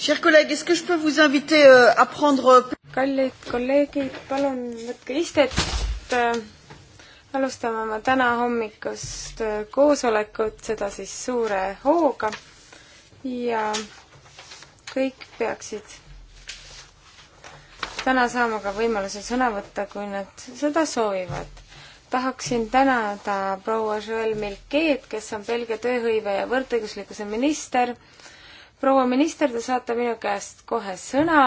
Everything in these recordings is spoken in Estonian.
Chers collègues, est-ce que je peux vous inviter euh, à prendre... Euh, kallid kolleegid, palun võtke istet. Äh, alustame oma täna hommikust äh, koosolekut, seda siis suure hooga. ja kõik peaksid täna saama ka võimaluse sõna võtta, kui nad seda soovivad tahaksin tänada proua Joel Melkeed, kes on Belgia tööhõive ja võrdõiguslikkuse minister proua minister, te saate minu käest kohe sõna,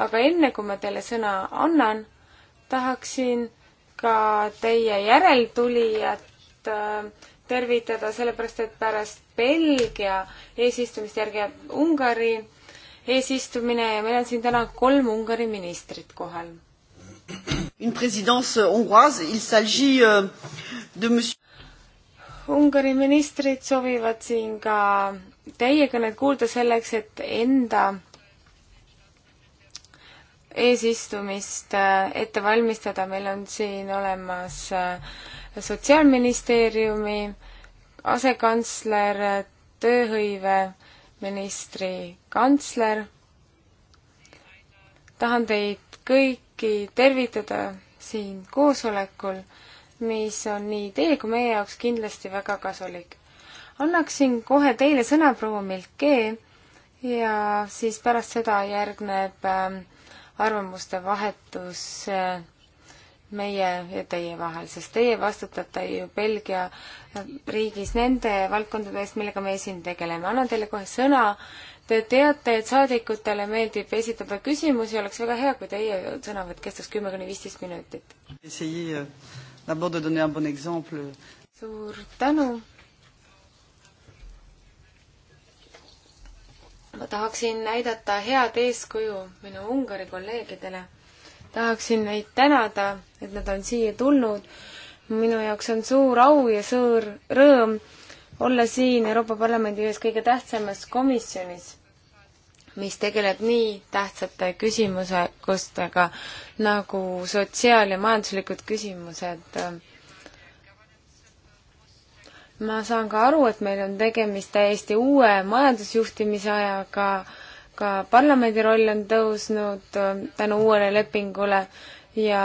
aga enne kui ma teile sõna annan, tahaksin ka teie järeltulijat äh, tervitada, sellepärast et pärast Belgia eesistumist järgneb Ungari eesistumine ja meil on siin täna kolm Ungari ministrit kohal. Une présidence euh, hongroise, il s'agit euh, de monsieur Ungari ministrid soovivad siin ka teie kõnet kuulda selleks, et enda eesistumist äh, ette valmistada, meil on siin olemas äh, Sotsiaalministeeriumi asekantsler, tööhõiveministri kantsler. tahan teid kõiki tervitada siin koosolekul, mis on nii teie kui meie jaoks kindlasti väga kasulik annaksin kohe teile sõna, proua Milkee, ja siis pärast seda järgneb ähm, arvamuste vahetus äh, meie ja teie vahel, sest teie vastutate ju Belgia äh, riigis nende valdkondade eest, millega me siin tegeleme. annan teile kohe sõna. Te teate, et saadikutele meeldib esitada küsimusi, oleks väga hea, kui teie sõnavõtt kestaks kümme kuni viisteist minutit. Euh, suur tänu ma tahaksin näidata head eeskuju minu Ungari kolleegidele. tahaksin neid tänada, et nad on siia tulnud. minu jaoks on suur au ja suur rõõm olla siin Euroopa Parlamendi ühes kõige tähtsamas komisjonis, mis tegeleb nii tähtsate küsimustega nagu sotsiaal- ja majanduslikud küsimused äh, ma saan ka aru, et meil on tegemist täiesti uue majandusjuhtimise ajaga, ka parlamendi roll on tõusnud äh, tänu uuele lepingule ja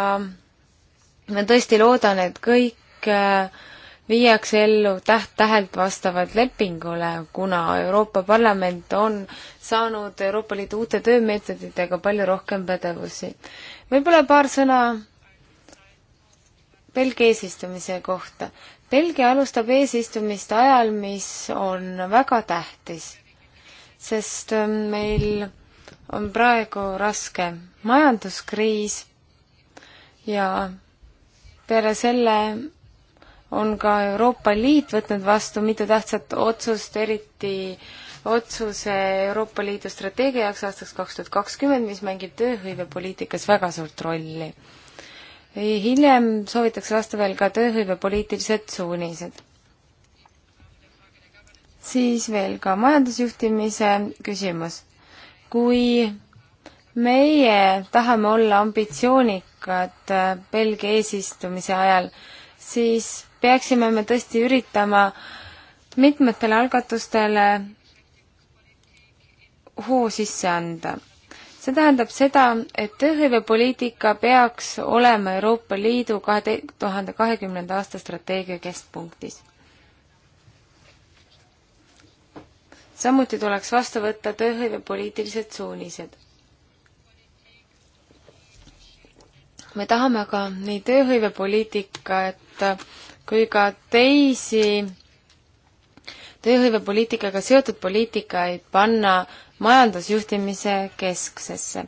ma tõesti loodan, et kõik äh, viiakse ellu täht-tähelt vastavalt lepingule, kuna Euroopa Parlament on saanud Euroopa Liidu uute töömeetoditega palju rohkem pädevusi. võib-olla paar sõna Belgia eesistumise kohta. Belgia alustab eesistumist ajal, mis on väga tähtis, sest ähm, meil on praegu raske majanduskriis ja peale selle on ka Euroopa Liit võtnud vastu mitu tähtsat otsust, eriti otsuse Euroopa Liidu strateegia jaoks aastaks kaks tuhat kakskümmend, mis mängib tööhõivepoliitikas väga suurt rolli hiljem soovitakse lasta veel ka tööhõivepoliitilised suunised. siis veel ka majandusjuhtimise küsimus. kui meie tahame olla ambitsioonikad äh, Belgia eesistumise ajal, siis peaksime me tõesti üritama mitmetele algatustele hoo sisse anda see tähendab seda, et tööhõivepoliitika peaks olema Euroopa Liidu kahe tuhande kahekümnenda aasta strateegia keskpunktis. samuti tuleks vastu võtta tööhõivepoliitilised suunised. me tahame aga nii tööhõivepoliitikat kui ka teisi tööhõivepoliitikaga seotud poliitikaid panna majandusjuhtimise keskusesse.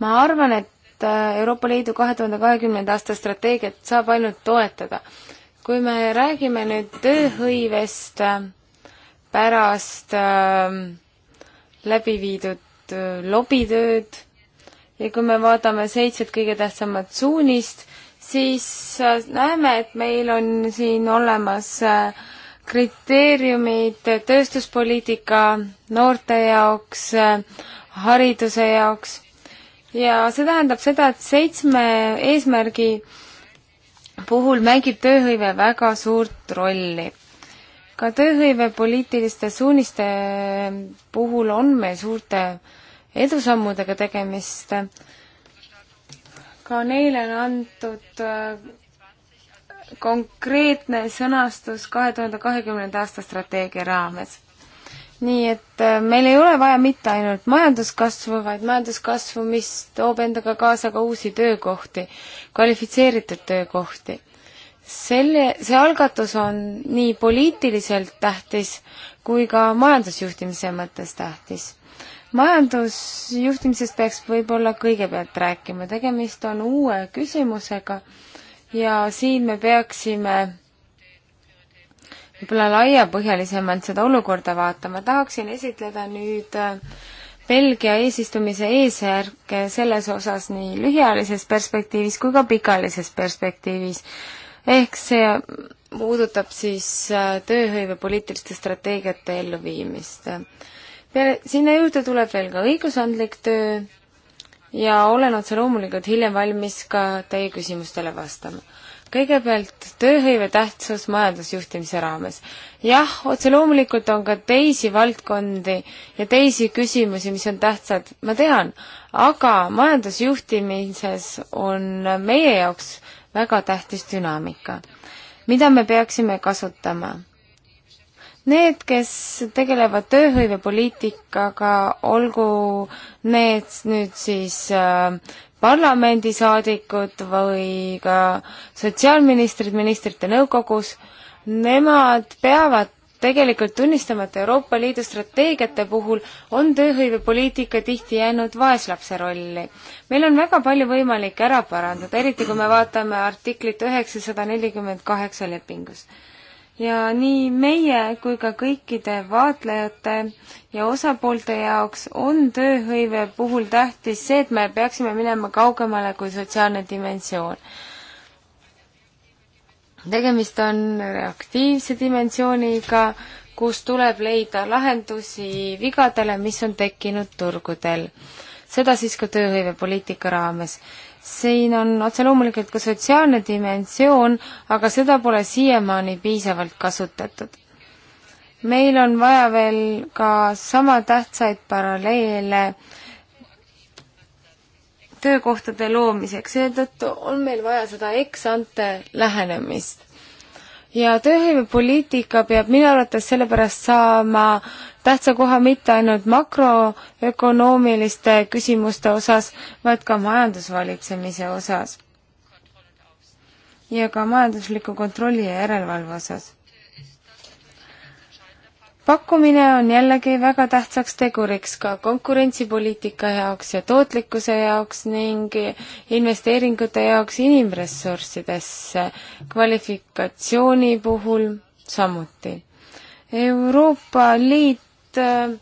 ma arvan, et äh, Euroopa Liidu kahe tuhande kahekümnenda aasta strateegiat saab ainult toetada. kui me räägime nüüd tööhõivest äh, pärast ähm, läbi viidud äh, lobitööd ja kui me vaatame seitset kõige tähtsamat suunist, siis näeme, et meil on siin olemas äh, kriteeriumid tööstuspoliitika noorte jaoks, hariduse jaoks ja see tähendab seda, et seitsme eesmärgi puhul mängib tööhõive väga suurt rolli. ka tööhõivepoliitiliste suuniste puhul on meil suurte edusammudega tegemist. ka neile on antud äh, konkreetne sõnastus kahe tuhande kahekümnenda aasta strateegia raames. nii et äh, meil ei ole vaja mitte ainult majanduskasvu, vaid majanduskasvu, mis toob endaga kaasa ka uusi töökohti, kvalifitseeritud töökohti. selle, see algatus on nii poliitiliselt tähtis kui ka majandusjuhtimise mõttes tähtis majandusjuhtimisest peaks võib-olla kõigepealt rääkima, tegemist on uue küsimusega ja siin me peaksime võib-olla laiapõhjalisemalt seda olukorda vaatama, tahaksin esitleda nüüd äh, Belgia eesistumise eesjärke selles osas nii lühiajalises perspektiivis kui ka pikaajalises perspektiivis. ehk see puudutab siis äh, tööhõive poliitiliste strateegiate elluviimist. peale, sinna juurde tuleb veel ka õigusandlik töö ja olen otse loomulikult hiljem valmis ka teie küsimustele vastama. kõigepealt tööhõive tähtsus majandusjuhtimise raames. jah, otse loomulikult on ka teisi valdkondi ja teisi küsimusi, mis on tähtsad, ma tean, aga majandusjuhtimises on meie jaoks väga tähtis dünaamika, mida me peaksime kasutama Need, kes tegelevad tööhõivepoliitikaga, olgu need nüüd siis äh, parlamendisaadikud või ka sotsiaalministrid ministrite nõukogus, nemad peavad tegelikult tunnistama, et Euroopa Liidu strateegiate puhul on tööhõivepoliitika tihti jäänud vaeslapse rolli. meil on väga palju võimalik ära parandada, eriti kui me vaatame artiklit üheksasada nelikümmend kaheksa lepingus ja nii meie kui ka kõikide vaatlejate ja osapoolte jaoks on tööhõive puhul tähtis see, et me peaksime minema kaugemale kui sotsiaalne dimensioon. tegemist on reaktiivse dimensiooniga, kus tuleb leida lahendusi vigadele, mis on tekkinud turgudel. seda siis ka tööhõivepoliitika raames siin on otse loomulikult ka sotsiaalne dimensioon, aga seda pole siiamaani piisavalt kasutatud. meil on vaja veel ka sama tähtsaid paralleele töökohtade loomiseks, seetõttu on meil vaja seda ex-ante lähenemist ja tööhõivepoliitika peab minu arvates sellepärast saama tähtsa koha mitte ainult makroökonoomiliste küsimuste osas, vaid ka majandusvalitsemise osas. ja ka majandusliku kontrolli ja järelevalve osas pakkumine on jällegi väga tähtsaks teguriks ka konkurentsipoliitika jaoks ja tootlikkuse jaoks ning investeeringute jaoks inimressurssidesse, kvalifikatsiooni puhul samuti. Euroopa Liit äh,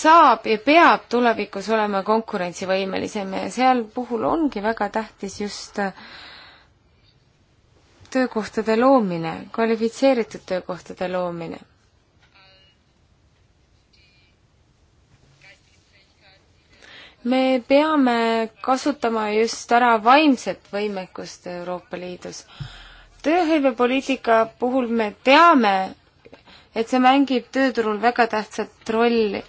saab ja peab tulevikus olema konkurentsivõimelisem ja seal puhul ongi väga tähtis just äh, töökohtade loomine, kvalifitseeritud töökohtade loomine me peame kasutama just ära vaimset võimekust Euroopa Liidus. tööhõivepoliitika puhul me teame, et see mängib tööturul väga tähtsat rolli.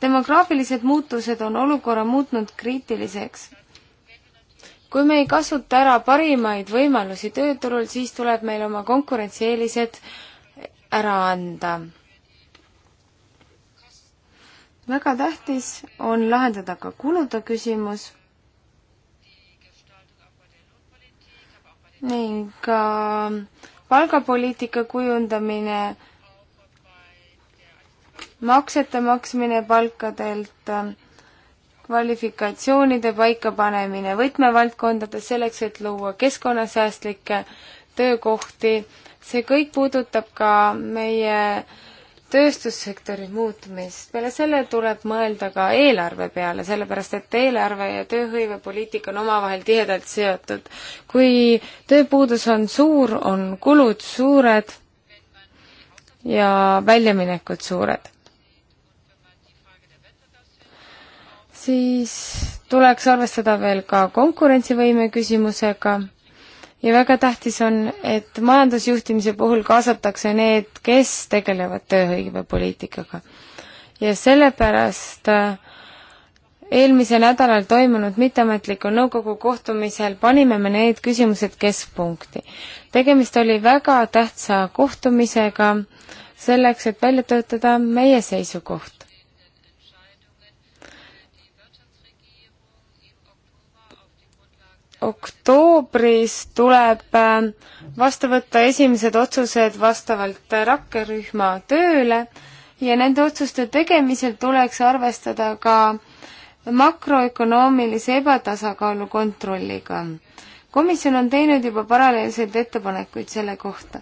demograafilised muutused on olukorra muutnud kriitiliseks. kui me ei kasuta ära parimaid võimalusi tööturul, siis tuleb meil oma konkurentsieelised ära anda väga tähtis on lahendada ka kulude küsimus ning ka palgapoliitika kujundamine, maksete maksmine palkadelt, kvalifikatsioonide paikapanemine võtmevaldkondades selleks, et luua keskkonnasäästlikke töökohti, see kõik puudutab ka meie äh, tööstussektori muutumist, peale selle tuleb mõelda ka eelarve peale, sellepärast et eelarve ja tööhõivepoliitika on omavahel tihedalt seotud. kui tööpuudus on suur, on kulud suured ja väljaminekud suured. siis tuleks arvestada veel ka konkurentsivõime küsimusega ja väga tähtis on, et majandusjuhtimise puhul kaasatakse need, kes tegelevad tööhõivepoliitikaga. ja sellepärast äh, eelmisel nädalal toimunud mitteametliku nõukogu kohtumisel panime me need küsimused keskpunkti. tegemist oli väga tähtsa kohtumisega selleks, et välja töötada meie seisukoht oktoobris tuleb äh, vastu võtta esimesed otsused vastavalt rakkerühma tööle ja nende otsuste tegemisel tuleks arvestada ka makroökonoomilise ebatasakaalu kontrolliga. komisjon on teinud juba paralleelseid ettepanekuid selle kohta.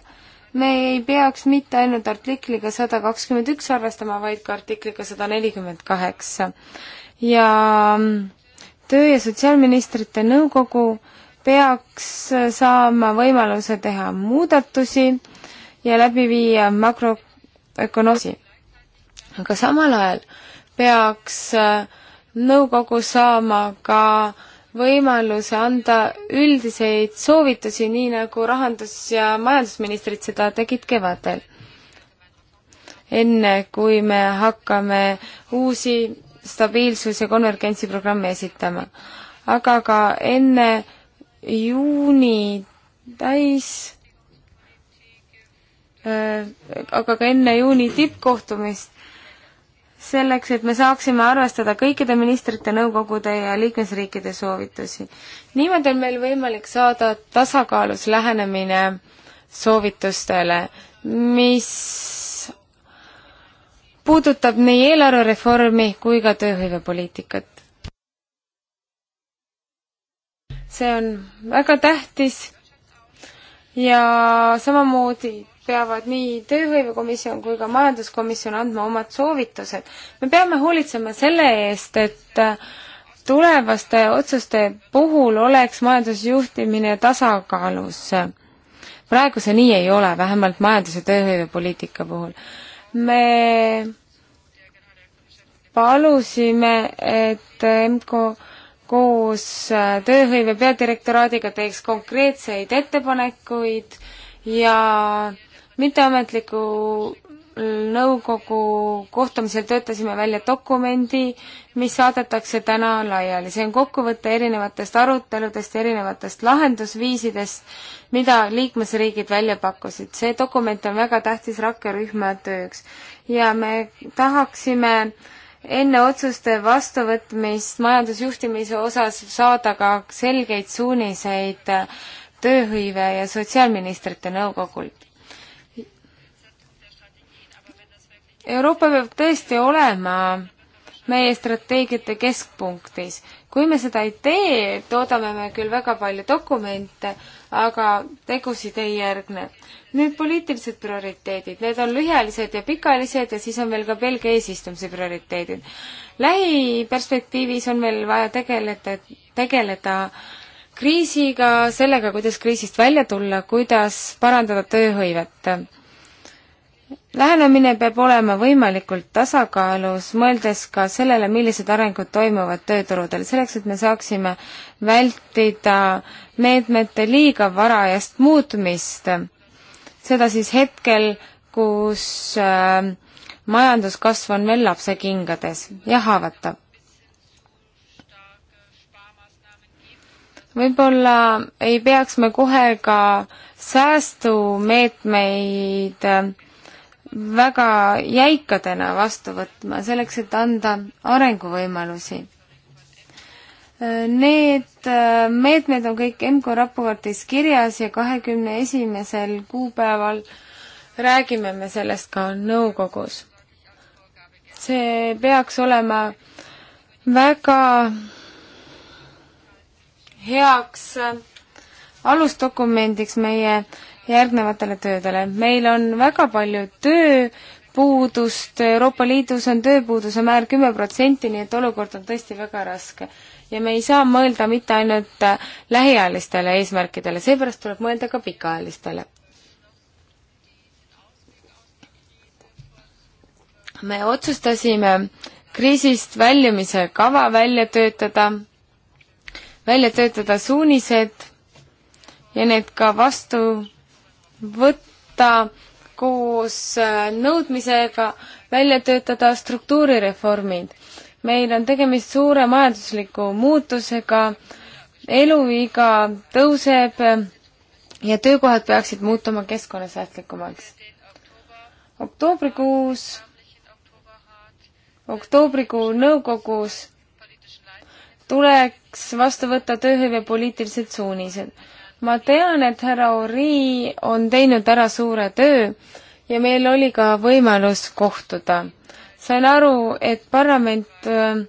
me ei peaks mitte ainult artikliga sada kakskümmend üks arvestama, vaid ka artikliga sada nelikümmend kaheksa ja mm, töö- ja sotsiaalministrite nõukogu peaks saama võimaluse teha muudatusi ja läbi viia makroökonoosi. aga samal ajal peaks äh, nõukogu saama ka võimaluse anda üldiseid soovitusi, nii nagu rahandus- ja majandusministrid seda tegid kevadel. enne, kui me hakkame uusi stabiilsus- ja konvergentsiprogrammi esitama. aga ka enne juuni täis äh, aga ka enne juuni tippkohtumist, selleks, et me saaksime arvestada kõikide ministrite, nõukogude ja liikmesriikide soovitusi. niimoodi on meil võimalik saada tasakaalus lähenemine soovitustele, mis puudutab nii eelarvereformi kui ka tööhõivepoliitikat. see on väga tähtis ja samamoodi peavad nii Tööhõivekomisjon kui ka Majanduskomisjon andma omad soovitused. me peame hoolitsema selle eest, et tulevaste otsuste puhul oleks majandusjuhtimine tasakaalus. praegu see nii ei ole, vähemalt majandus- ja tööhõivepoliitika puhul me palusime, et EMKO koos tööhõive peadirektoraadiga teeks konkreetseid ettepanekuid ja mitteametliku nõukogu kohtumisel töötasime välja dokumendi, mis saadetakse täna laiali. see on kokkuvõte erinevatest aruteludest, erinevatest lahendusviisidest, mida liikmesriigid välja pakkusid. see dokument on väga tähtis rakkerühma tööks ja me tahaksime enne otsuste vastuvõtmist majandusjuhtimise osas saada ka selgeid suuniseid tööhõive ja sotsiaalministrite nõukogult Euroopa peab tõesti olema meie strateegiate keskpunktis. kui me seda ei tee, toodame me küll väga palju dokumente, aga tegusid ei järgne. nüüd poliitilised prioriteedid, need on lühiajalised ja pikaajalised ja siis on veel ka Belgia eesistumise prioriteedid. lähiperspektiivis on meil vaja tegeleda, tegeleda kriisiga, sellega, kuidas kriisist välja tulla, kuidas parandada tööhõivet lähenemine peab olema võimalikult tasakaalus, mõeldes ka sellele, millised arengud toimuvad tööturudel, selleks et me saaksime vältida meetmete liiga varajast muutmist. seda siis hetkel, kus äh, majanduskasv on veel lapsekingades ja haavatav. võib-olla ei peaks me kohe ka säästumeetmeid äh, väga jäikadena vastu võtma, selleks et anda arenguvõimalusi. Need äh, meetmed on kõik EMKO raportis kirjas ja kahekümne esimesel kuupäeval räägime me sellest ka nõukogus. see peaks olema väga heaks alusdokumendiks meie järgnevatele töödele. meil on väga palju tööpuudust, Euroopa Liidus on tööpuuduse määr kümme protsenti, nii et olukord on tõesti väga raske. ja me ei saa mõelda mitte ainult lähiajalistele eesmärkidele, seepärast tuleb mõelda ka pikaajalistele. me otsustasime kriisist väljumise kava välja töötada, välja töötada suunised ja need ka vastu võtta koos äh, nõudmisega välja töötada struktuurireformid. meil on tegemist suure majandusliku muutusega, eluiga tõuseb ja töökohad peaksid muutuma keskkonnasäästlikumaks. oktoobrikuus, oktoobrikuu nõukogus tuleks vastu võtta tööhõive poliitilised suunised ma tean, et härra Ori on teinud ära suure töö ja meil oli ka võimalus kohtuda. sain aru, et parlament äh,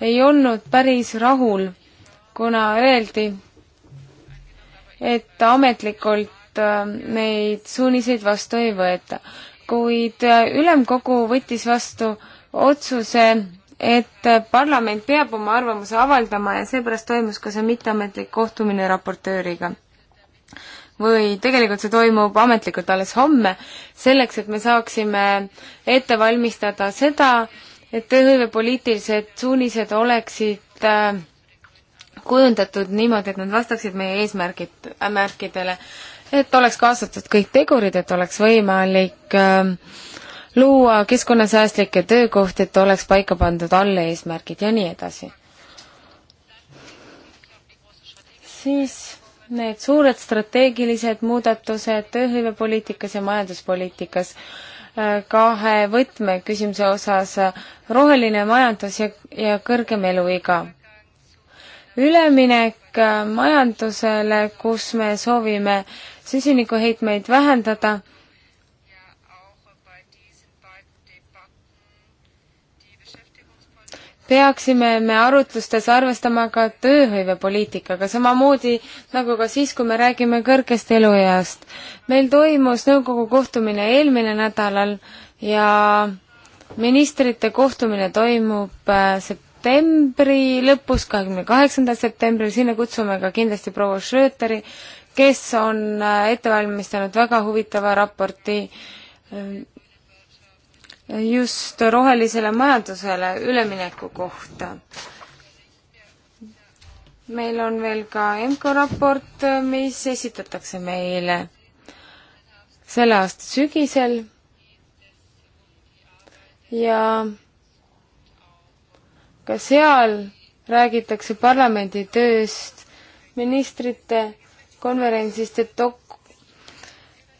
ei olnud päris rahul, kuna öeldi, et ametlikult äh, neid suuniseid vastu ei võeta. kuid äh, ülemkogu võttis vastu otsuse, et parlament peab oma arvamuse avaldama ja seepärast toimus ka see mitteametlik kohtumine raportööriga või tegelikult see toimub ametlikult alles homme, selleks et me saaksime ette valmistada seda, et tööhõivepoliitilised suunised oleksid äh, kujundatud niimoodi, et nad vastaksid meie eesmärgid, märkidele, et oleks kaasatud kõik tegurid, et oleks võimalik äh, luua keskkonnasäästlikke töökohti, et oleks paika pandud alleeesmärgid ja nii edasi. siis need suured strateegilised muudatused tööhõivepoliitikas ja majanduspoliitikas äh, kahe võtmeküsimuse osas äh, roheline majandus ja, ja kõrgem eluiga. üleminek äh, majandusele, kus me soovime süsinikuheitmeid vähendada peaksime me arutlustes arvestama ka tööhõivepoliitikaga, samamoodi nagu ka siis, kui me räägime kõrgest elueast. meil toimus nõukogu kohtumine eelmine nädalal ja ministrite kohtumine toimub äh, septembri lõpus, kahekümne kaheksandal septembril, sinna kutsume ka kindlasti proua Schröteri, kes on äh, ette valmistanud väga huvitava raporti äh, just rohelisele majandusele ülemineku kohta. meil on veel ka EMCO raport, mis esitatakse meile selle aasta sügisel ja ka seal räägitakse parlamendi tööst, ministrite konverentsist ja dok-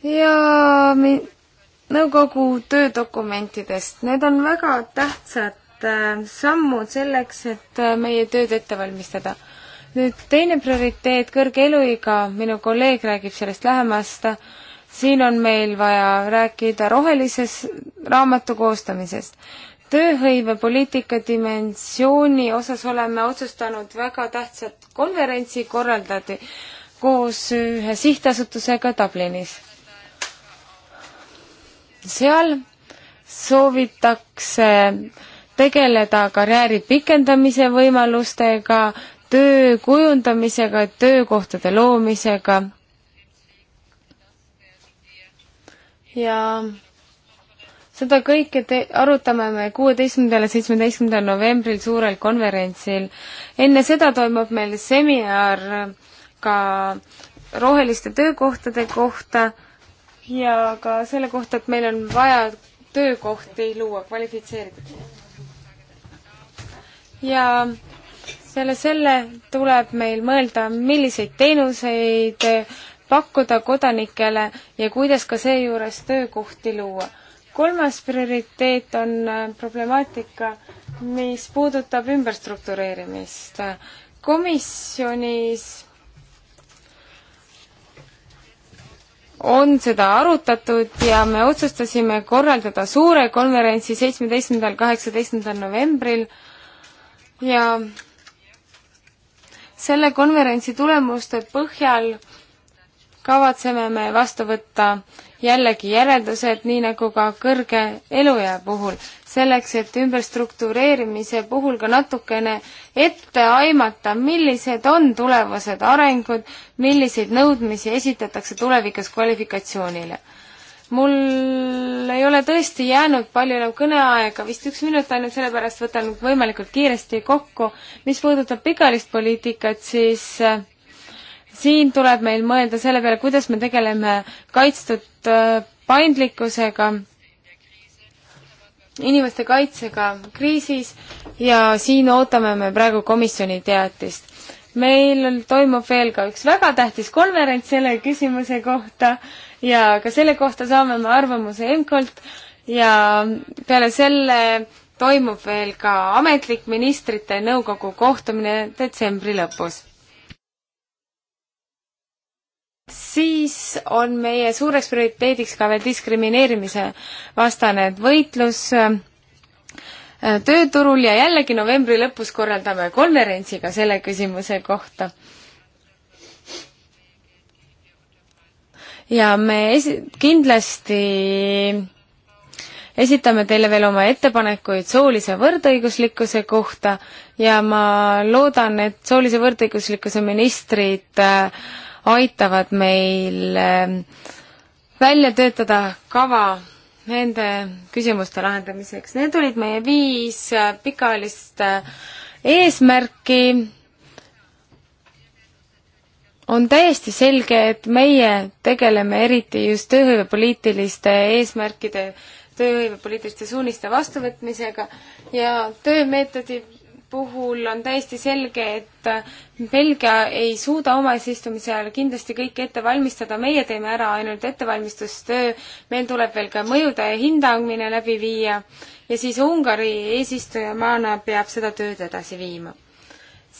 ja mi-, nõukogu töödokumentidest, need on väga tähtsad äh, sammud selleks, et äh, meie tööd ette valmistada. nüüd teine prioriteet, kõrge eluiga, minu kolleeg räägib sellest lähemast, siin on meil vaja rääkida rohelises raamatu koostamisest. tööhõivepoliitika dimensiooni osas oleme otsustanud väga tähtsat konverentsi korraldada koos ühe sihtasutusega Dublinis seal soovitakse tegeleda karjääri pikendamise võimalustega, töö kujundamisega, töökohtade loomisega. ja seda kõike te-, arutame me kuueteistkümnendal ja seitsmeteistkümnendal novembril suurel konverentsil. enne seda toimub meil seminar ka roheliste töökohtade kohta ja ka selle kohta, et meil on vaja töökohti luua, kvalifitseerida. ja peale selle tuleb meil mõelda, milliseid teenuseid pakkuda kodanikele ja kuidas ka seejuures töökohti luua. kolmas prioriteet on äh, problemaatika, mis puudutab ümberstruktureerimist. komisjonis on seda arutatud ja me otsustasime korraldada suure konverentsi seitsmeteistkümnendal, kaheksateistkümnendal novembril ja selle konverentsi tulemuste põhjal kavatseme me vastu võtta jällegi järeldused, nii nagu ka kõrge eluea puhul selleks, et ümberstruktureerimise puhul ka natukene ette aimata, millised on tulevased arengud, milliseid nõudmisi esitatakse tulevikus kvalifikatsioonile. mul ei ole tõesti jäänud palju enam kõneaega, vist üks minut ainult, sellepärast võtan võimalikult kiiresti kokku. mis puudutab pikaajalist poliitikat, siis äh, siin tuleb meil mõelda selle peale, kuidas me tegeleme kaitstud äh, paindlikkusega inimeste kaitsega kriisis ja siin ootame me praegu komisjoni teatist. meil toimub veel ka üks väga tähtis konverents selle küsimuse kohta ja ka selle kohta saame me arvamuse EMKO-lt ja peale selle toimub veel ka ametlik ministrite nõukogu kohtumine detsembri lõpus siis on meie suureks prioriteediks ka veel diskrimineerimise vastane võitlus äh, tööturul ja jällegi novembri lõpus korraldame konverentsi ka selle küsimuse kohta. ja me esi-, kindlasti esitame teile veel oma ettepanekuid soolise võrdõiguslikkuse kohta ja ma loodan, et soolise võrdõiguslikkuse ministrid äh, aitavad meil ähm, välja töötada kava nende küsimuste lahendamiseks. Need olid meie viis äh, pikaajalist äh, eesmärki. on täiesti selge, et meie tegeleme eriti just tööhõivepoliitiliste eesmärkide, tööhõivepoliitiliste suuniste vastuvõtmisega ja töömeetodi puhul on täiesti selge, et Belgia ei suuda oma eesistumise ajal kindlasti kõike ette valmistada, meie teeme ära ainult ettevalmistustöö, meil tuleb veel ka mõjude hindamine läbi viia ja siis Ungari eesistujamaana peab seda tööd edasi viima.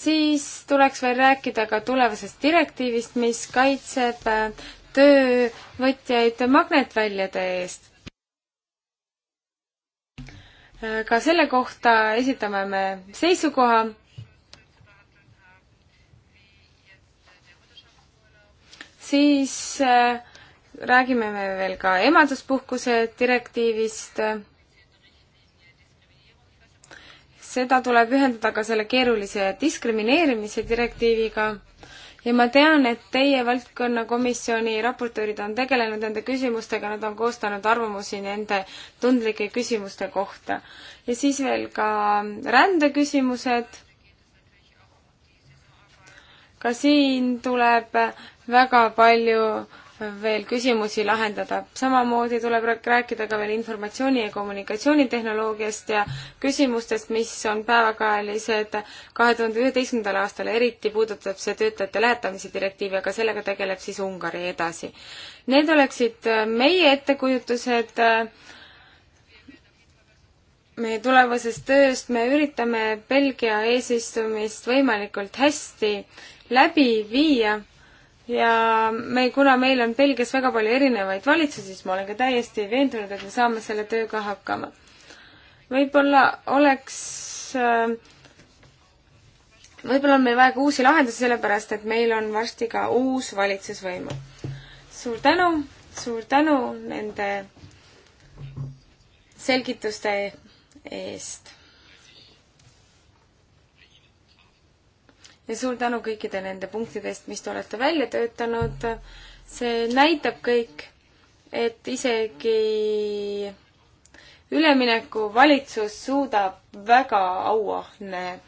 siis tuleks veel rääkida ka tulevasest direktiivist, mis kaitseb äh, töövõtjaid magnetväljade eest ka selle kohta esitame me seisukoha. siis äh, räägime me veel ka emaduspuhkuse direktiivist. seda tuleb ühendada ka selle keerulise diskrimineerimise direktiiviga ja ma tean, et teie valdkonnakomisjoni raportöörid on tegelenud nende küsimustega, nad on koostanud arvamusi nende tundlike küsimuste kohta. ja siis veel ka rändeküsimused. ka siin tuleb väga palju veel küsimusi lahendada. samamoodi tuleb rääkida ka veel informatsiooni- ja kommunikatsioonitehnoloogiast ja küsimustest, mis on päevakajalised kahe tuhande üheteistkümnendal aastal, eriti puudutab see töötajate lähetamise direktiivi, aga sellega tegeleb siis Ungari edasi. Need oleksid äh, meie ettekujutused äh, meie tulevasest tööst, me üritame Belgia eesistumist võimalikult hästi läbi viia ja me, kuna meil on Belgias väga palju erinevaid valitsusi, siis ma olen ka täiesti veendunud, et me saame selle tööga hakkama. võib-olla oleks äh, võib-olla on meil vaja ka uusi lahendusi, sellepärast et meil on varsti ka uus valitsus võimul. suur tänu, suur tänu nende selgituste eest ja suur tänu kõikide nende punktide eest, mis te olete välja töötanud. see näitab kõik, et isegi üleminekuvalitsus suudab väga auahne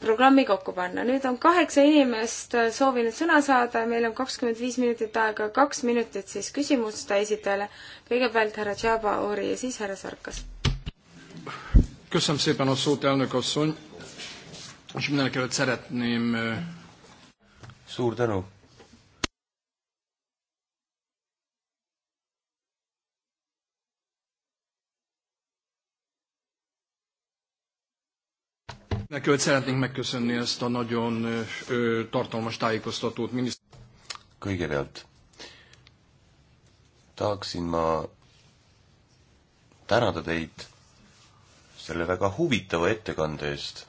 programmi kokku panna. nüüd on kaheksa inimest soovinud sõna saada, meil on kakskümmend viis minutit aega, kaks minutit siis küsimuste esitajale. kõigepealt härra Tšaba Ori ja siis härra Sarkas. köszönöm szépen a szót, elnök asszony. És mindenek előtt szeretném... Suur tänu! Mindenek szeretnénk megköszönni ezt a nagyon ö, tartalmas tájékoztatót. Miniszt- Kõigepealt tahaksin ma tänada teid selle väga huvitava ettekande eest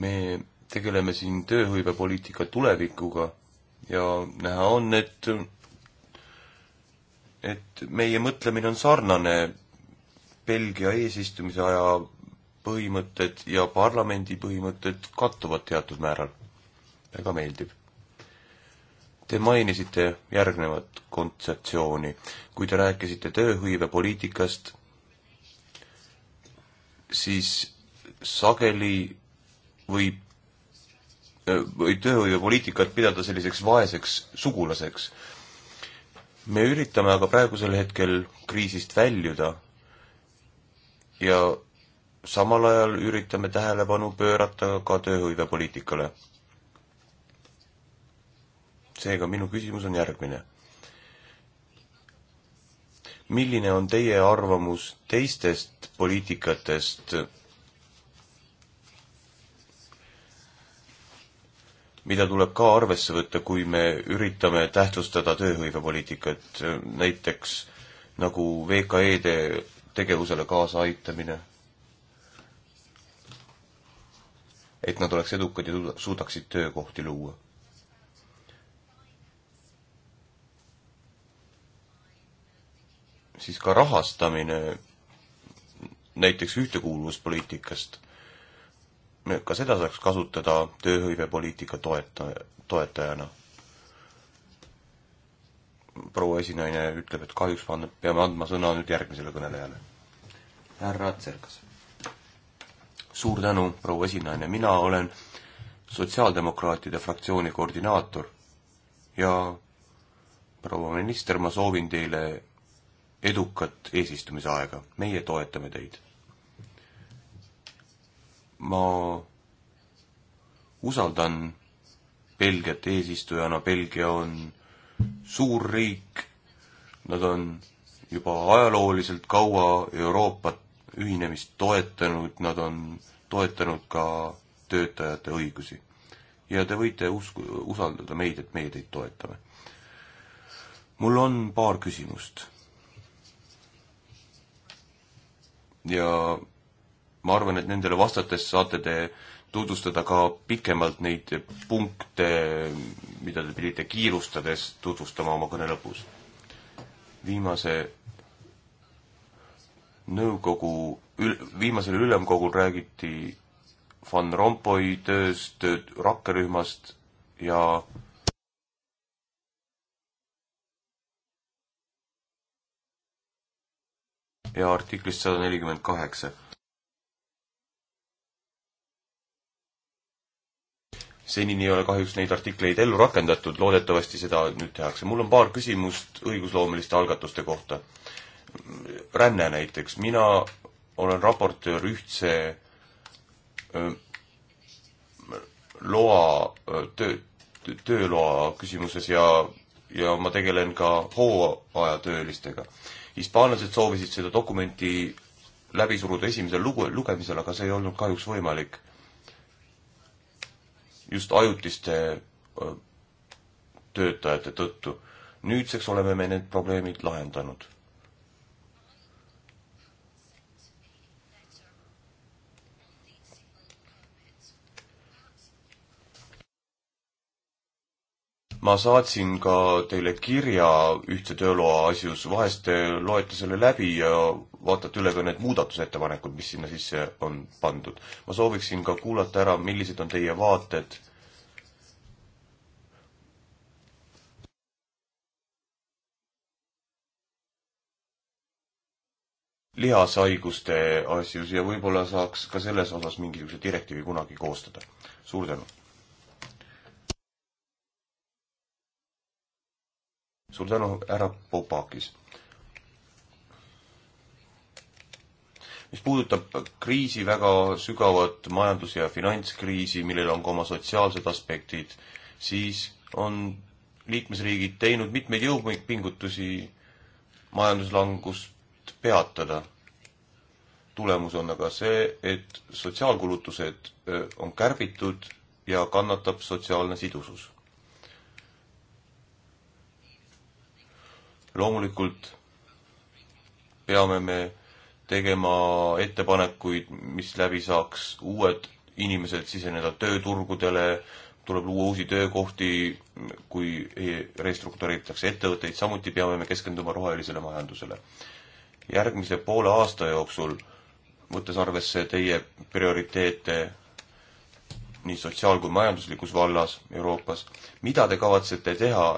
me tegeleme siin tööhõivepoliitika tulevikuga ja näha on, et, et meie mõtlemine on sarnane Belgia eesistumise aja põhimõtted ja parlamendi põhimõtted kattuvad teatud määral. väga meeldib. Te mainisite järgnevat kontseptsiooni, kui te rääkisite tööhõivepoliitikast, siis sageli võib, äh, võib tööhõivepoliitikat pidada selliseks vaeseks sugulaseks. me üritame aga praegusel hetkel kriisist väljuda ja samal ajal üritame tähelepanu pöörata ka tööhõivepoliitikale. seega minu küsimus on järgmine. milline on teie arvamus teistest poliitikatest, mida tuleb ka arvesse võtta, kui me üritame tähtsustada tööhõivepoliitikat, näiteks nagu VKE-de tegevusele kaasaaitamine. et nad oleks edukad ja suudaksid töökohti luua. siis ka rahastamine näiteks ühtekuuluvuspoliitikast ka seda saaks kasutada tööhõivepoliitika toeta-, toetajana. proua esinaine ütleb, et kahjuks peame andma sõna nüüd järgmisele kõnelejale. härra Tserkas. suur tänu, proua esinaine, mina olen sotsiaaldemokraatide fraktsiooni koordinaator ja proua minister, ma soovin teile edukat eesistumisaega, meie toetame teid ma usaldan Belgiat eesistujana, Belgia on suur riik, nad on juba ajalooliselt kaua Euroopat ühinemist toetanud, nad on toetanud ka töötajate õigusi. ja te võite usku, usaldada meid, et meie teid toetame. mul on paar küsimust. ja ma arvan, et nendele vastates saate te tutvustada ka pikemalt neid punkte, mida te pidite kiirustades tutvustama oma kõne lõpus. viimase nõukogu, viimasel ülemkogul räägiti Van Rompuy tööst, rakkerühmast ja ja artiklist sada nelikümmend kaheksa senini ei ole kahjuks neid artikleid ellu rakendatud, loodetavasti seda nüüd tehakse. mul on paar küsimust õigusloomeliste algatuste kohta. ränne näiteks, mina olen raportöör ühtse öö, loa, töö, tööloa küsimuses ja, ja ma tegelen ka hooajatöölistega. hispaanlased soovisid seda dokumenti läbi suruda esimesel lugu, lugemisel, aga see ei olnud kahjuks võimalik just ajutiste töötajate tõttu. nüüdseks oleme me need probleemid lahendanud ma saatsin ka teile kirja ühtse tööloa asjus, vahest te loete selle läbi ja vaatate üle ka need muudatusettepanekud, mis sinna sisse on pandud. ma sooviksin ka kuulata ära, millised on teie vaated lihashaiguste asjus ja võib-olla saaks ka selles osas mingisuguse direktiivi kunagi koostada. suur tänu! suur tänu, härra Popakis. mis puudutab kriisi väga sügavat majandus- ja finantskriisi, millel on ka oma sotsiaalsed aspektid, siis on liikmesriigid teinud mitmeid jõupingutusi majanduslangust peatada. tulemus on aga see, et sotsiaalkulutused on kärbitud ja kannatab sotsiaalne sidusus loomulikult peame me tegema ettepanekuid, mis läbi saaks uued inimesed siseneda tööturgudele, tuleb luua uusi töökohti, kui restruktureeritakse ettevõtteid, samuti peame me keskenduma rohelisele majandusele. järgmise poole aasta jooksul, võttes arvesse teie prioriteete nii sotsiaal- kui majanduslikus vallas Euroopas, mida te kavatsete teha,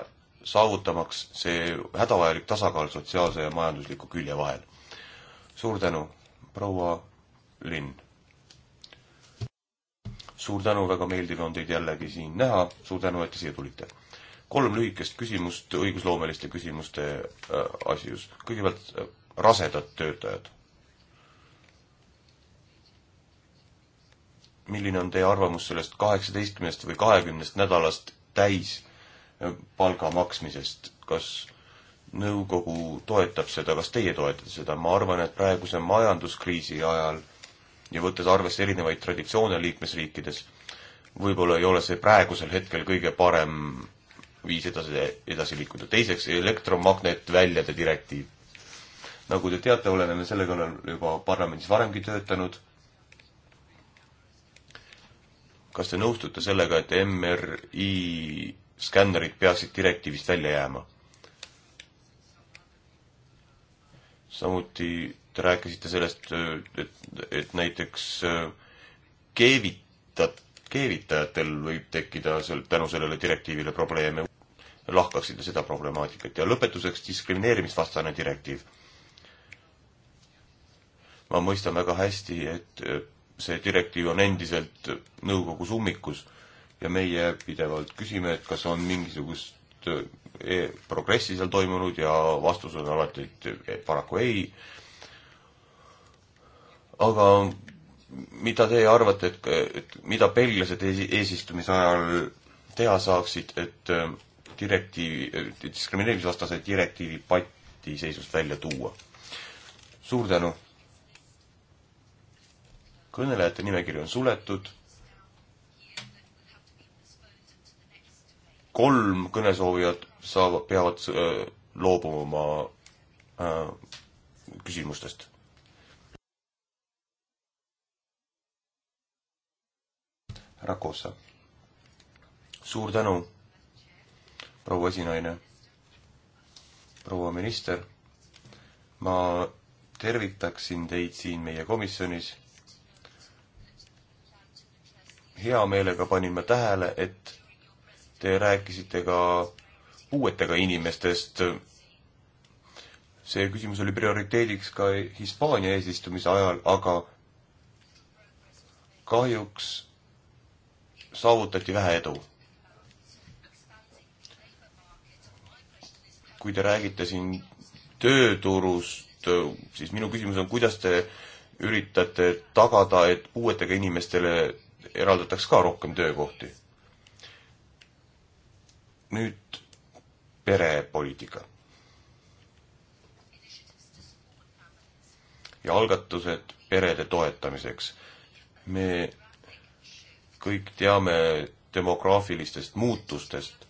saavutamaks see hädavajalik tasakaal sotsiaalse ja majandusliku külje vahel. suur tänu, proua Linn! suur tänu, väga meeldiv on teid jällegi siin näha, suur tänu, et te siia tulite. kolm lühikest küsimust õigusloomeliste küsimuste äh, asjus. kõigepealt äh, rasedad töötajad. milline on teie arvamus sellest kaheksateistkümnest või kahekümnest nädalast täis palga maksmisest. kas nõukogu toetab seda, kas teie toetate seda? ma arvan, et praeguse majanduskriisi ajal ja võttes arvesse erinevaid traditsioone liikmesriikides, võib-olla ei ole see praegusel hetkel kõige parem viis edasi, edasi liikuda. teiseks, elektromagnetväljade direktiiv. nagu te teate, oleme me selle kallal juba parlamendis varemgi töötanud. kas te nõustute sellega, et MRI skännerid peaksid direktiivist välja jääma. samuti te rääkisite sellest, et, et näiteks äh, keevitat-, keevitajatel võib tekkida sel-, tänu sellele direktiivile probleeme, lahkaksite seda problemaatikat ja lõpetuseks diskrimineerimisvastane direktiiv. ma mõistan väga hästi, et see direktiiv on endiselt nõukogus ummikus ja meie pidevalt küsime, et kas on mingisugust e progressi seal toimunud ja vastus on alati, et paraku ei. aga mida teie arvate, et, et mida belglased eesistumise ajal teha saaksid, et äh, direktiivi, diskrimineerimisvastase direktiivi patiseisust välja tuua? suur tänu! kõnelejate nimekiri on suletud kolm kõnesoovijat saavad, peavad äh, loobuma äh, küsimustest. härra Koossa. suur tänu, proua esinaine, proua minister. ma tervitaksin teid siin meie komisjonis. hea meelega panime tähele, et Te rääkisite ka puuetega inimestest. see küsimus oli prioriteediks ka Hispaania eesistumise ajal, aga kahjuks saavutati vähe edu. kui te räägite siin tööturust, siis minu küsimus on, kuidas te üritate tagada, et puuetega inimestele eraldataks ka rohkem töökohti? nüüd perepoliitika. ja algatused perede toetamiseks. me kõik teame demograafilistest muutustest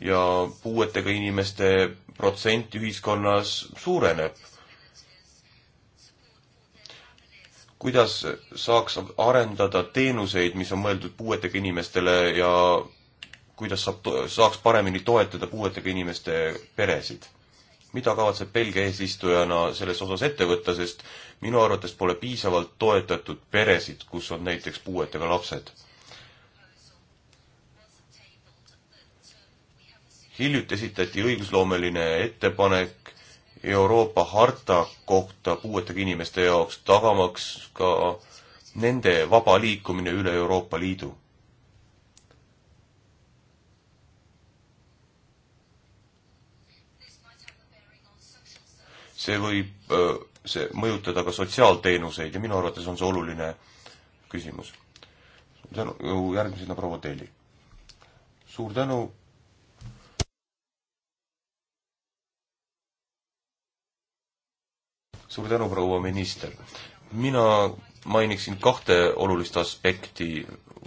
ja puuetega inimeste protsent ühiskonnas suureneb kuidas saaks arendada teenuseid, mis on mõeldud puuetega inimestele ja kuidas saab, saaks paremini toetada puuetega inimeste peresid? mida kavatseb Belgia eesistujana selles osas ette võtta, sest minu arvates pole piisavalt toetatud peresid, kus on näiteks puuetega lapsed? hiljuti esitati õigusloomeline ettepanek Euroopa harta kohta puuetega inimeste jaoks, tagamaks ka nende vaba liikumine üle Euroopa Liidu. see võib, äh, see mõjutada ka sotsiaalteenuseid ja minu arvates on see oluline küsimus. suur tänu, järgmisena proua Telli. suur tänu suur tänu, proua minister. mina mainiksin kahte olulist aspekti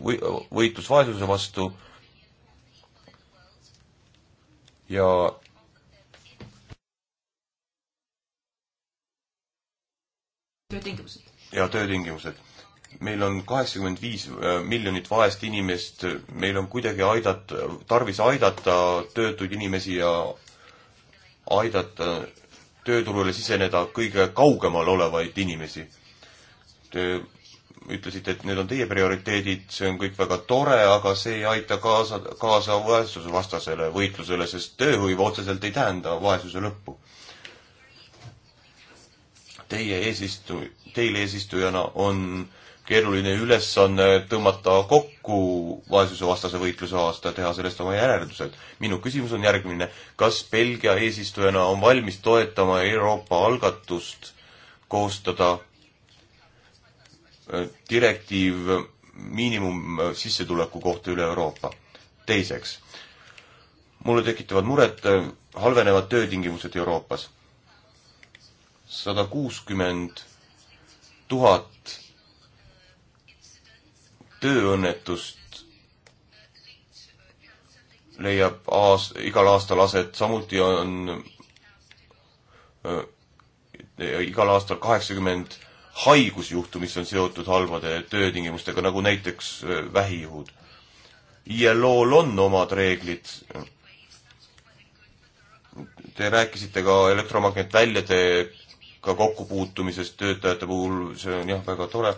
või, võitlus vaesuse vastu ja töötingimused. ja töötingimused. meil on kaheksakümmend viis äh, miljonit vaest inimest, meil on kuidagi aidata, tarvis aidata töötuid inimesi ja aidata tööturule siseneda kõige kaugemal olevaid inimesi. Te ütlesite, et need on teie prioriteedid, see on kõik väga tore, aga see ei aita kaasa, kaasa vaesusevastasele võitlusele, sest tööhõive otseselt ei tähenda vaesuse lõppu. Teie eesistu-, teil eesistujana on äh, keeruline ülesanne tõmmata kokku vaesusevastase võitluse aasta, teha sellest oma järeldused. minu küsimus on järgmine, kas Belgia eesistujana on valmis toetama Euroopa algatust koostada äh, direktiiv miinimumsissetuleku äh, kohta üle Euroopa? teiseks, mulle tekitavad muret äh, halvenevad töötingimused Euroopas. sada kuuskümmend tuhat tööõnnetust leiab aas-, igal aastal aset, samuti on äh, igal aastal kaheksakümmend haigusjuhtu, mis on seotud halbade töötingimustega, nagu näiteks äh, vähijuhud. ILO-l on omad reeglid. Te rääkisite ka elektromagnetväljadega kokkupuutumisest töötajate puhul, see on jah, väga tore,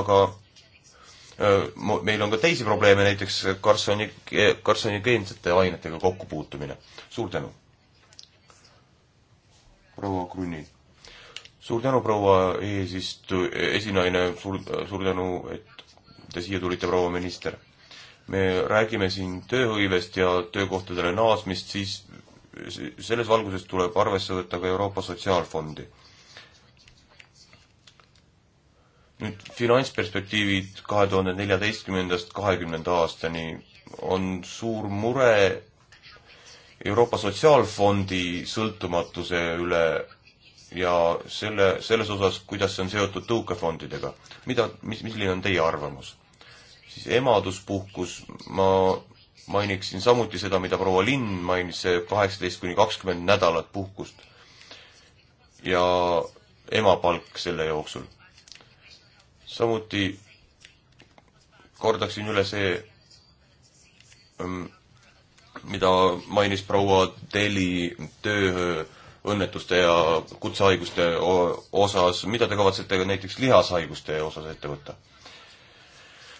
aga Äh, meil on ka teisi probleeme, näiteks kartsoni, kartsonigeensete ainetega kokkupuutumine. suur tänu. proua Krunni. suur tänu, proua eesistu-, esinaine, suur, suur tänu, et te siia tulite, proua minister. me räägime siin tööhõivest ja töökohtadele naasmist, siis selles valguses tuleb arvesse võtta ka Euroopa Sotsiaalfondi nüüd finantsperspektiivid kahe tuhande neljateistkümnendast kahekümnenda aastani on suur mure Euroopa Sotsiaalfondi sõltumatuse üle ja selle, selles osas, kuidas see on seotud tõukefondidega. mida, mis, milline on teie arvamus? siis emaduspuhkus, ma mainiksin samuti seda, mida proua Linn mainis, see kaheksateist kuni kakskümmend nädalat puhkust ja emapalk selle jooksul samuti kordaksin üle see, ähm, mida mainis proua Teli tööõnnetuste ja kutsehaiguste osas, mida te kavatsete näiteks lihashaiguste osas ette võtta?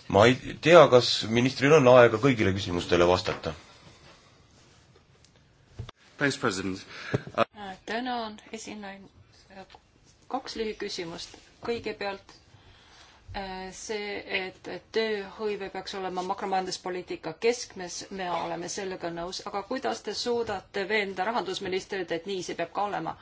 ma ei tea, kas ministril on aega kõigile küsimustele vastata Thanks, President. tänan, esinaine. kaks lühiküsimust. kõigepealt Äh, see, et tööhõive peaks olema makromajanduspoliitika keskmes, me oleme sellega nõus, aga kuidas te suudate veenda rahandusministrit, et nii see peab ka olema?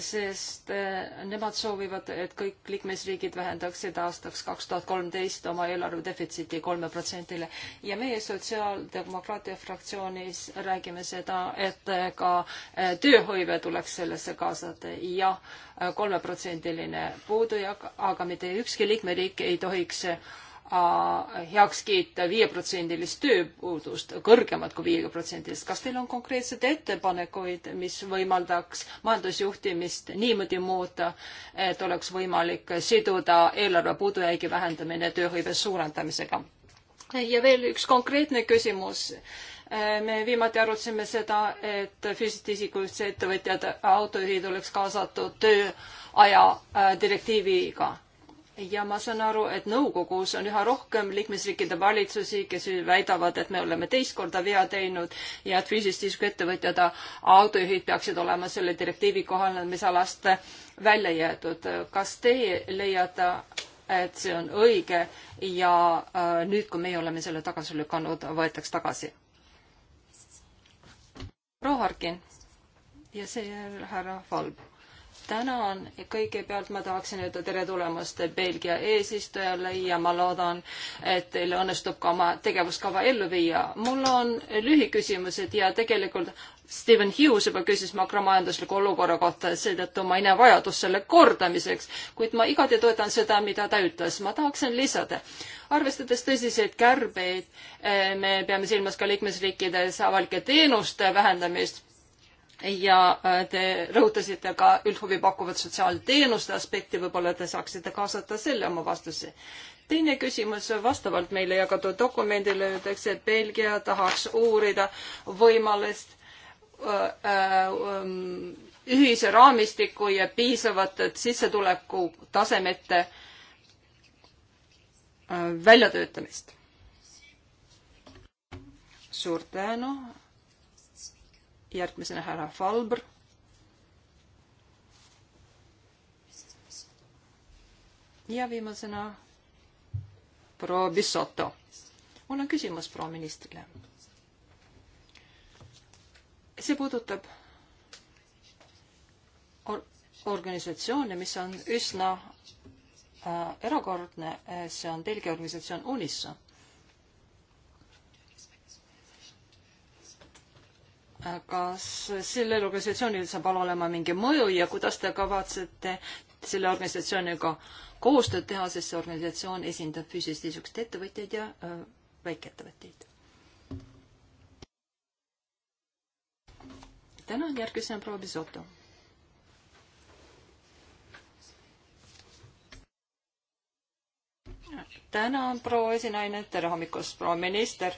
sest äh, nemad soovivad, et kõik liikmesriigid vähendaksid aastaks kaks tuhat kolmteist oma eelarve defitsiiti kolme protsendile ja meie Sotsiaaldemokraatia fraktsioonis räägime seda, et äh, ka äh, tööhõive tuleks sellesse kaasata ja kolmeprotsendiline puudujääk, aga mitte ükski liikmeriik ei tohiks Äh, heaks kiita viieprotsendilist tööpuudust, kõrgemat kui viieprotsendilist. kas teil on konkreetseid ettepanekuid, mis võimaldaks majandusjuhtimist niimoodi muuta, et oleks võimalik siduda eelarve puudujäägi vähendamine tööhõive suurendamisega? ja veel üks konkreetne küsimus äh, me viimati arutasime seda, et füüsiliste isikute ettevõtjad, autojuhid oleks kaasatud tööaja äh, direktiiviga ja ma saan aru, et nõukogus on üha rohkem liikmesriikide valitsusi, kes väidavad, et me oleme teist korda vea teinud ja et füüsilist isiku ettevõtjad, autojuhid peaksid olema selle direktiivi kohanemisalast välja jäetud. kas teie leiate, et see on õige ja äh, nüüd, kui meie oleme selle tagasi lükanud, võetaks tagasi? proua Harkin ja seejärel härra Valb tänan ja kõigepealt ma tahaksin öelda tere tulemast Belgia eesistujale ja ma loodan, et teil õnnestub ka oma tegevuskava ellu viia. mul on lühiküsimused ja tegelikult Steven Hughes juba küsis makromajandusliku olukorra kohta, seetõttu ma ei näe vajadust selle kordamiseks, kuid ma igati toetan seda, mida ta ütles. ma tahaksin lisada, arvestades tõsiseid kärbeid, eh, me peame silmas ka liikmesriikides avalike teenuste vähendamist ja äh, te rõhutasite ka üldhuvi pakkuvat sotsiaalteenuste aspekti, võib-olla te saaksite kaasata selle oma vastuse. teine küsimus, vastavalt meile jagatud dokumendile öeldakse, et Belgia tahaks uurida võimalust äh, äh, ühise raamistiku ja piisavate sissetuleku tasemete väljatöötamist. suur tänu järgmisena härra Falbr. ja viimasena proua Bissoto. mul on küsimus proua ministrile. see puudutab or organisatsioone, mis on üsna äh, erakordne, see on Belgia organisatsioon Unison Äh, kas sellel organisatsioonil saab olema mingi mõju ja kuidas te kavatsete selle organisatsiooniga koostööd teha, sest see organisatsioon esindab füüsiliselt niisuguseid ettevõtjaid ja äh, väikeettevõtteid. tänan, järgmisena proua Pisoto. tänan, proua esinaine, tere hommikust, proua minister.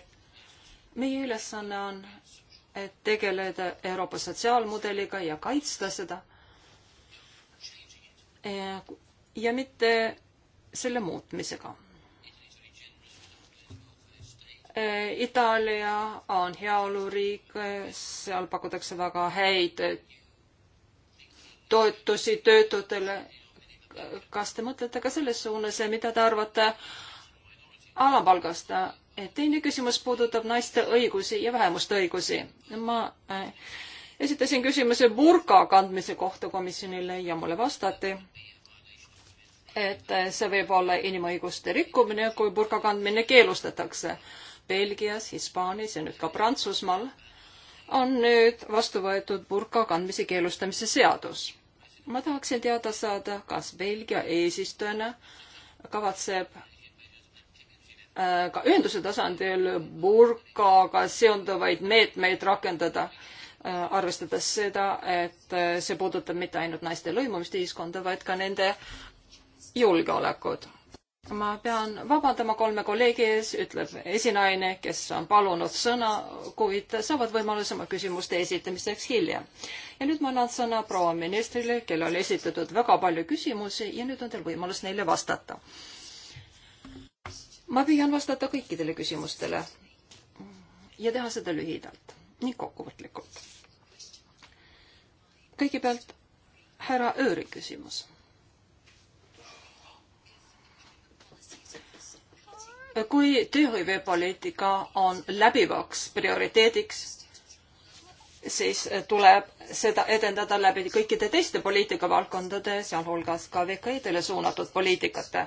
meie ülesanne on et tegeleda Euroopa sotsiaalmudeliga ja kaitsta seda. ja mitte selle muutmisega. Itaalia on heaoluriik, seal pakutakse väga häid toetusi töötutele. kas te mõtlete ka selles suunas ja mida te arvate alampalgast? teine küsimus puudutab naiste õigusi ja vähemuste õigusi. ma äh, esitasin küsimuse burka kandmise kohta komisjonile ja mulle vastati, et see võib olla inimõiguste rikkumine, kui burka kandmine keelustatakse. Belgias, Hispaanias ja nüüd ka Prantsusmaal on nüüd vastu võetud burka kandmise keelustamise seadus. ma tahaksin teada saada, kas Belgia eesistujana kavatseb Äh, ka ühenduse tasandil burkaga seonduvaid meetmeid rakendada, äh, arvestades seda, et äh, see puudutab mitte ainult naiste lõimumist ühiskonda, vaid ka nende julgeolekut. ma pean vabandama kolme kolleegi ees, ütleb esinaine, kes on palunud sõna, kuid saavad võimaluse oma küsimuste esitamiseks hiljem. ja nüüd ma annan sõna proua ministrile, kellele esitatud väga palju küsimusi ja nüüd on teil võimalus neile vastata ma püüan vastata kõikidele küsimustele ja teha seda lühidalt ning kokkuvõtlikult. kõigepealt härra Ööri küsimus. kui tööhõivepoliitika on läbivaks prioriteediks, siis tuleb seda edendada läbi kõikide teiste poliitikavaldkondade, sealhulgas ka VKI-dele suunatud poliitikate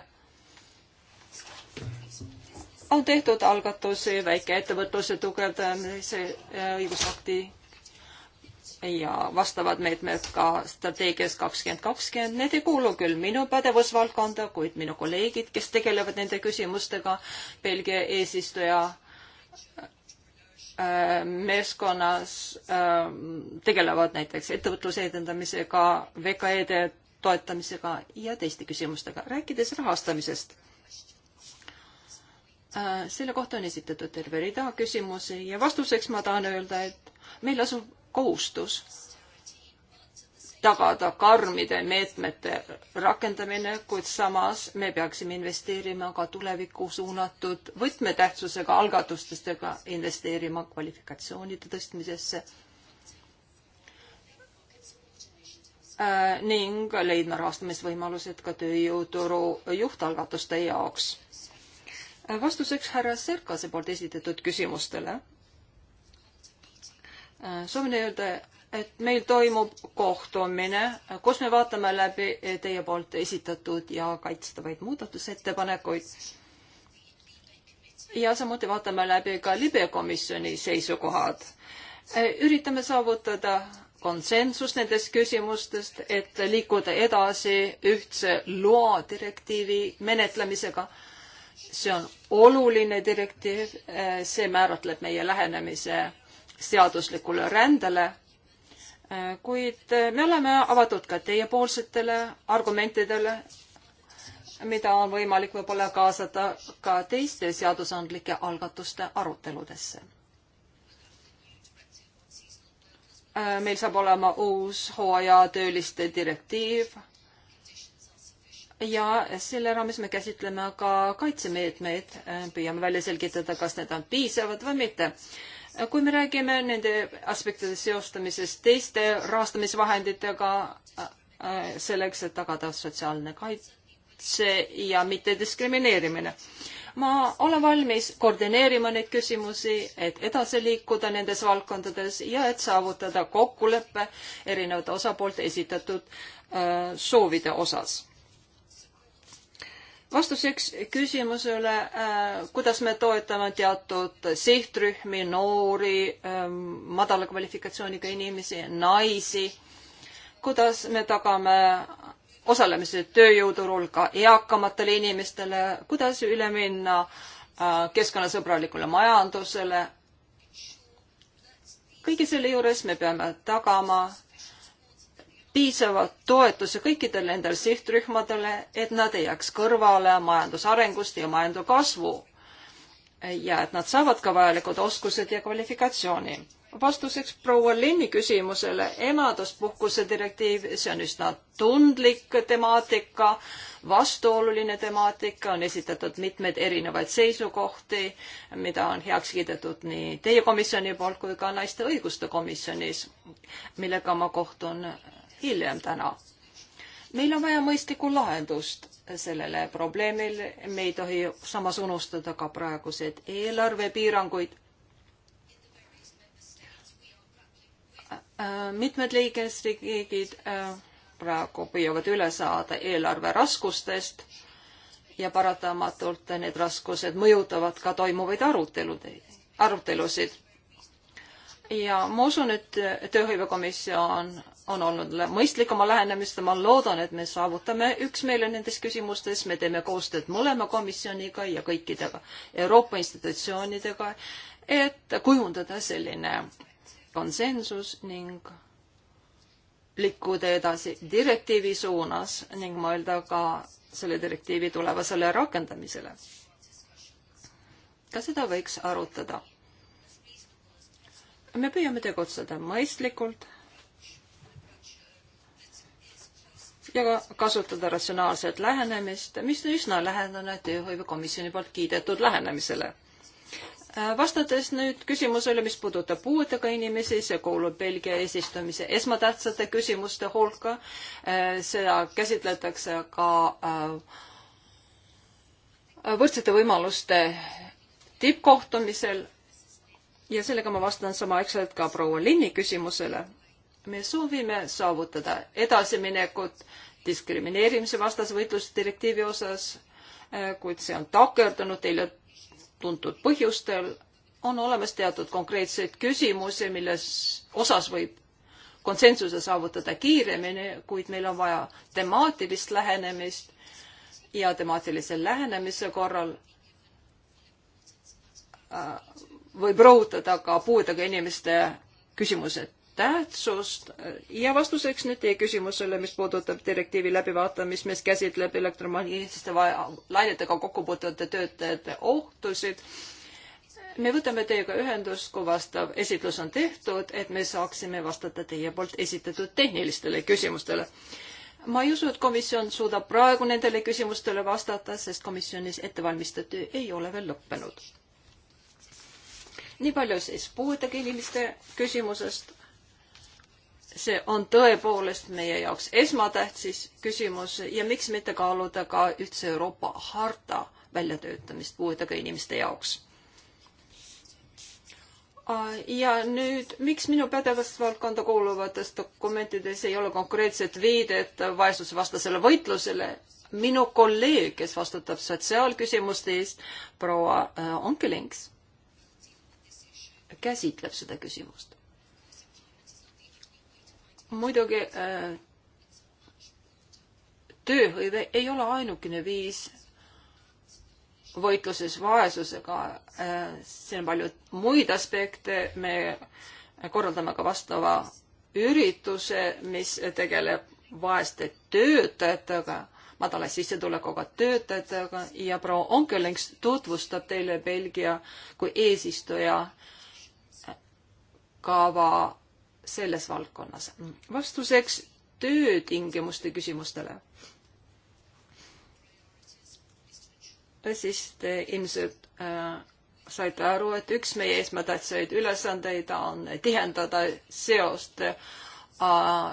on tehtud algatusi väikeettevõtluse tugevdamise äh, õigusakti ja vastavad meetmed ka strateegias kakskümmend kakskümmend, need ei kuulu küll minu pädevusvaldkonda, kuid minu kolleegid, kes tegelevad nende küsimustega, Belgia eesistuja äh, meeskonnas äh, tegelevad näiteks ettevõtluse edendamisega, VKE-de toetamisega ja teiste küsimustega. rääkides rahastamisest Äh, selle kohta on esitatud terve rida küsimusi ja vastuseks ma tahan öelda, et meil asub kohustus tagada karmide meetmete rakendamine, kuid samas me peaksime investeerima ka tulevikku suunatud võtmetähtsusega algatustestega, investeerima kvalifikatsioonide tõstmisesse äh, ning leidma rahastamisvõimalused ka tööjõuturu juhtalgatuste jaoks vastuseks härra Serkase poolt esitatud küsimustele äh, soovin öelda, et meil toimub kohtumine, kus me vaatame läbi teie poolt esitatud ja kaitstavaid muudatusettepanekuid. ja samuti vaatame läbi ka libekomisjoni seisukohad. Äh, üritame saavutada konsensus nendest küsimustest, et liikuda edasi ühtse loa direktiivi menetlemisega see on oluline direktiiv, see määratleb meie lähenemise seaduslikule rändele. kuid me oleme avatud ka teiepoolsetele argumentidele, mida on võimalik võib-olla kaasata ka teiste seadusandlike algatuste aruteludesse. meil saab olema uus hooajatööliste direktiiv ja selle raames me käsitleme ka kaitsemeetmeid, püüame välja selgitada, kas need on piisavad või mitte. kui me räägime nende aspektide seostamisest teiste rahastamisvahenditega, selleks, et tagada sotsiaalne kaitse ja mittediskrimineerimine ma olen valmis koordineerima neid küsimusi, et edasi liikuda nendes valdkondades ja et saavutada kokkulepe erinevate osapoolte esitatud öö, äh, soovide osas vastuseks küsimusele, äh, kuidas me toetame teatud sihtrühmi, noori, ähm, madala kvalifikatsiooniga inimesi, naisi, kuidas me tagame osalemise tööjõuturul ka eakamatele inimestele, kuidas üle minna äh, keskkonnasõbralikule majandusele. kõige selle juures me peame tagama piisavat toetuse kõikidele nendele sihtrühmadele, et nad ei jääks kõrvale majandusarengust ja majanduskasvu ja et nad saavad ka vajalikud oskused ja kvalifikatsiooni. vastuseks proua Linni küsimusele, emaduspuhkuse direktiiv, see on üsna tundlik temaatika, vastuoluline temaatika, on esitatud mitmeid erinevaid seisukohti, mida on heaks kiidetud nii teie komisjoni poolt kui ka naiste õiguste komisjonis, millega ma kohtun hiljem täna. meil on vaja mõistlikku lahendust sellele probleemile, me ei tohi samas unustada ka praeguseid eelarvepiiranguid. Äh, mitmed liikmesriigid äh, praegu püüavad üle saada eelarve raskustest ja paratamatult need raskused mõjutavad ka toimuvaid aruteludeid, arutelusid. ja ma usun, et tööhõivekomisjon on olnud mõistlik oma lähenemist ja ma loodan, et me saavutame üksmeele nendes küsimustes, me teeme koostööd mõlema komisjoniga ja kõikidega Euroopa institutsioonidega, et kujundada selline konsensus ning liikuda edasi direktiivi suunas ning mõelda ka selle direktiivi tulevasele rakendamisele. ka seda võiks arutada. me püüame tegutseda mõistlikult ja kasutada ratsionaalset lähenemist, mis on üsna lähedane tööhõivekomisjoni poolt kiidetud lähenemisele. Äh, vastates nüüd küsimusele, mis puudutab puudega inimesi, see kuulub Belgia eesistumise esmatähtsate küsimuste hulka. Äh, seda käsitletakse ka äh, võrdsete võimaluste tippkohtumisel ja sellega ma vastan samaaegselt ka proua Linni küsimusele me soovime saavutada edasiminekut diskrimineerimise vastase võitluse direktiivi osas, eh, kuid see on takerdunud teile tuntud põhjustel. on olemas teatud konkreetseid küsimusi, milles osas võib konsensuse saavutada kiiremini, kuid meil on vaja temaatilist lähenemist ja temaatilise lähenemise korral eh, võib rõhutada ka puudega inimeste küsimused tähtsust ja vastuseks nüüd teie küsimusele, mis puudutab direktiivi läbivaatamist, mis käsitleb elektromagnetiste lainetega kokkupuutuvate töötajate ohtusid. me võtame teiega ühendust, kui vastav esitlus on tehtud, et me saaksime vastata teie poolt esitatud tehnilistele küsimustele. ma ei usu, et komisjon suudab praegu nendele küsimustele vastata, sest komisjonis ettevalmistatud ei ole veel lõppenud nii palju siis puuetega inimeste küsimusest see on tõepoolest meie jaoks esmatähtis küsimus ja miks mitte kaaluda ka ühtse Euroopa harta väljatöötamist puudega inimeste jaoks. ja nüüd, miks minu pädevusvaldkonda kuuluvates dokumentides ei ole konkreetset viidet vaesusvastasele võitlusele? minu kolleeg, kes vastutab sotsiaalküsimuste eest, proua äh, Onkelings, käsitleb seda küsimust muidugi äh, tööhõive ei ole ainukene viis võitluses vaesusega. Äh, siin on palju muid aspekte, me korraldame ka vastava ürituse, mis tegeleb vaeste töötajatega, madala sissetulekuga töötajatega ja proua Onkelings tutvustab teile Belgia kui eesistuja kava selles valdkonnas. vastuseks töötingimuste küsimustele. siis te ilmselt äh, saite aru, et üks meie esmatähtsaid ülesandeid on tihendada seost äh,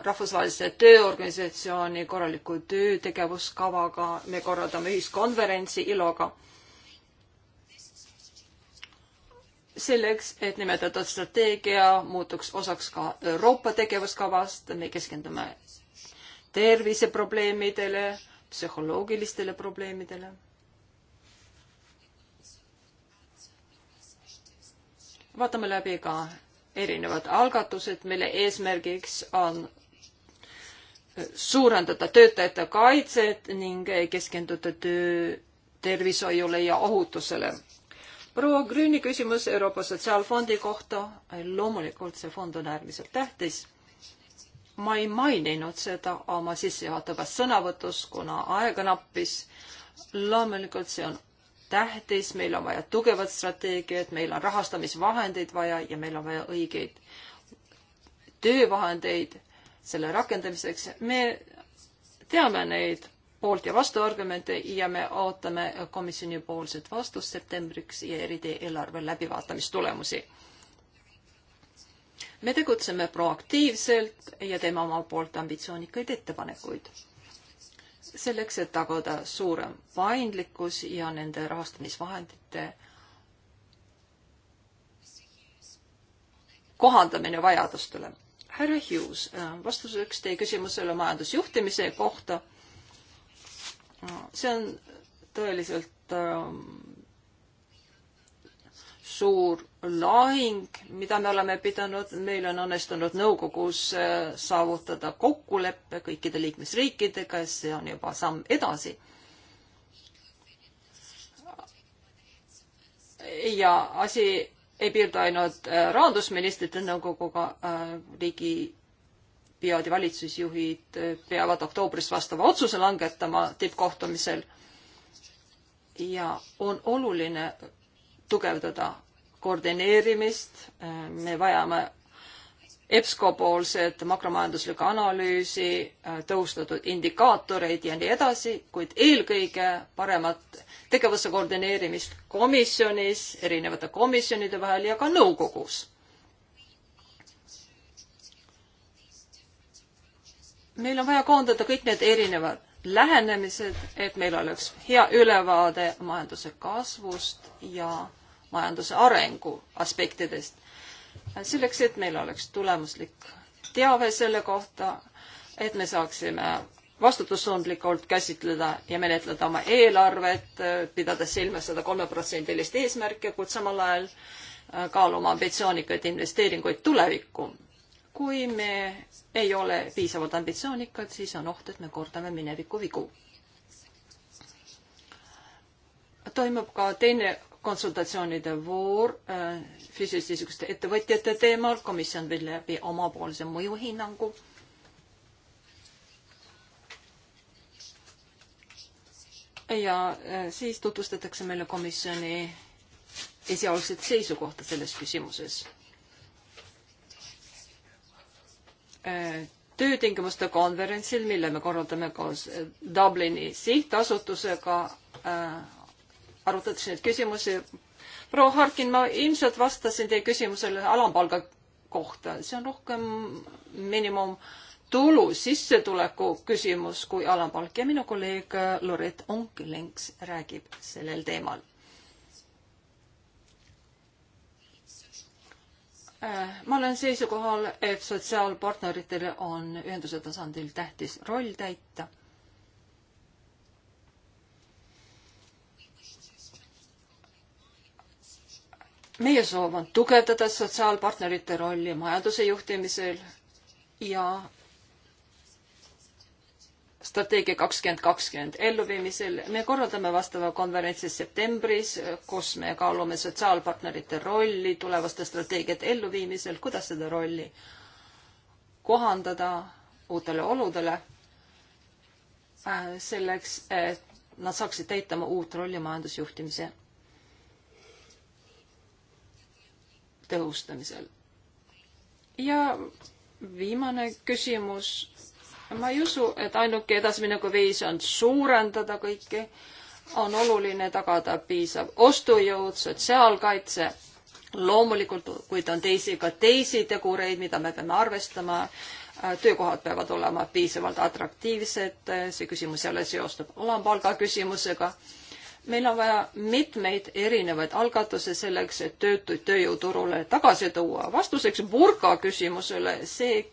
rahvusvahelise tööorganisatsiooni korraliku töötegevuskavaga. me korraldame ühiskonverentsi ILO-ga selleks, et nimetatud strateegia muutuks osaks ka Euroopa tegevuskavast, me keskendume terviseprobleemidele, psühholoogilistele probleemidele. vaatame läbi ka erinevad algatused, mille eesmärgiks on suurendada töötajate kaitset ning keskenduda töö tervishoiule ja ohutusele proua Grüni küsimus Euroopa Sotsiaalfondi kohta. loomulikult see fond on äärmiselt tähtis. ma ei maininud seda oma sissejuhatavas sõnavõtus, kuna aega nappis. loomulikult see on tähtis, meil on vaja tugevat strateegiat, meil on rahastamisvahendeid vaja ja meil on vaja õigeid töövahendeid selle rakendamiseks. me teame neid poolt- ja vastuargumente ja me ootame komisjoni poolset vastust septembriks ja eriti eelarve läbivaatamistulemusi. me tegutseme proaktiivselt ja teeme oma poolt ambitsioonikaid ettepanekuid. selleks, et tagada suurem paindlikkus ja nende rahastamisvahendite kohandamine vajadustele. härra Hughes, vastuseks teie küsimusele majandusjuhtimise kohta see on tõeliselt ähm, suur lahing, mida me oleme pidanud, meil on õnnestunud nõukogus äh, saavutada kokkulepe kõikide liikmesriikidega, see on juba samm edasi. ja asi ei piirdu ainult äh, rahandusministrite nõukoguga, äh, riigi pead ja valitsusjuhid eh, peavad oktoobris vastava otsuse langetama tippkohtumisel. ja on oluline tugevdada koordineerimist, eh, me vajame EBSCO poolset makromajanduslikku analüüsi, eh, tõhustatud indikaatoreid ja nii edasi, kuid eelkõige paremat tegevuse koordineerimist komisjonis, erinevate komisjonide vahel ja ka nõukogus meil on vaja koondada kõik need erinevad lähenemised, et meil oleks hea ülevaade majanduse kasvust ja majanduse arengu aspektidest. selleks, et meil oleks tulemuslik teave selle kohta, et me saaksime vastutustundlikult käsitleda ja menetleda oma eelarvet, pidades silmas seda kolmeprotsendilist eesmärki, kuid samal ajal kaaluma ambitsioonikaid investeeringuid tulevikku kui me ei ole piisavalt ambitsioonikad, siis on oht, et me kordame mineviku vigu. toimub ka teine konsultatsioonide voor äh, füüsiliste niisuguste ettevõtjate teemal, komisjon viib läbi omapoolse mõjuhinnangu. ja äh, siis tutvustatakse meile komisjoni esialgset seisukohta selles küsimuses töötingimuste konverentsil, mille me korraldame koos äh, Dublini sihtasutusega, äh, arutati neid küsimusi. proua Harkin, ma ilmselt vastasin teie küsimusele alampalga kohta, see on rohkem miinimumtulu sissetuleku küsimus kui alampalk ja minu kolleeg Loret Onk-Lenks räägib sellel teemal Äh, ma olen seisukohal, et sotsiaalpartneritel on ühenduse tasandil tähtis roll täita. meie soov on tugevdada sotsiaalpartnerite rolli majanduse juhtimisel ja strateegia kakskümmend kakskümmend elluviimisel. me korraldame vastava konverentsi septembris, kus me kaalume sotsiaalpartnerite rolli tulevaste strateegiate elluviimisel, kuidas seda rolli kohandada uutele oludele, äh, selleks et nad saaksid täita oma uut rolli majandusjuhtimise tõhustamisel. ja viimane küsimus ma ei usu, et ainuke edasimineku viis on suurendada kõiki, on oluline tagada piisav ostujõud, sotsiaalkaitse, loomulikult, kuid on teisi, ka teisi tegureid, mida me peame arvestama, äh, töökohad peavad olema piisavalt atraktiivsed, äh, see küsimus jälle seostub alampalga küsimusega meil on vaja mitmeid erinevaid algatusi selleks, et töötuid tööjõuturule tagasi tuua. vastuseks burka küsimusele, see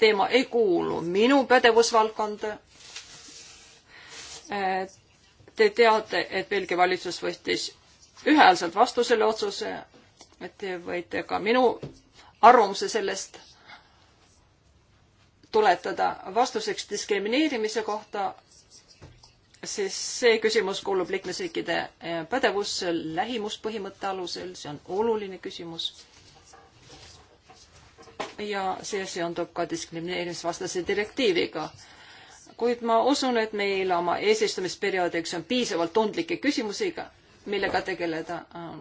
teema ei kuulu minu pädevusvaldkonda. Te teate, et Belgia valitsus võttis ühehäälselt vastu selle otsuse, et te võite ka minu arvamuse sellest tuletada vastuseks diskrimineerimise kohta, siis see küsimus kuulub liikmesriikide pädevusse lähimuspõhimõtte alusel, see on oluline küsimus ja see seondub ka diskrimineerimisvastase direktiiviga. kuid ma usun, et meil oma eesistumisperioodiks on piisavalt tundlikke küsimusi, millega tegeleda. Ähm,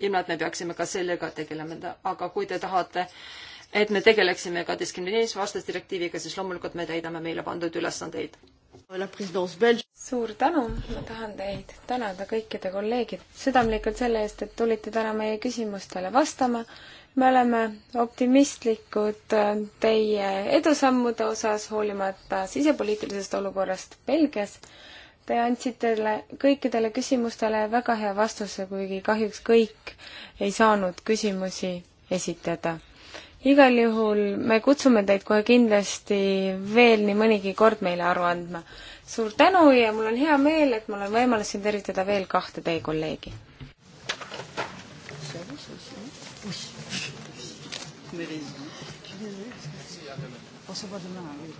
ilma, et me peaksime ka sellega tegelema, aga kui te tahate, et me tegeleksime ka diskrimineerimisvastase direktiiviga, siis loomulikult me täidame meile pandud ülesandeid suur tänu, ma tahan teid tänada kõikide kolleegid südamlikult selle eest, et tulite täna meie küsimustele vastama me oleme optimistlikud äh, teie edusammude osas, hoolimata sisepoliitilisest olukorrast Belgias. Te andsite kõikidele küsimustele väga hea vastuse, kuigi kahjuks kõik ei saanud küsimusi esitada. igal juhul me kutsume teid kohe kindlasti veel nii mõnigi kord meile aru andma. suur tänu ja mul on hea meel, et mul on võimalus siin tervitada veel kahte teie kolleegi mais les... Je suis désolée parce que c'est... On se voit demain, oui.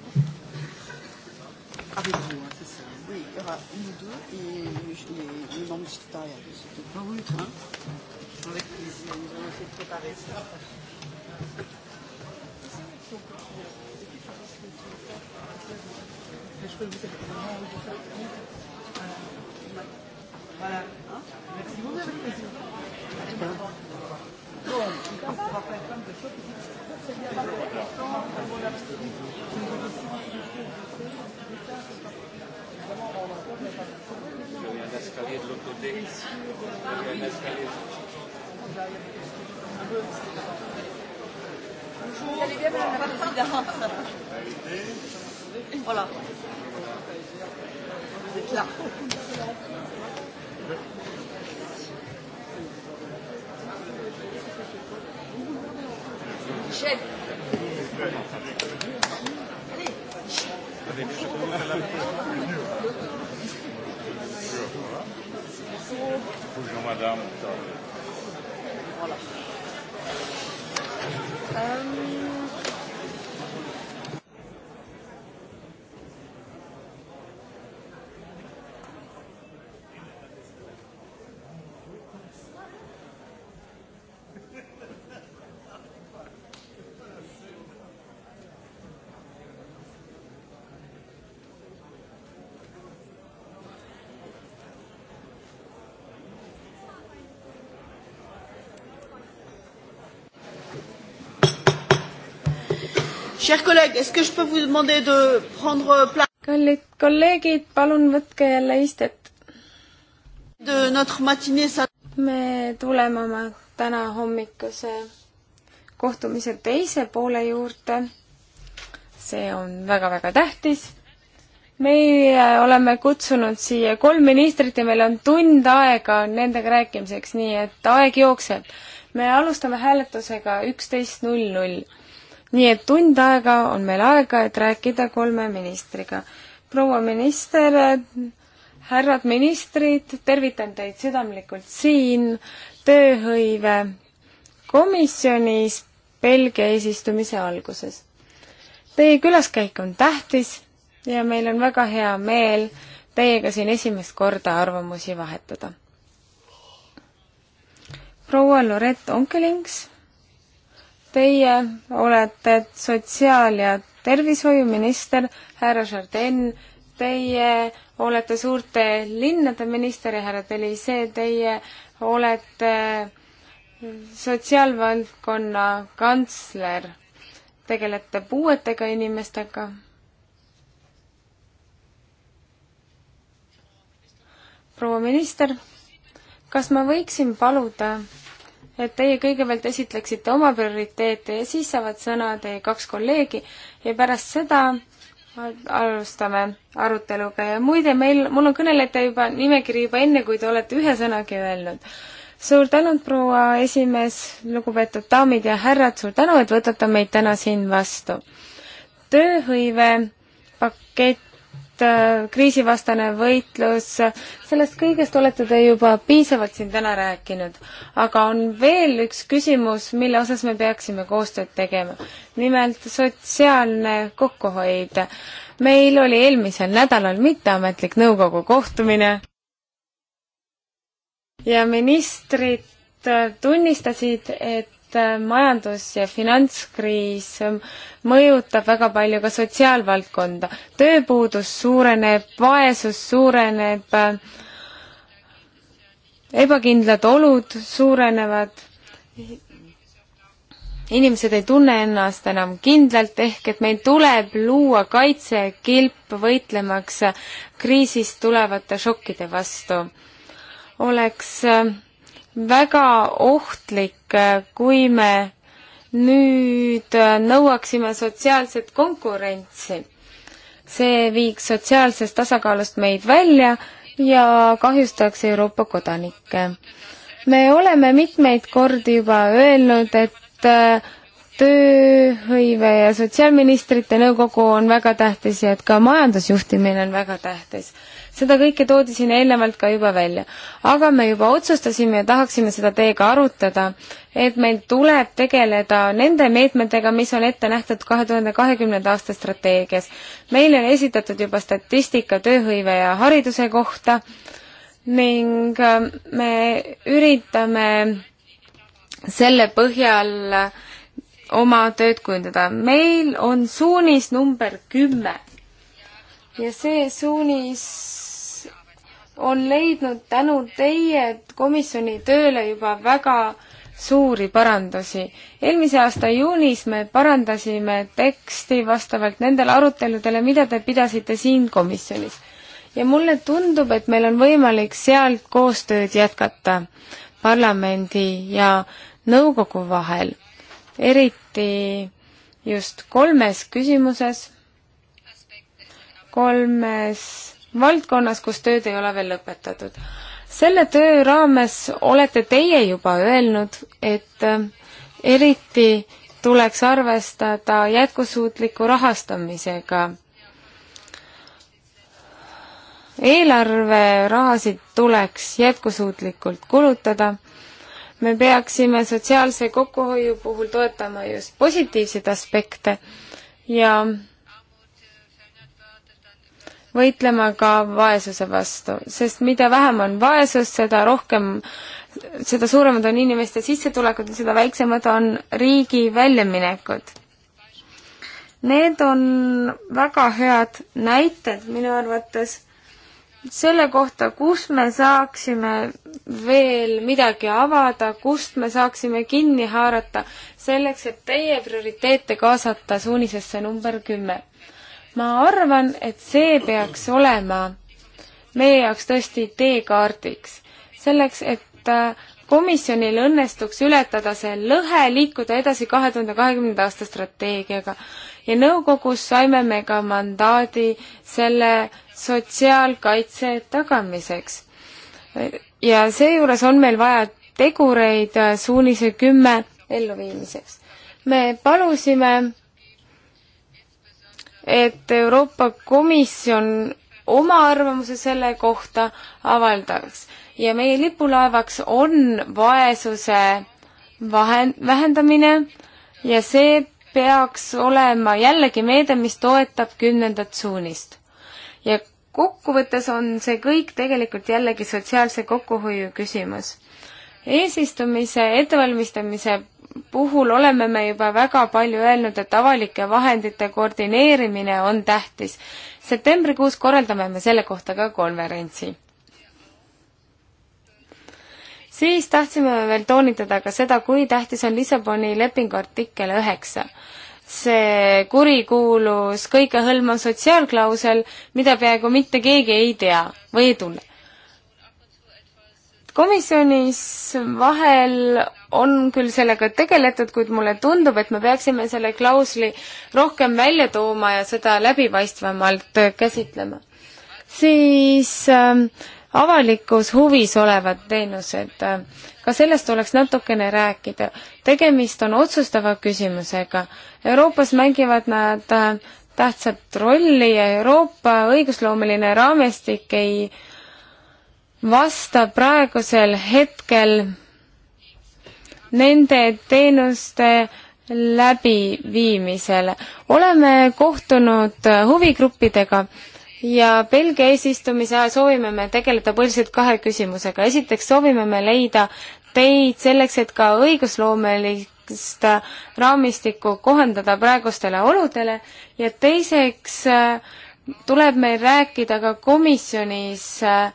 Avec vous, hein, c'est ça. Oui, il y aura nous deux et les, les membres du secrétariat. Ah oui, très bien. Hein Avec plaisir, nous allons essayer de préparer ça. Je peux vous dire comment vous faites Voilà. Hein Merci beaucoup, avec plaisir. Il y a un escalier de l'autre côté. Il y a un escalier. Bonjour. Vous allez bien, Madame la Présidente Voilà. Vous êtes là. Michel. Bonjour madame. Voilà. Euh... kallid kolleegid, palun võtke jälle istet. me tuleme oma täna hommikuse kohtumise teise poole juurde. see on väga-väga tähtis. meie oleme kutsunud siia kolm ministrit ja meil on tund aega nendega rääkimiseks, nii et aeg jookseb. me alustame hääletusega üksteist null null nii et tund aega on meil aega, et rääkida kolme ministriga. proua minister, härrad ministrid, tervitan teid südamlikult siin tööhõive komisjonis Belgia eesistumise alguses. Teie külaskäik on tähtis ja meil on väga hea meel teiega siin esimest korda arvamusi vahetada. proua Lorette Onkelings Teie olete sotsiaal- ja tervishoiuminister, härra Jardin, teie olete suurte linnade minister ja härra Delisee, teie olete sotsiaalvaldkonna kantsler, tegelete puuetega inimestega. proua minister, kas ma võiksin paluda et teie kõigepealt esitleksite oma prioriteete ja siis saavad sõna teie kaks kolleegi ja pärast seda alustame aruteluga ja muide, meil, mul on kõnelejate juba nimekiri juba enne, kui te olete ühe sõnagi öelnud. suur tänu, proua esimees, lugupeetud daamid ja härrad, suur tänu, et võtate meid täna siin vastu. tööhõive pakett Äh, kriisivastane võitlus, sellest kõigest olete te juba piisavalt siin täna rääkinud. aga on veel üks küsimus, mille osas me peaksime koostööd tegema. nimelt sotsiaalne kokkuhoid. meil oli eelmisel nädalal mitteametlik nõukogu kohtumine ja ministrid tunnistasid, et et äh, majandus- ja finantskriis ähm, mõjutab väga palju ka sotsiaalvaldkonda. tööpuudus suureneb, vaesus suureneb, äh, ebakindlad olud suurenevad, inimesed ei tunne ennast enam kindlalt, ehk et meil tuleb luua kaitsekilp võitlemaks kriisist tulevate šokkide vastu. oleks äh, väga ohtlik, kui me nüüd nõuaksime sotsiaalset konkurentsi. see viiks sotsiaalsest tasakaalust meid välja ja kahjustaks Euroopa kodanikke. me oleme mitmeid kordi juba öelnud, et äh, tööhõive ja sotsiaalministrite nõukogu on väga tähtis ja et ka majandusjuhtimine on väga tähtis seda kõike toodi siin eelnevalt ka juba välja. aga me juba otsustasime ja tahaksime seda teiega arutada, et meil tuleb tegeleda nende meetmetega, mis on ette nähtud kahe tuhande kahekümnenda aasta strateegias. meile on esitatud juba statistika tööhõive ja hariduse kohta ning äh, me üritame selle põhjal äh, oma tööd kujundada. meil on suunis number kümme ja see suunis on leidnud tänu teie komisjoni tööle juba väga suuri parandusi. eelmise aasta juunis me parandasime teksti vastavalt nendele aruteludele, mida te pidasite siin komisjonis. ja mulle tundub, et meil on võimalik sealt koostööd jätkata parlamendi ja nõukogu vahel, eriti just kolmes küsimuses, kolmes valdkonnas, kus tööd ei ole veel lõpetatud. selle töö raames olete teie juba öelnud, et äh, eriti tuleks arvestada jätkusuutliku rahastamisega. eelarverahasid tuleks jätkusuutlikult kulutada, me peaksime sotsiaalse kokkuhoiu puhul toetama just positiivseid aspekte ja võitlema ka vaesuse vastu, sest mida vähem on vaesust, seda rohkem, seda suuremad on inimeste sissetulekud ja seda väiksemad on riigi väljaminekud. Need on väga head näited minu arvates selle kohta, kus me saaksime veel midagi avada, kust me saaksime kinni haarata, selleks et teie prioriteete kaasata suunisesse number kümme ma arvan, et see peaks olema meie jaoks tõesti teekaardiks, selleks et äh, komisjonil õnnestuks ületada see lõhe, liikuda edasi kahe tuhande kahekümnenda aasta strateegiaga. ja nõukogus saime me ka mandaadi selle sotsiaalkaitse tagamiseks. ja seejuures on meil vaja tegureid äh, suunise kümme elluviimiseks. me palusime et Euroopa Komisjon oma arvamuse selle kohta avaldaks ja meie lipulaevaks on vaesuse vahe, vähendamine ja see peaks olema jällegi meede, mis toetab kümnendat suunist. ja kokkuvõttes on see kõik tegelikult jällegi sotsiaalse kokkuhoiu küsimus. eesistumise ettevalmistamise puhul oleme me juba väga palju öelnud, et avalike vahendite koordineerimine on tähtis. septembrikuus korraldame me selle kohta ka konverentsi. siis tahtsime veel toonitada ka seda, kui tähtis on Lissaboni lepingu artikkel üheksa see kurikuulus kõikehõlmav sotsiaalklausel, mida peaaegu mitte keegi ei tea või ei tunne komisjonis vahel on küll sellega tegeletud, kuid mulle tundub, et me peaksime selle klausli rohkem välja tooma ja seda läbipaistvamalt käsitlema. siis äh, avalikus huvis olevad teenused, ka sellest tuleks natukene rääkida. tegemist on otsustava küsimusega. Euroopas mängivad nad äh, tähtsat rolli ja Euroopa õigusloomeline raamestik ei äh, vasta praegusel hetkel nende teenuste läbiviimisele. oleme kohtunud huvigruppidega ja Belgia eesistumise ajal soovime me tegeleda põhiliselt kahe küsimusega. esiteks soovime me leida teid selleks, et ka õigusloomelist raamistikku kohandada praegustele oludele ja teiseks äh, tuleb meil rääkida ka komisjonis äh,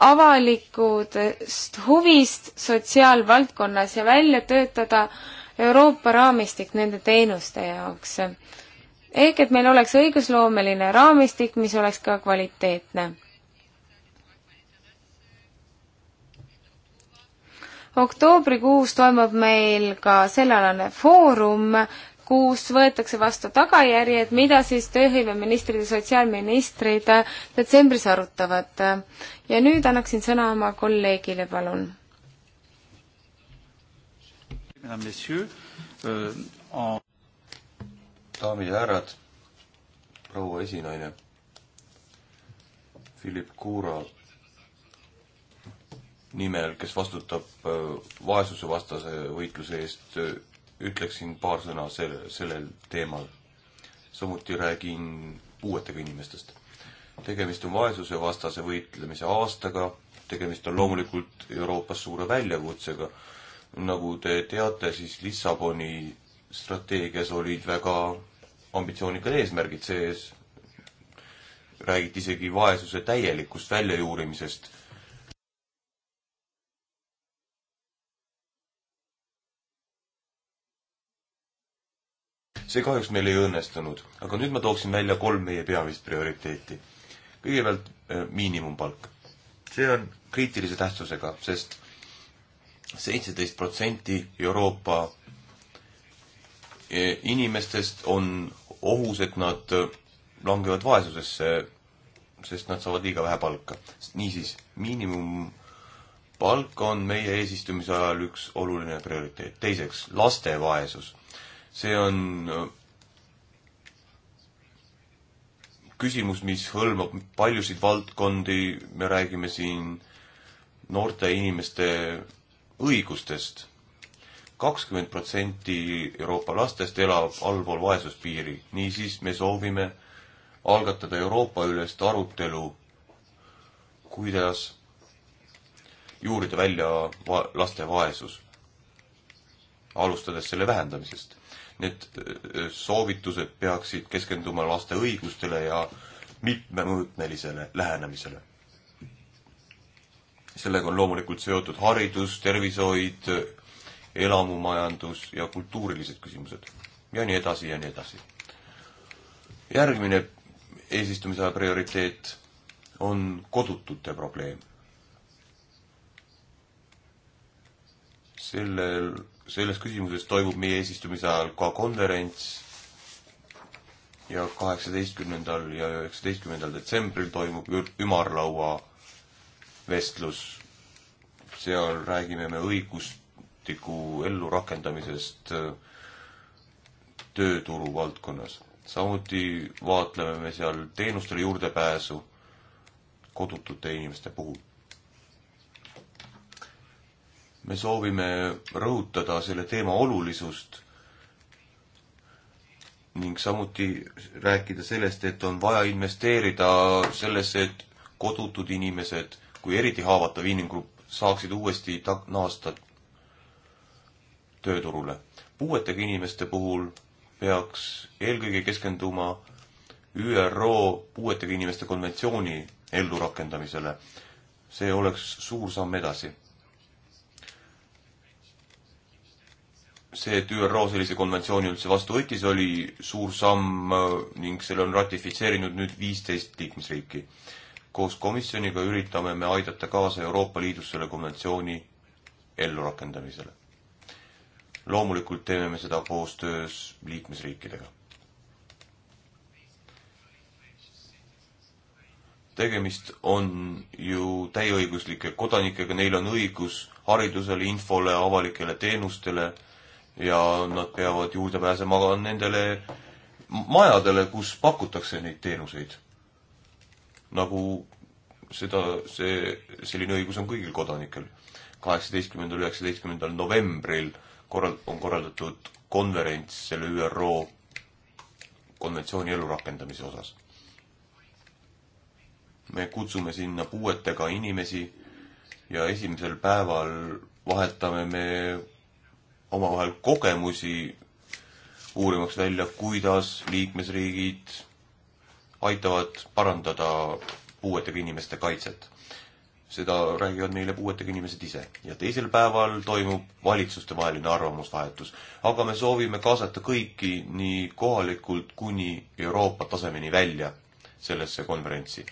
avalikudest huvist sotsiaalvaldkonnas ja välja töötada Euroopa raamistik nende teenuste jaoks. ehk et meil oleks õigusloomeline raamistik, mis oleks ka kvaliteetne. oktoobrikuus toimub meil ka sellealane foorum, kus võetakse vastu tagajärjed, mida siis tööhõiveministrid ja sotsiaalministrid detsembris arutavad ja nüüd annaksin sõna oma kolleegile, palun. Euh, daamid ja härrad, proua esinaine, Philip Kuura nimel, kes vastutab euh, vaesusevastase võitluse eest, euh, ütleksin paar sõna selle, sellel teemal. samuti räägin puuetega inimestest tegemist on vaesusevastase võitlemise aastaga, tegemist on loomulikult Euroopas suure väljakutsega. nagu te teate, siis Lissaboni strateegias olid väga ambitsioonikad eesmärgid sees, räägiti isegi vaesuse täielikust väljajuurimisest see kahjuks meil ei õnnestunud, aga nüüd ma tooksin välja kolm meie peamist prioriteeti kõigepealt äh, miinimumpalk. see on kriitilise tähtsusega sest, sest seitseteist protsenti Euroopa äh, inimestest on ohus, et nad äh, langevad vaesusesse, sest nad saavad liiga vähe palka. niisiis, miinimumpalk on meie eesistumise ajal üks oluline prioriteet. teiseks, laste vaesus. see on küsimus, mis hõlmab paljusid valdkondi, me räägime siin noorte inimeste õigustest. kakskümmend protsenti Euroopa lastest elab allpool vaesuspiiri, niisiis me soovime algatada Euroopa-ülest arutelu, kuidas juurida välja va laste vaesus, alustades selle vähendamisest need äh, soovitused peaksid keskenduma laste õigustele ja mitmemõõtmelisele lähenemisele. sellega on loomulikult seotud haridus, tervishoid, elamumajandus ja kultuurilised küsimused ja nii edasi ja nii edasi. järgmine eesistumisaja prioriteet on kodutute probleem. sellel selles küsimuses toimub meie eesistumise ajal ka konverents ja kaheksateistkümnendal ja üheksateistkümnendal detsembril toimub ümarlaua vestlus. seal räägime me õigustiku ellurakendamisest äh, tööturu valdkonnas. samuti vaatleme me seal teenustele juurdepääsu kodutute inimeste puhul me soovime rõhutada selle teema olulisust ning samuti rääkida sellest, et on vaja investeerida sellesse, et kodutud inimesed kui eriti haavatav inimgrupp saaksid uuesti ta-, naasta tööturule. puuetega inimeste puhul peaks eelkõige keskenduma ÜRO puuetega inimeste konventsiooni ellurakendamisele. see oleks suur samm edasi see, et ÜRO sellise konventsiooni üldse vastu võttis, oli suur samm äh, ning selle on ratifitseerinud nüüd viisteist liikmesriiki. koos komisjoniga üritame me aidata kaasa Euroopa Liidus selle konventsiooni ellurakendamisele. loomulikult teeme me seda koostöös liikmesriikidega. tegemist on ju täieõiguslike kodanikega, neil on õigus haridusele, infole, avalikele teenustele ja nad peavad juurde pääsema ka nendele majadele, kus pakutakse neid teenuseid. nagu seda, see, selline õigus on kõigil kodanikel. kaheksateistkümnendal, üheksateistkümnendal novembril korral-, on korraldatud konverents selle ÜRO konventsiooni elurakendamise osas. me kutsume sinna puuetega inimesi ja esimesel päeval vahetame me omavahel kogemusi, uurimaks välja, kuidas liikmesriigid aitavad parandada puuetega inimeste kaitset. seda räägivad meile puuetega inimesed ise ja teisel päeval toimub valitsustevaheline arvamusvahetus. aga me soovime kaasata kõiki nii kohalikult kuni Euroopa tasemeni välja sellesse konverentsi.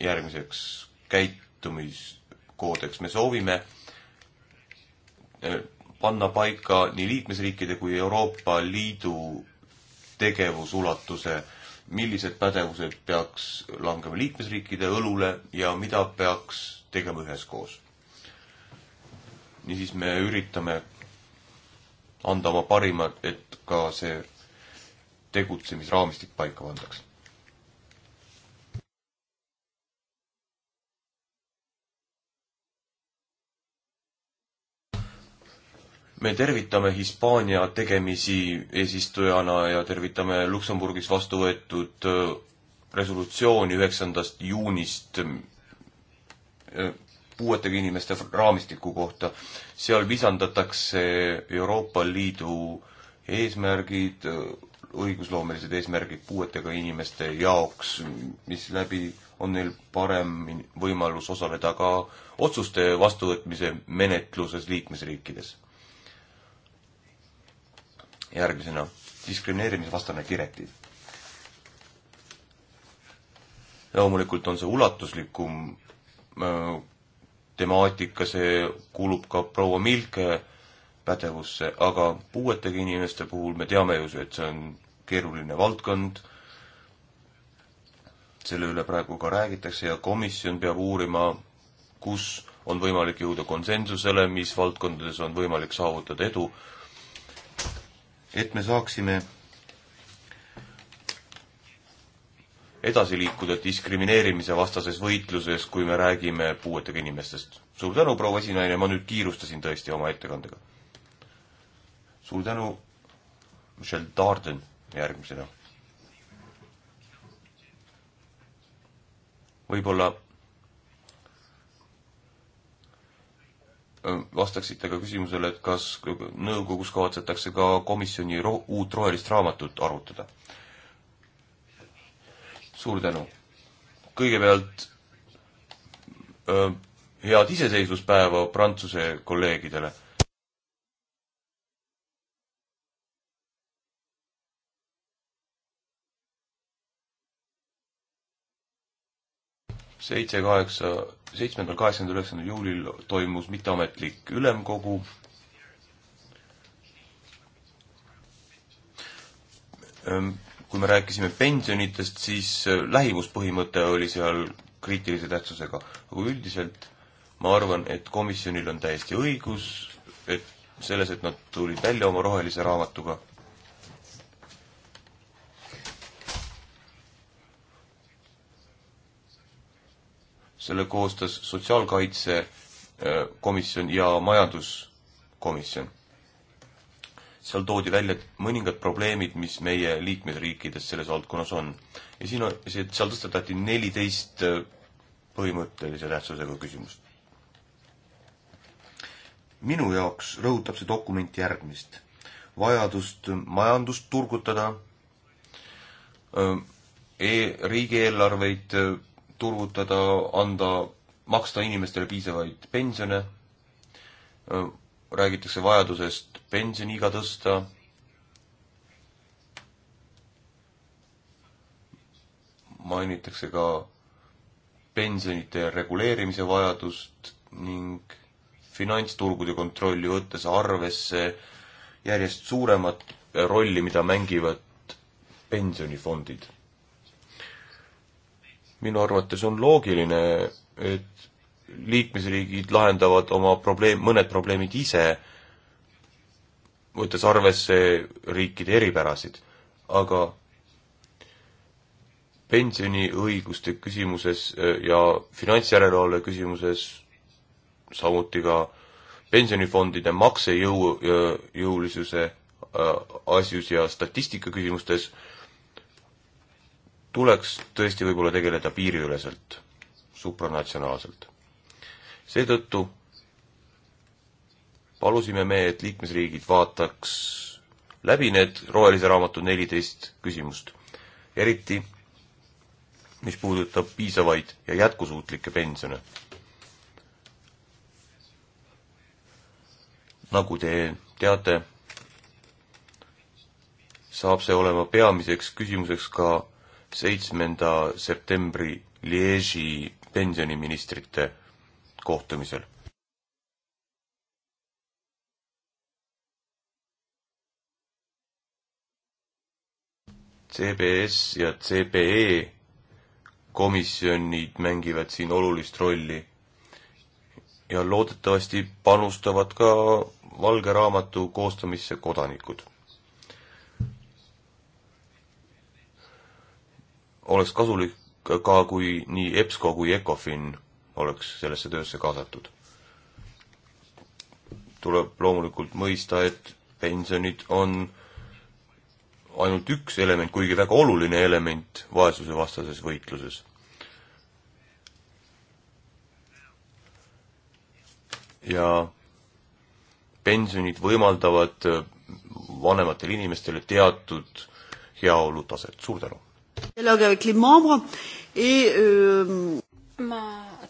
järgmiseks käitumiskoodeks me soovime eh, panna paika nii liikmesriikide kui Euroopa Liidu tegevusulatuse, millised pädevused peaks langema liikmesriikide õlule ja mida peaks tegema üheskoos. niisiis me üritame anda oma parimad, et ka see tegutsemisraamistik paika pandaks. me tervitame Hispaania tegemisi eesistujana ja tervitame Luksemburgis vastu võetud äh, resolutsiooni üheksandast juunist äh, puuetega inimeste raamistiku kohta. seal visandatakse Euroopa Liidu eesmärgid, äh, õigusloomelised eesmärgid puuetega inimeste jaoks, mis läbi on neil parem võimalus osaleda ka otsuste vastuvõtmise menetluses liikmesriikides järgmisena diskrimineerimisvastane direktiiv. loomulikult on see ulatuslikum äh, temaatika, see kuulub ka proua Milke pädevusse, aga puuetega inimeste puhul me teame ju, et see on keeruline valdkond, selle üle praegu ka räägitakse ja komisjon peab uurima, kus on võimalik jõuda konsensusele, mis valdkondades on võimalik saavutada edu et me saaksime edasi liikuda diskrimineerimise vastases võitluses, kui me räägime puuetega inimestest. suur tänu, proua esinaine, ma nüüd kiirustasin tõesti oma ettekandega. suur tänu, Michel Darden järgmisena. võib-olla Äh, vastaksite ka küsimusele, et kas nõukogus kavatsetakse ka komisjoni ro uut rohelist raamatut arutada? suur tänu! kõigepealt öö, äh, head iseseisvuspäeva Prantsuse kolleegidele. seitse, kaheksa seitsmendal, kaheksandal, üheksandal juulil toimus mitteametlik ülemkogu. Ehm, kui me rääkisime pensionitest, siis äh, lähivuspõhimõte oli seal kriitilise tähtsusega, aga üldiselt ma arvan, et komisjonil on täiesti õigus, et selles, et nad tulid välja oma rohelise raamatuga selle koostas Sotsiaalkaitsekomisjon äh, ja Majanduskomisjon. seal toodi välja mõningad probleemid, mis meie liikmesriikides selles valdkonnas on. ja siin on, seal tõstatati neliteist äh, põhimõttelise tähtsusega küsimust. minu jaoks rõhutab see dokument järgmist. vajadust majandust turgutada äh, e, riigieelarveid turgutada, anda, maksta inimestele piisavaid pensione, räägitakse vajadusest pensioniiga tõsta, mainitakse ka pensionite reguleerimise vajadust ning finantsturgude kontrolli võttes arvesse järjest suuremat rolli, mida mängivad pensionifondid minu arvates on loogiline, et liikmesriigid lahendavad oma probleem, mõned probleemid ise, võttes arvesse riikide eripärasid, aga pensioniõiguste küsimuses äh, ja finantsjärelevalve küsimuses, samuti ka pensionifondide maksejõu, äh, jõulisuse äh, asjus ja statistika küsimustes tuleks tõesti võib-olla tegeleda piiriüleselt, supranatsionaalselt. seetõttu palusime me, et liikmesriigid vaataks läbi need rohelise raamatu neliteist küsimust, eriti mis puudutab piisavaid ja jätkusuutlikke pensione. nagu te teate, saab see olema peamiseks küsimuseks ka seitsmenda septembri Liegi pensioniministrite kohtumisel. CBS ja CBE komisjonid mängivad siin olulist rolli ja loodetavasti panustavad ka valge raamatu koostamisse kodanikud oleks kasulik ka, kui nii EBSCO kui ECOFIN oleks sellesse töösse kaasatud. tuleb loomulikult mõista, et pensionid on ainult üks element, kuigi väga oluline element vaesusevastases võitluses. ja pensionid võimaldavad vanematel inimestel teatud heaolutaset. suur tänu! Euh, ma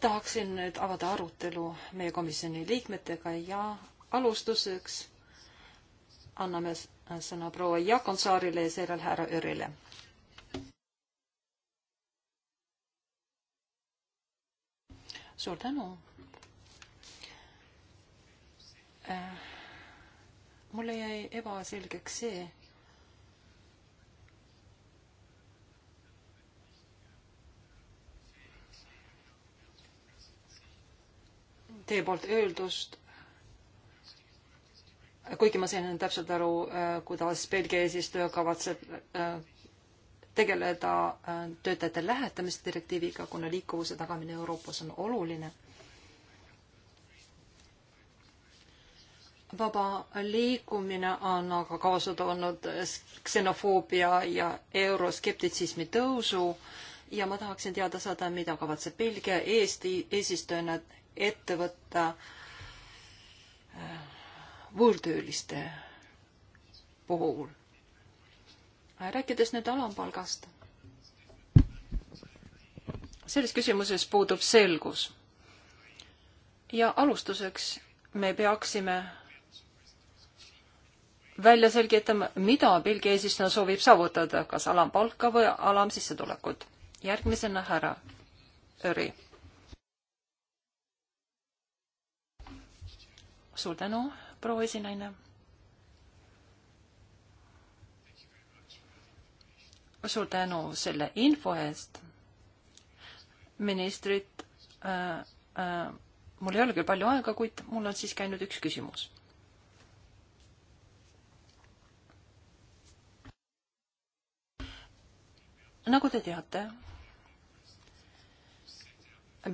tahaksin nüüd avada arutelu meie komisjoni liikmetega ja alustuseks anname sõna proua Jakonsaarile ja seejärel härra Örile. suur tänu äh, mulle jäi ebaselgeks see, teie poolt öeldust. kuigi ma sain täpselt aru, äh, kuidas Belgia eesistuja kavatseb äh, tegeleda äh, töötajate lähetamise direktiiviga, kuna liikuvuse tagamine Euroopas on oluline. vaba liikumine on aga kaasa toonud ksenofoobia ja euroskeptitsismi tõusu ja ma tahaksin teada saada, mida kavatseb Belgia Eesti eesistujana ette võtta äh, võõrtööliste puhul. rääkides nüüd alampalgast, selles küsimuses puudub selgus. ja alustuseks me peaksime välja selgitama, mida Belgia eesistuja soovib saavutada, kas alampalka või alamsissetulekut. järgmisena härra Öri suur tänu, proua esinaine. suur tänu selle info eest. ministrit äh,, äh, mul ei ole küll palju aega, kuid mul on siiski ainult üks küsimus nagu te teate,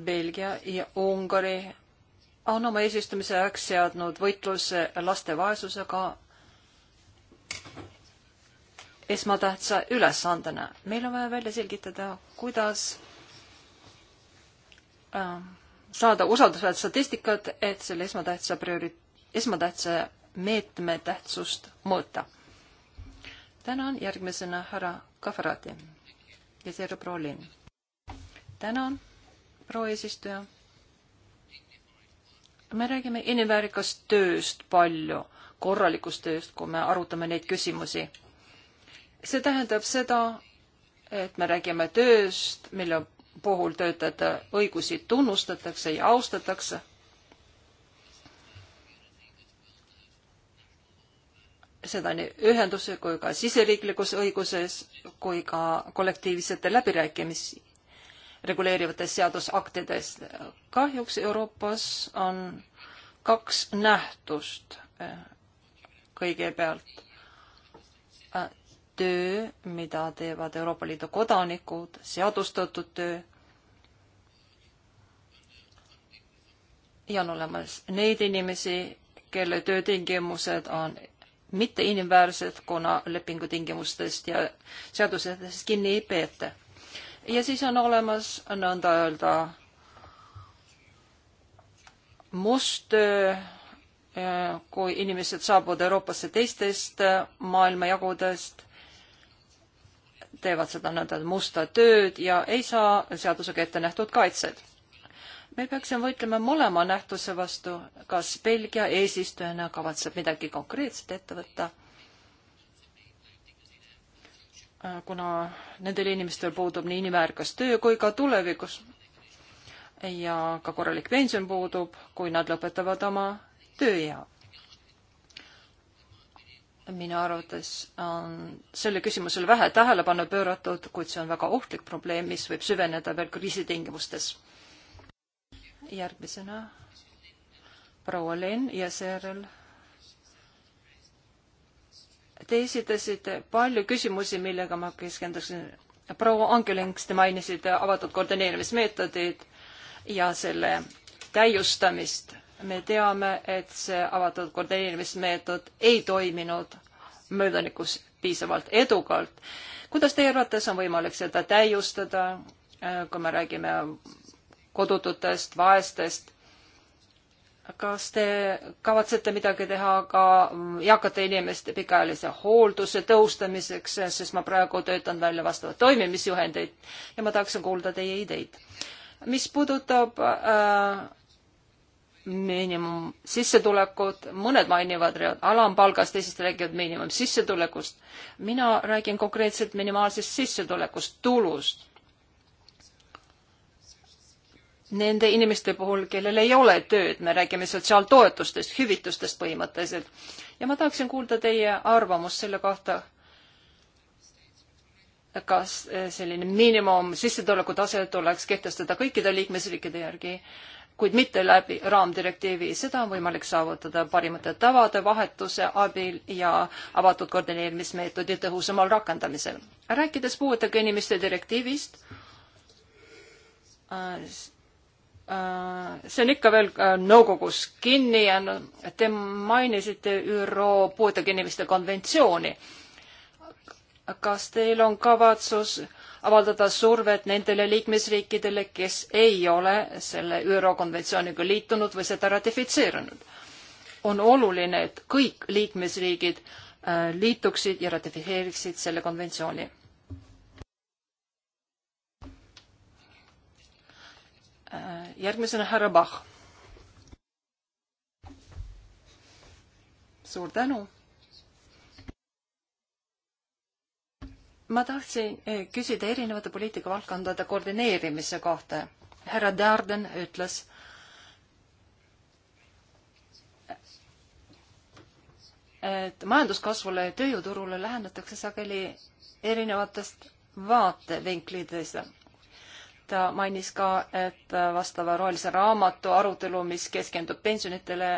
Belgia ja Ungari on oma eesistumise ajaks seadnud võitluse laste vaesusega esmatähtsa ülesandena. meil on vaja välja selgitada, kuidas ähm, saada usaldusväärt statistikat, et selle esmatähtsa priori-, esmatähtsa meetme tähtsust mõõta. tänan järgmisena härra Kafarati ja seejärel proua Linn. tänan, proua eesistuja me räägime inimväärikast tööst palju, korralikust tööst, kui me arutame neid küsimusi. see tähendab seda, et me räägime tööst, mille puhul töötajate õigusi tunnustatakse ja austatakse. seda nii ühenduse kui ka siseriiklikus õiguses kui ka kollektiivsete läbirääkimisi reguleerivatest seadusaktidest. kahjuks Euroopas on kaks nähtust eh, kõigepealt. Eh, töö, mida teevad Euroopa Liidu kodanikud, seadustatud töö ja on olemas neid inimesi, kelle töötingimused on mitte inimväärsed, kuna lepingutingimustest ja seadusedest kinni ei peeta ja siis on olemas nõnda öelda must töö, eh, kui inimesed saabuvad Euroopasse teistest eh, maailmajagudest, teevad seda nõnda musta tööd ja ei saa seadusega ette nähtud kaitset. me peaksime võitlema mõlema nähtuse vastu, kas Belgia eesistujana kavatseb midagi konkreetset ette võtta Äh, kuna nendel inimestel puudub nii inimväärikas töö kui ka tulevikus. ja ka korralik pension puudub, kui nad lõpetavad oma tööea. minu arvates on selle küsimusele vähe tähelepanu pööratud, kuid see on väga ohtlik probleem, mis võib süveneda veel kriisitingimustes. järgmisena proua Len ja seejärel Te esitasite palju küsimusi, millega ma keskenduksin. proua Angelings, te mainisite avatud koordineerimismeetodit ja selle täiustamist. me teame, et see avatud koordineerimismeetod ei toiminud möödanikus piisavalt edukalt. kuidas teie arvates on võimalik seda täiustada, äh, kui me räägime kodututest, vaestest kas te kavatsete midagi teha ka mm, eakate inimeste pikaajalise hoolduse tõustamiseks, sest ma praegu töötan välja vastavaid toimimisjuhendeid ja ma tahaksin kuulda teie ideid. mis puudutab äh, miinimumsissetulekut, mõned mainivad alampalgast, teised räägivad miinimumsissetulekust. mina räägin konkreetselt minimaalsest sissetulekust, tulust nende inimeste puhul, kellel ei ole tööd, me räägime sotsiaaltoetustest, hüvitustest põhimõtteliselt. ja ma tahaksin kuulda teie arvamust selle kohta, kas eh, selline miinimum sissetuleku tase tuleks kehtestada kõikide liikmesriikide järgi, kuid mitte läbi raamdirektiivi, seda on võimalik saavutada parimate tavade vahetuse abil ja avatud koordineerimismeetodi tõhusamal rakendamisel. rääkides puuetega inimeste direktiivist, äh, Äh, see on ikka veel äh, nõukogus kinni jäänud. Te mainisite ÜRO puuetega inimeste konventsiooni. kas teil on kavatsus avaldada survet nendele liikmesriikidele, kes ei ole selle ÜRO konventsiooniga liitunud või seda ratifitseerinud? on oluline, et kõik liikmesriigid äh, liituksid ja ratifitseeriksid selle konventsiooni järgmisena härra Bach. suur tänu. ma tahtsin eh, küsida erinevate poliitikavaldkondade koordineerimise kohta. härra Darden ütles, et majanduskasvule ja tööjõuturule lähenetakse sageli erinevatest vaatevinklidest ta mainis ka, et vastava rohelise raamatu arutelu, mis keskendub pensionitele,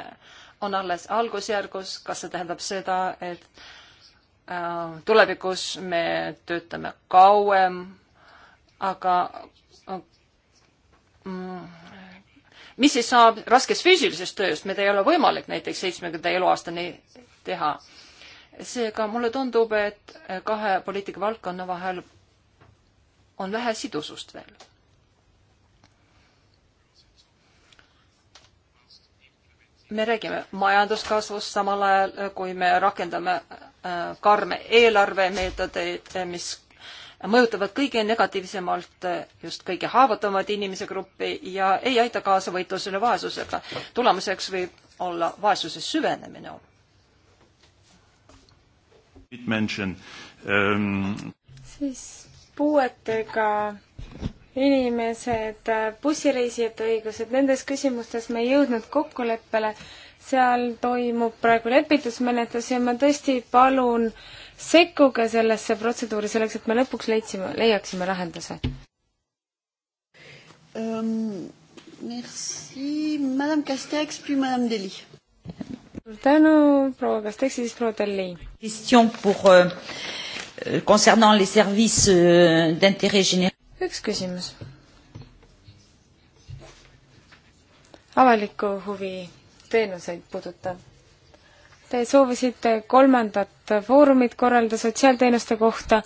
on alles algusjärgus, kas see tähendab seda, et äh, tulevikus me töötame kauem, aga mm, mis siis saab raskest füüsilisest tööst, mida ei ole võimalik näiteks seitsmekümnenda eluaastani teha. seega mulle tundub, et kahe poliitikavaldkonna vahel on vähe sidusust veel me räägime majanduskasvust samal ajal, äh, kui me rakendame äh, karme eelarvemeetodeid, äh, mis mõjutavad kõige negatiivsemalt just kõige haavatavamat inimese gruppi ja ei aita kaasa võitlusele vaesusega. tulemuseks võib olla vaesuse süvenemine. Um... siis puuetega inimesed, bussireisijate õigused, nendes küsimustes me ei jõudnud kokkuleppele, seal toimub praegu lepitusmenetlus ja ma tõesti palun, sekkuge sellesse protseduuri selleks, et me lõpuks leidsime, leiaksime lahenduse um,. Merci, madame Castex, puis madame Deli. suur tänu, proua Castex ja siis proua Deli. Question pour euh, euh, concernant les services euh, d'intérêt général üks küsimus. avaliku huvi teenuseid puudutav. Te soovisite kolmandat foorumit korraldada sotsiaalteenuste kohta,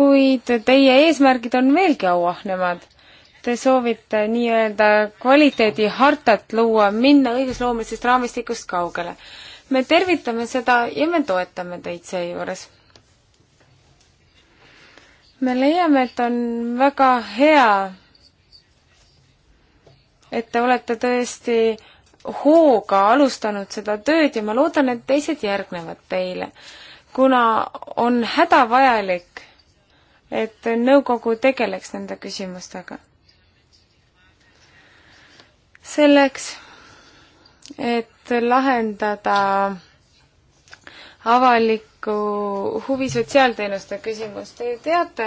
kuid teie eesmärgid on veelgi auahnemad te soovite nii-öelda kvaliteedihartat luua, minna õigusloomelisest raamistikust kaugele. me tervitame seda ja me toetame teid seejuures me leiame, et on väga hea, et te olete tõesti hooga alustanud seda tööd ja ma loodan, et teised järgnevad teile. kuna on hädavajalik, et nõukogu tegeleks nende küsimustega. selleks, et lahendada avalik avaliku huvi sotsiaalteenuste küsimus. Te teate,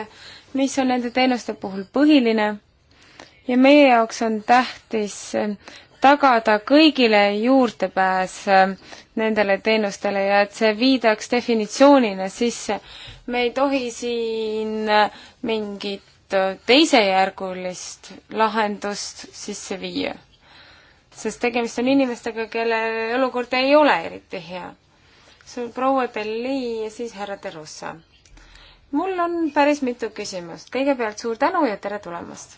mis on nende teenuste puhul põhiline ja meie jaoks on tähtis tagada kõigile juurdepääs nendele teenustele ja et see viidaks definitsioonina sisse. me ei tohi siin mingit teisejärgulist lahendust sisse viia, sest tegemist on inimestega, kelle olukord ei ole eriti hea suur proua Belli ja siis härra De Rossa. mul on päris mitu küsimust. kõigepealt suur tänu ja tere tulemast!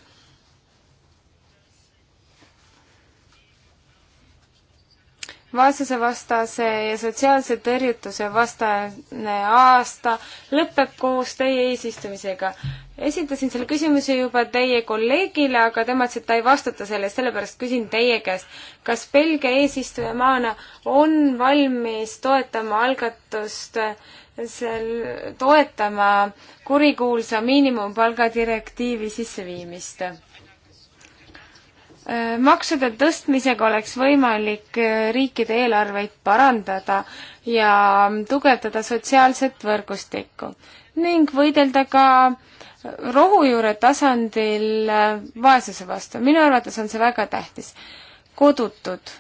vaesusevastase ja sotsiaalse tõrjutuse vastane aasta lõpeb koos teie eesistumisega. esitasin selle küsimuse juba teie kolleegile, aga tema ütles, et ta ei vastuta selle eest, sellepärast küsin teie käest. kas Belgia eesistujamaana on valmis toetama algatust sel, toetama kurikuulsa miinimumpalga direktiivi sisseviimist? Äh, maksude tõstmisega oleks võimalik äh, riikide eelarveid parandada ja tugevdada sotsiaalset võrgustikku ning võidelda ka rohujuure tasandil äh, vaesuse vastu. minu arvates on see väga tähtis. kodutud,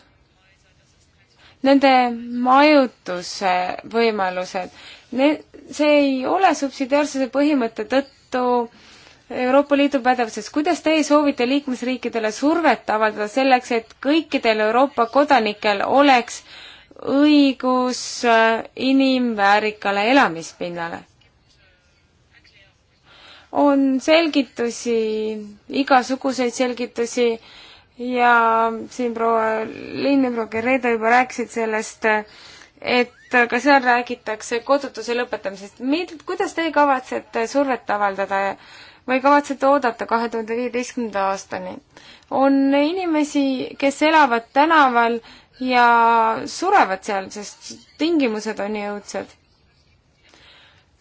nende majutuse võimalused, see ei ole subsidiaarsuse põhimõtte tõttu äh, Euroopa Liidu pädevuses, kuidas teie soovite liikmesriikidele survet avaldada selleks, et kõikidel Euroopa kodanikel oleks õigus äh, inimväärikale elamispinnale? on selgitusi, igasuguseid selgitusi ja siin proua Linn ja proua Gereda juba rääkisid sellest, et ka seal räägitakse kodutuse lõpetamisest. kuidas teie kavatsete survet avaldada või kavatsete oodata kahe tuhande viieteistkümnenda aastani? on inimesi, kes elavad tänaval ja surevad seal, sest tingimused on nii õudsed.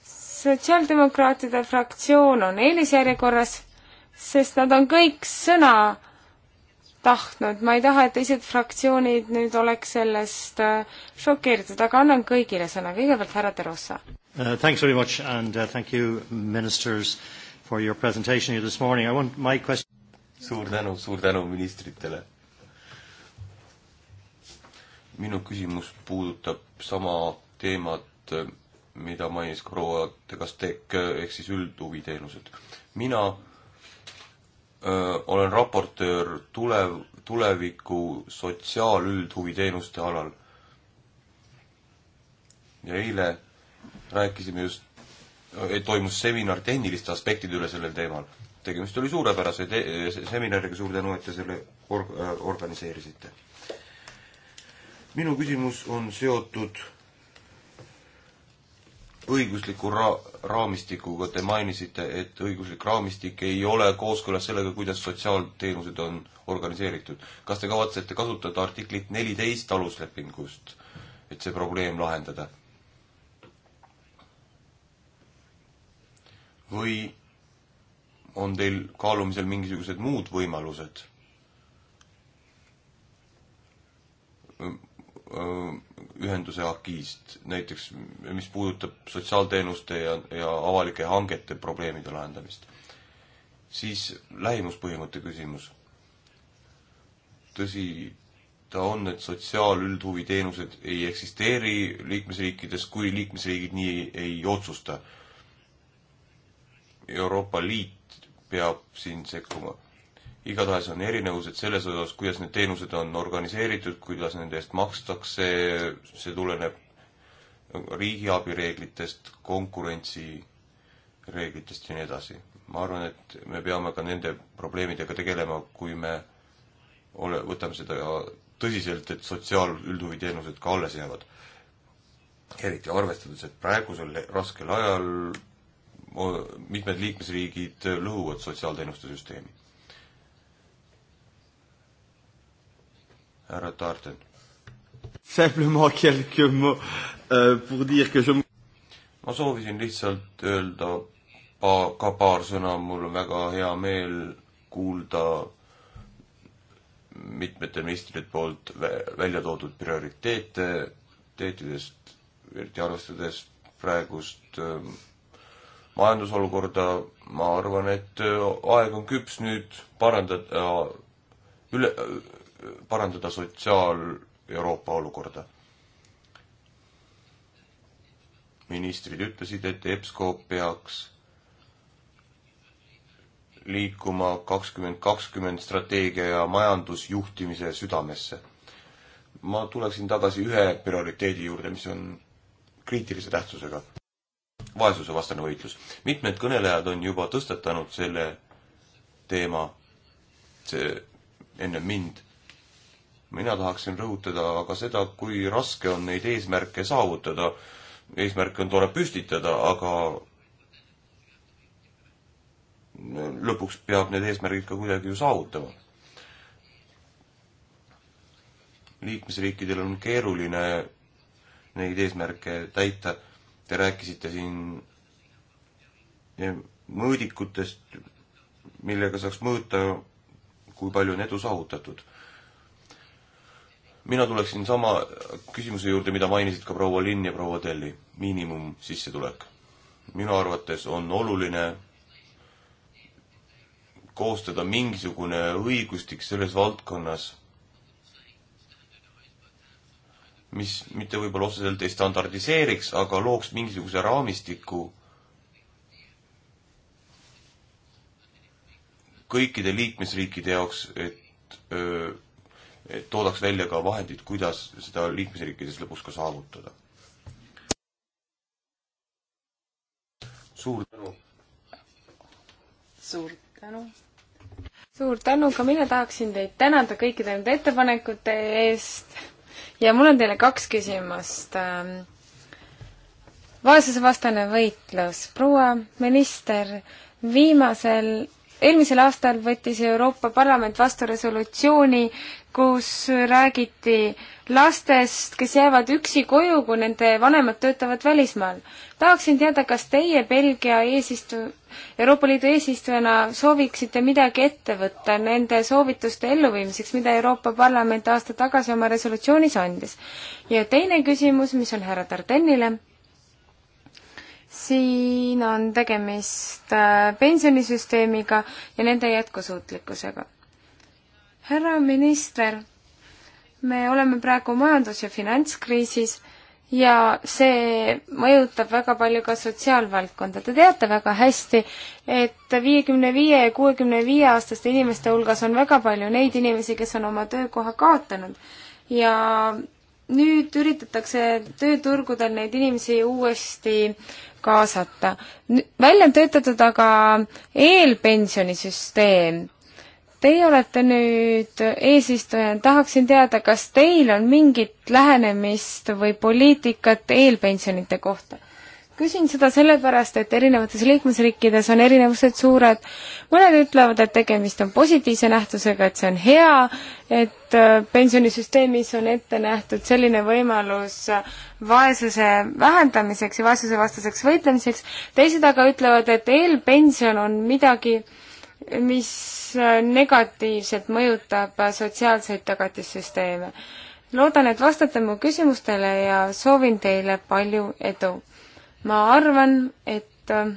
sotsiaaldemokraatide fraktsioon on eelisjärjekorras, sest nad on kõik sõna tahtnud, ma ei taha, et teised fraktsioonid nüüd oleks sellest äh, šokeeritud, aga annan kõigile sõna, kõigepealt härra Terossa. Uh, thanks very much and uh, thank you ministers uh, for your presentation here this morning. I want my question suur tänu, suur tänu ministritele. minu küsimus puudutab sama teemat, mida mainis ka proua Tegastek ehk siis üldhuviteenused. mina öö, olen raportöör tulev, tuleviku sotsiaalüldhuviteenuste alal. ja eile rääkisime just toimus seminar tehniliste aspektide üle sellel teemal. tegemist oli suurepärase te seminariga, suur tänu, et te selle org äh, organiseerisite. minu küsimus on seotud õigusliku ra-, raamistikuga, te mainisite, et õiguslik raamistik ei ole kooskõlas sellega, kuidas sotsiaalteenused on organiseeritud. kas te kavatsete kasutada artiklit neliteist aluslepingust, et see probleem lahendada? või on teil kaalumisel mingisugused muud võimalused? ühenduse AK-ist, näiteks mis puudutab sotsiaalteenuste ja, ja avalike hangete probleemide lahendamist. siis lähimuspõhimõtte küsimus. tõsi ta on, et sotsiaalüldhuviteenused ei eksisteeri liikmesriikides, kui liikmesriigid nii ei otsusta Euroopa Liit peab siin sekkuma. igatahes on erinevused selles osas, kuidas need teenused on organiseeritud, kuidas nende eest makstakse, see tuleneb riigiabi reeglitest, konkurentsi reeglitest ja nii edasi. ma arvan, et me peame ka nende probleemidega tegelema, kui me ole, võtame seda tõsiselt, et sotsiaalüldhuviteenused ka alles jäävad. eriti arvestades, et praegusel raskel ajal mitmed liikmesriigid lõhuvad sotsiaalteenuste süsteemi. härra Tarten. Euh, ma soovisin lihtsalt öelda pa-, ka paar sõna, mul on väga hea meel kuulda mitmete ministrite poolt välja toodud prioriteete, prioriteetidest, eriti arvestades praegust ähm, majandusolukorda, ma arvan, et äh, aeg on küps nüüd parandada üle, parandada sotsiaal-Euroopa olukorda. ministrid ütlesid, et EBSCO peaks liikuma kakskümmend kakskümmend strateegia ja majandusjuhtimise südamesse. ma tuleksin tagasi ühe prioriteedi juurde, mis on kriitilise tähtsusega vaesusevastane võitlus. mitmed kõnelejad on juba tõstatanud selle teema, see enne mind. mina tahaksin rõhutada aga seda, kui raske on neid eesmärke saavutada. eesmärke on tore püstitada, aga lõpuks peab need eesmärgid ka kuidagi ju saavutama. liikmesriikidel on keeruline neid eesmärke täita Te rääkisite siin mõõdikutest, millega saaks mõõta, kui palju on edu saavutatud. mina tuleksin sama küsimuse juurde, mida mainisid ka proua Linn ja proua Telli, miinimumsissetulek. minu arvates on oluline koostada mingisugune õigustik selles valdkonnas mis mitte võib-olla otseselt ei standardiseeriks, aga looks mingisuguse raamistiku kõikide liikmesriikide jaoks, et, et toodaks välja ka vahendid, kuidas seda liikmesriikides lõpuks ka saavutada. suur tänu! suur tänu! suur tänu ka mina tahaksin teid tänada kõikide nende ettepanekute eest ja mul on teile kaks küsimust. Ähm, vaesusevastane võitlus. proua minister, viimasel eelmisel aastal võttis Euroopa Parlament vastu resolutsiooni, kus räägiti lastest, kes jäävad üksi koju, kui nende vanemad töötavad välismaal. tahaksin teada, kas teie Belgia eesistu-, Euroopa Liidu eesistujana sooviksite midagi ette võtta nende soovituste elluviimiseks, mida Euroopa Parlament aasta tagasi oma resolutsioonis andis? ja teine küsimus, mis on härra Tardenile siin on tegemist äh, pensionisüsteemiga ja nende jätkusuutlikkusega. härra minister, me oleme praegu majandus- ja finantskriisis ja see mõjutab väga palju ka sotsiaalvaldkonda. Te teate väga hästi, et viiekümne viie ja kuuekümne viie aastaste inimeste hulgas on väga palju neid inimesi, kes on oma töökoha kaotanud ja nüüd üritatakse tööturgudel neid inimesi uuesti kaasata. välja on töötatud aga eelpensionisüsteem. Teie olete nüüd eesistuja, tahaksin teada, kas teil on mingit lähenemist või poliitikat eelpensionite kohta? küsin seda sellepärast, et erinevates liikmesriikides on erinevused suured. mõned ütlevad, et tegemist on positiivse nähtusega, et see on hea, et äh, pensionisüsteemis on ette nähtud selline võimalus äh, vaesuse vähendamiseks ja vaesusevastaseks võitlemiseks. teised aga ütlevad, et eelpension on midagi, mis äh, negatiivselt mõjutab sotsiaalseid tagatissüsteeme loodan, et vastate mu küsimustele ja soovin teile palju edu ma arvan, et äh,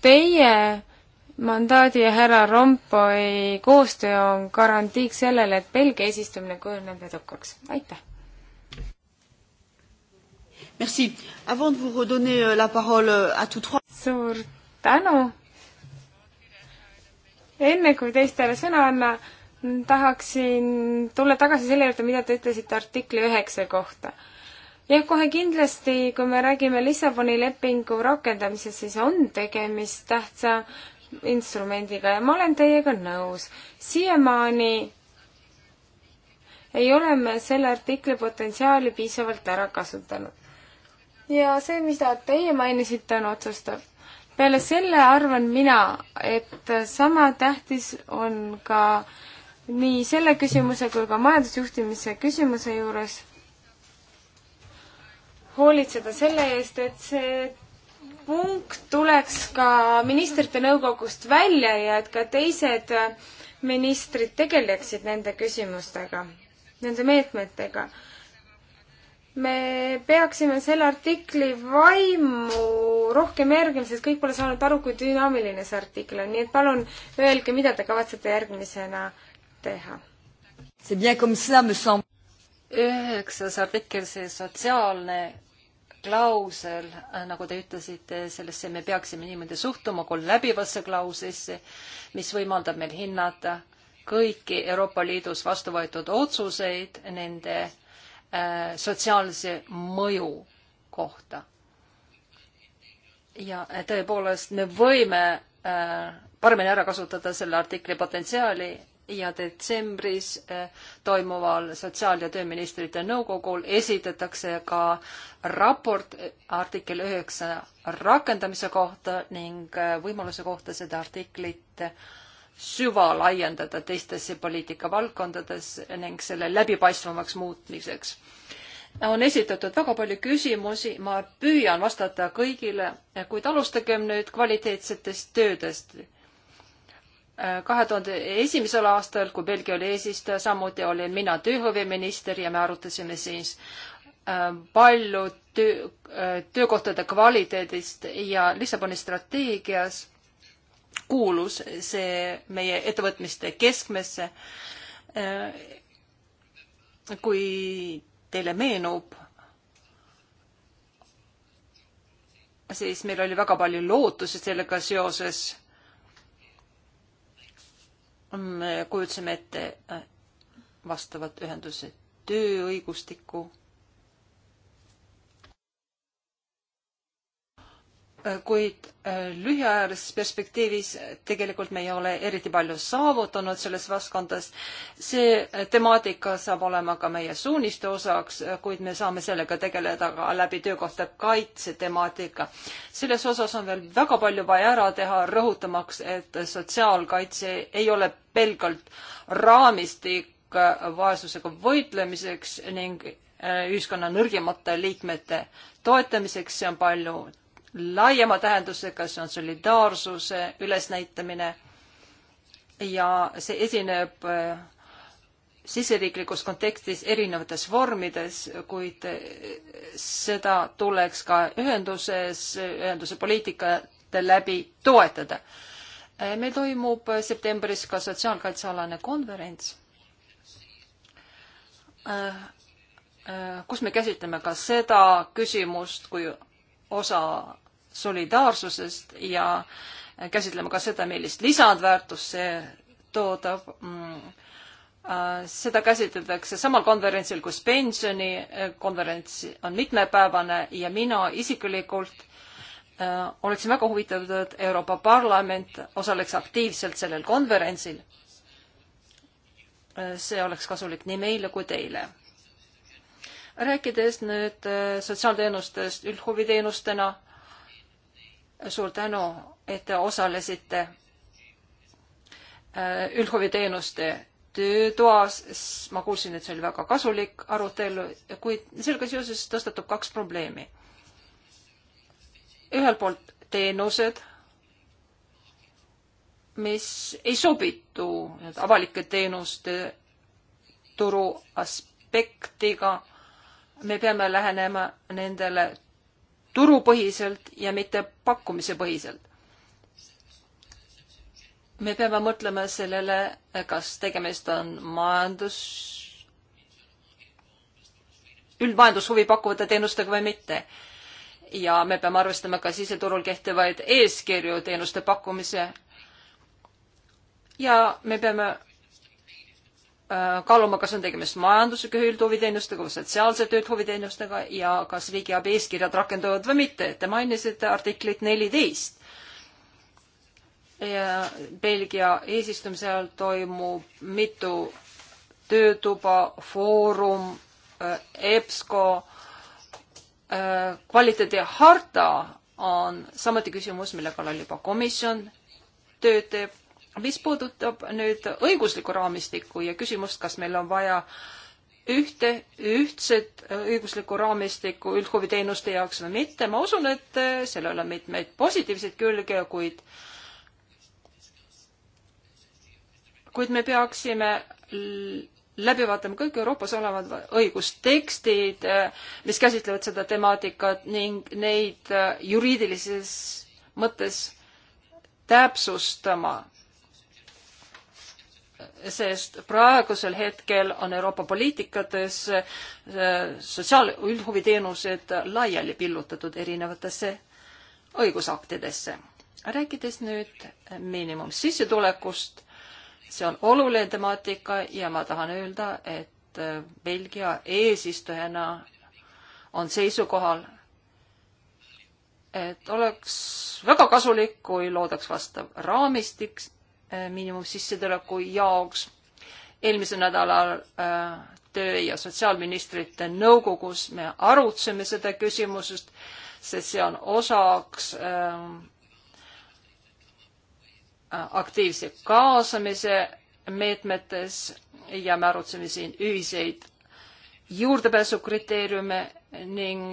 teie mandaadi ja härra Rompoi koostöö on garantiiks sellele, et Belgia eesistumine kujuneb edukaks. aitäh! Merci. Avant de vous redonner euh, la parole euh, à tous trois. Suur tänu. enne kui teistele sõna anna, tahaksin tulla tagasi selle juurde, mida te ütlesite artikli üheksa kohta jah, kohe kindlasti, kui me räägime Lissaboni lepingu rakendamisest, siis on tegemist tähtsa instrumendiga ja ma olen teiega nõus. siiamaani ei ole me selle artikli potentsiaali piisavalt ära kasutanud. ja see, mida teie mainisite, on otsustav. peale selle arvan mina, et sama tähtis on ka nii selle küsimuse kui ka majandusjuhtimise küsimuse juures hoolitseda selle eest, et see punkt tuleks ka ministrite nõukogust välja ja et ka teised ministrid tegeleksid nende küsimustega, nende meetmetega. me peaksime selle artikli vaimu rohkem järgima, sest kõik pole saanud aru, kui dünaamiline see artikkel on, nii et palun öelge, mida te kavatsete järgmisena teha. üheksas artikkel, see sotsiaalne klausel, äh, nagu te ütlesite, sellesse me peaksime niimoodi suhtuma kui läbivasse klauslisse, mis võimaldab meil hinnata kõiki Euroopa Liidus vastu võetud otsuseid nende äh, sotsiaalse mõju kohta. ja äh, tõepoolest, me võime äh, paremini ära kasutada selle artikli potentsiaali ja detsembris eh, toimuval sotsiaal- ja tööministrite nõukogul esitatakse ka raport eh, artikkel üheksa rakendamise kohta ning eh, võimaluse kohta seda artiklit süvalaiendada teistesse poliitikavaldkondades ning selle läbipaistvamaks muutmiseks. on esitatud väga palju küsimusi, ma püüan vastata kõigile, kuid alustagem nüüd kvaliteetsetest töödest kahe tuhande esimesel aastal, kui Belgia oli eesistuja, samuti olin mina tööhõiveminister ja me arutasime siis äh, palju töö, äh, töökohtade kvaliteedist ja Lissaboni strateegias kuulus see meie ettevõtmiste keskmesse. Äh, kui teile meenub, siis meil oli väga palju lootusi sellega seoses me kujutasime ette äh, vastavat ühenduse tööõigustikku Äh, kuid äh, lühiajalises perspektiivis äh, tegelikult me ei ole eriti palju saavutanud selles valdkondas. see temaatika saab olema ka meie suuniste osaks, kuid me saame sellega tegeleda ka läbi töökohtade kaitse temaatika. selles osas on veel väga palju vaja ära teha, rõhutamaks, et sotsiaalkaitse ei ole pelgalt raamistik vaesusega võitlemiseks ning ühiskonna nõrgemate liikmete toetamiseks, see on palju laiema tähendusega, see on solidaarsuse ülesnäitamine ja see esineb äh, siseriiklikus kontekstis erinevates vormides, kuid äh, seda tuleks ka ühenduses, ühenduse poliitikate läbi toetada. Äh, meil toimub septembris ka sotsiaalkaitsealane konverents, kus me käsitleme ka seda küsimust kui osa solidaarsusest ja käsitlema ka seda, millist lisandväärtust see toodab. Mm. Äh, seda käsitletakse samal konverentsil, kus pensionikonverents äh, on mitmepäevane ja mina isiklikult äh, oleksin väga huvitatud, et Euroopa Parlament osaleks aktiivselt sellel konverentsil. see oleks kasulik nii meile kui teile rääkides nüüd äh, sotsiaalteenustest üldhuviteenustena, suur tänu, et te osalesite äh, üldhuviteenuste töötoas, ma kuulsin, et see oli väga kasulik arutelu, kuid sellega seoses tõstatub kaks probleemi. ühelt poolt teenused, mis ei sobitu avalike teenuste turu aspektiga me peame lähenema nendele turupõhiselt ja mitte pakkumise põhiselt. me peame mõtlema sellele, kas tegemist on majandus, üldmajandushuvi pakkuvate teenustega või mitte. ja me peame arvestama ka siseturul kehtivaid eeskirju teenuste pakkumise ja me peame Äh, kaaluma, kas on tegemist majandusliku üldhuviteenustega või sotsiaalse tööd huviteenustega ja kas riigiabi eeskirjad rakenduvad või mitte. Te mainisite artiklit neliteist. ja Belgia eesistumise ajal toimub mitu töötuba, foorum, äh, EBSCO, äh, kvaliteediharta on samuti küsimus, mille kallal juba komisjon tööd teeb mis puudutab nüüd õiguslikku raamistikku ja küsimust, kas meil on vaja ühte, ühtset äh, õiguslikku raamistikku üldhuviteenuste jaoks või mitte, ma usun, et äh, sellel on mitmeid positiivseid külge, kuid kuid me peaksime läbi vaatama kõik Euroopas olevad õigustekstid, äh, mis käsitlevad seda temaatikat ning neid juriidilises mõttes täpsustama sest praegusel hetkel on Euroopa poliitikates eh, sotsiaal- üldhuviteenused laiali pillutatud erinevatesse õigusaktidesse. rääkides nüüd miinimumsissetulekust, see on oluline temaatika ja ma tahan öelda, et eh, Belgia eesistujana on seisukohal, et oleks väga kasulik, kui loodaks vastav raamistik Äh, miinimumsissetuleku jaoks. eelmisel nädalal äh, töö- ja sotsiaalministrite nõukogus me arutasime seda küsimusest, sest see on osaks äh, aktiivse kaasamise meetmetes ja me arutasime siin ühiseid juurdepääsukriteeriume ning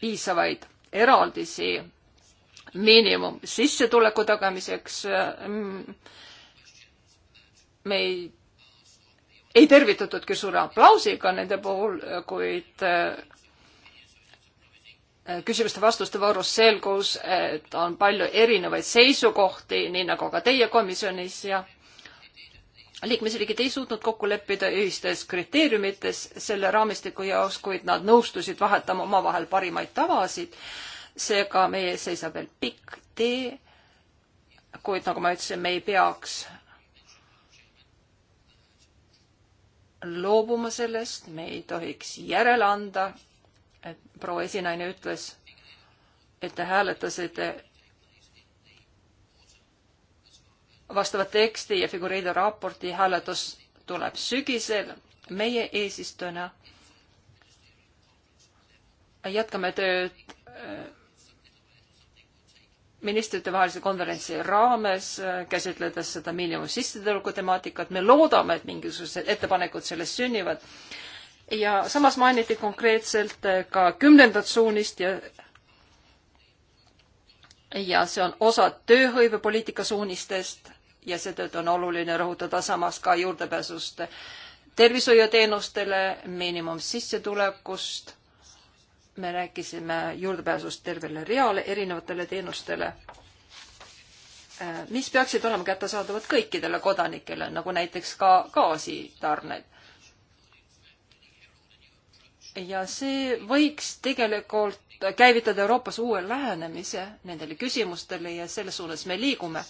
piisavaid eraldisi miinimum sissetuleku tagamiseks. Mm, me ei, ei tervitatudki suure aplausiga nende puhul, kuid äh, küsimuste-vastuste voorus selgus, et on palju erinevaid seisukohti, nii nagu ka teie komisjonis ja liikmesriigid ei suutnud kokku leppida ühistes kriteeriumites selle raamistiku jaoks, kuid nad nõustusid vahetama omavahel parimaid tavasid seega meie ees seisab veel pikk tee, kuid nagu ma ütlesin, me ei peaks loobuma sellest, me ei tohiks järele anda, et proua esinaine ütles, et te hääletasite vastavat teksti ja figureide raporti hääletus tuleb sügisel. meie eesistujana jätkame tööd äh, ministritevahelise konverentsi raames, äh, käsitledes seda miinimumsissetuleku temaatikat, me loodame, et mingisugused ettepanekud sellest sünnivad. ja samas mainiti konkreetselt äh, ka kümnendat suunist ja ja see on osa tööhõivepoliitika suunistest ja seetõttu on oluline rõhutada samas ka juurdepääsust tervishoiuteenustele, miinimumsissetulekust me rääkisime juurdepääsust tervele reale erinevatele teenustele, äh, mis peaksid olema kättesaadavad kõikidele kodanikele, nagu näiteks ka gaasitarned. ja see võiks tegelikult käivitada Euroopas uue lähenemise nendele küsimustele ja selles suunas me liigume.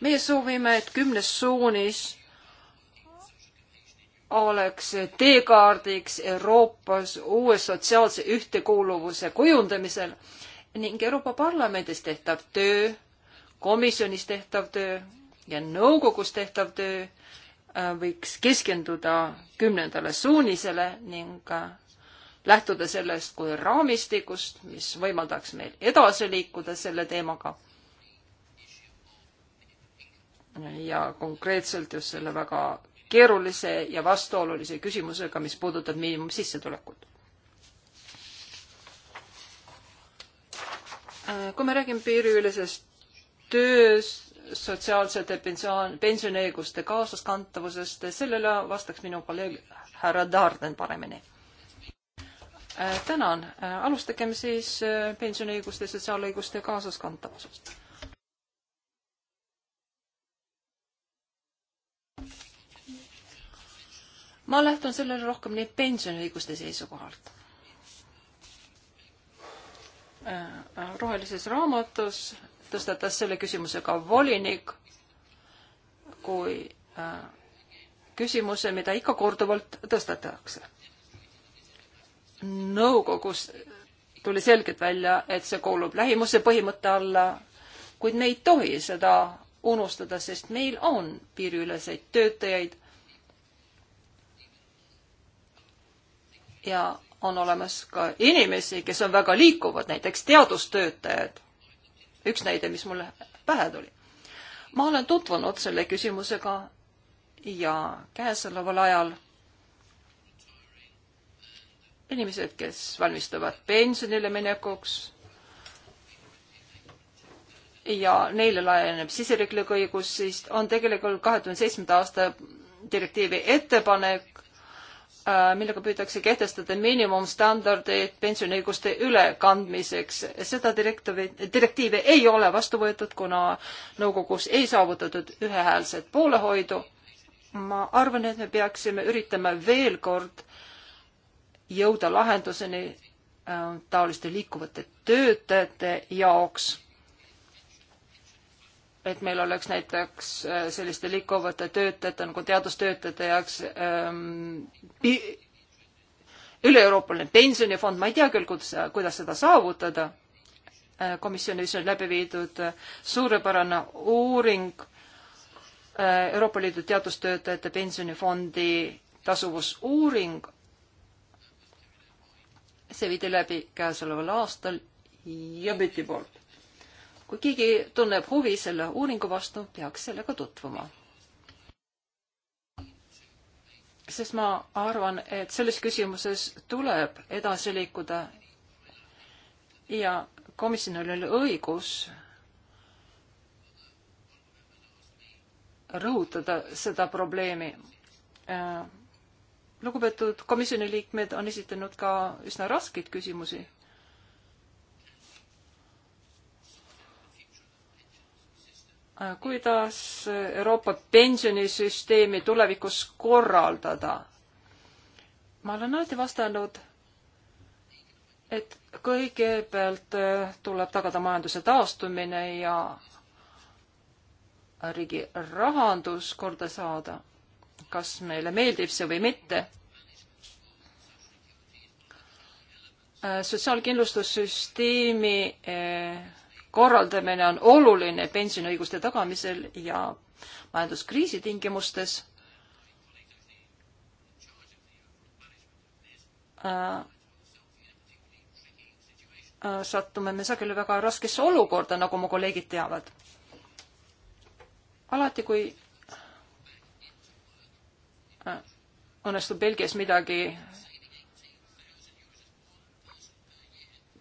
meie soovime, et kümnes suunis oleks teekaardiks Euroopas uue sotsiaalse ühtekuuluvuse kujundamisel ning Euroopa Parlamendis tehtav töö, komisjonis tehtav töö ja nõukogus tehtav töö äh, võiks keskenduda kümnendale suunisele ning äh, lähtuda sellest kui raamistikust, mis võimaldaks meil edasi liikuda selle teemaga. ja konkreetselt just selle väga keerulise ja vastuolulise küsimusega, mis puudutab miinimumsissetulekut. kui me räägime piiriülesest tööst, sotsiaalsete pensioon, pensioniõiguste kaasaskantavusest, sellele vastaks minu kolleeg härra Darden paremini tänan, alustagem siis pensioniõiguste ja sotsiaalõiguste kaasaskantavusest. ma lähtun sellele rohkem nii pensioniõiguste seisukohalt. Äh, äh, rohelises raamatus tõstatas selle küsimuse ka volinik kui äh, küsimuse, mida ikka korduvalt tõstatatakse. nõukogus tuli selgelt välja, et see kuulub lähimuse põhimõtte alla, kuid me ei tohi seda unustada, sest meil on piiriüleseid töötajaid ja on olemas ka inimesi, kes on väga liikuvad, näiteks teadustöötajad. üks näide, mis mulle pähe tuli. ma olen tutvunud selle küsimusega ja käesoleval ajal inimesed, kes valmistuvad pensionile minekuks ja neile laieneb siseriiklik õigus, siis on tegelikult kahe tuhande seitsmenda aasta direktiivi ettepanek Äh, millega püütakse kehtestada miinimumstandardid pensioniõiguste ülekandmiseks. seda direktiivi, direktiivi ei ole vastu võetud, kuna nõukogus ei saavutatud ühehäälset poolehoidu. ma arvan, et me peaksime üritama veel kord jõuda lahenduseni äh, taoliste liikuvate töötajate jaoks et meil oleks näiteks äh, selliste liikuvate töötajate nagu teadustöötajate jaoks ähm, üle-Euroopaline pensionifond, ma ei tea küll, kuidas, kuidas seda saavutada. Äh, komisjonis on läbi viidud äh, suurepärane uuring Euroopa Liidu teadustöötajate pensionifondi tasuvusuuring. see viidi läbi käesoleval aastal Jõbiti poolt kui keegi tunneb huvi selle uuringu vastu, peaks sellega tutvuma. sest ma arvan, et selles küsimuses tuleb edasi liikuda ja komisjonil oli õigus rõhutada seda probleemi. Äh, lugupeetud komisjoni liikmed on esitanud ka üsna raskeid küsimusi Äh, kuidas Euroopa pensionisüsteemi tulevikus korraldada. ma olen alati vastanud, et kõigepealt äh, tuleb tagada majanduse taastumine ja riigi rahandus korda saada, kas meile meeldib see või mitte. Äh, sotsiaalkindlustussüsteemi korraldamine on oluline pensioniõiguste tagamisel ja majanduskriisi tingimustes äh, äh, sattume me sageli väga raskesse olukorda, nagu mu kolleegid teavad. alati, kui äh, õnnestub Belgias midagi,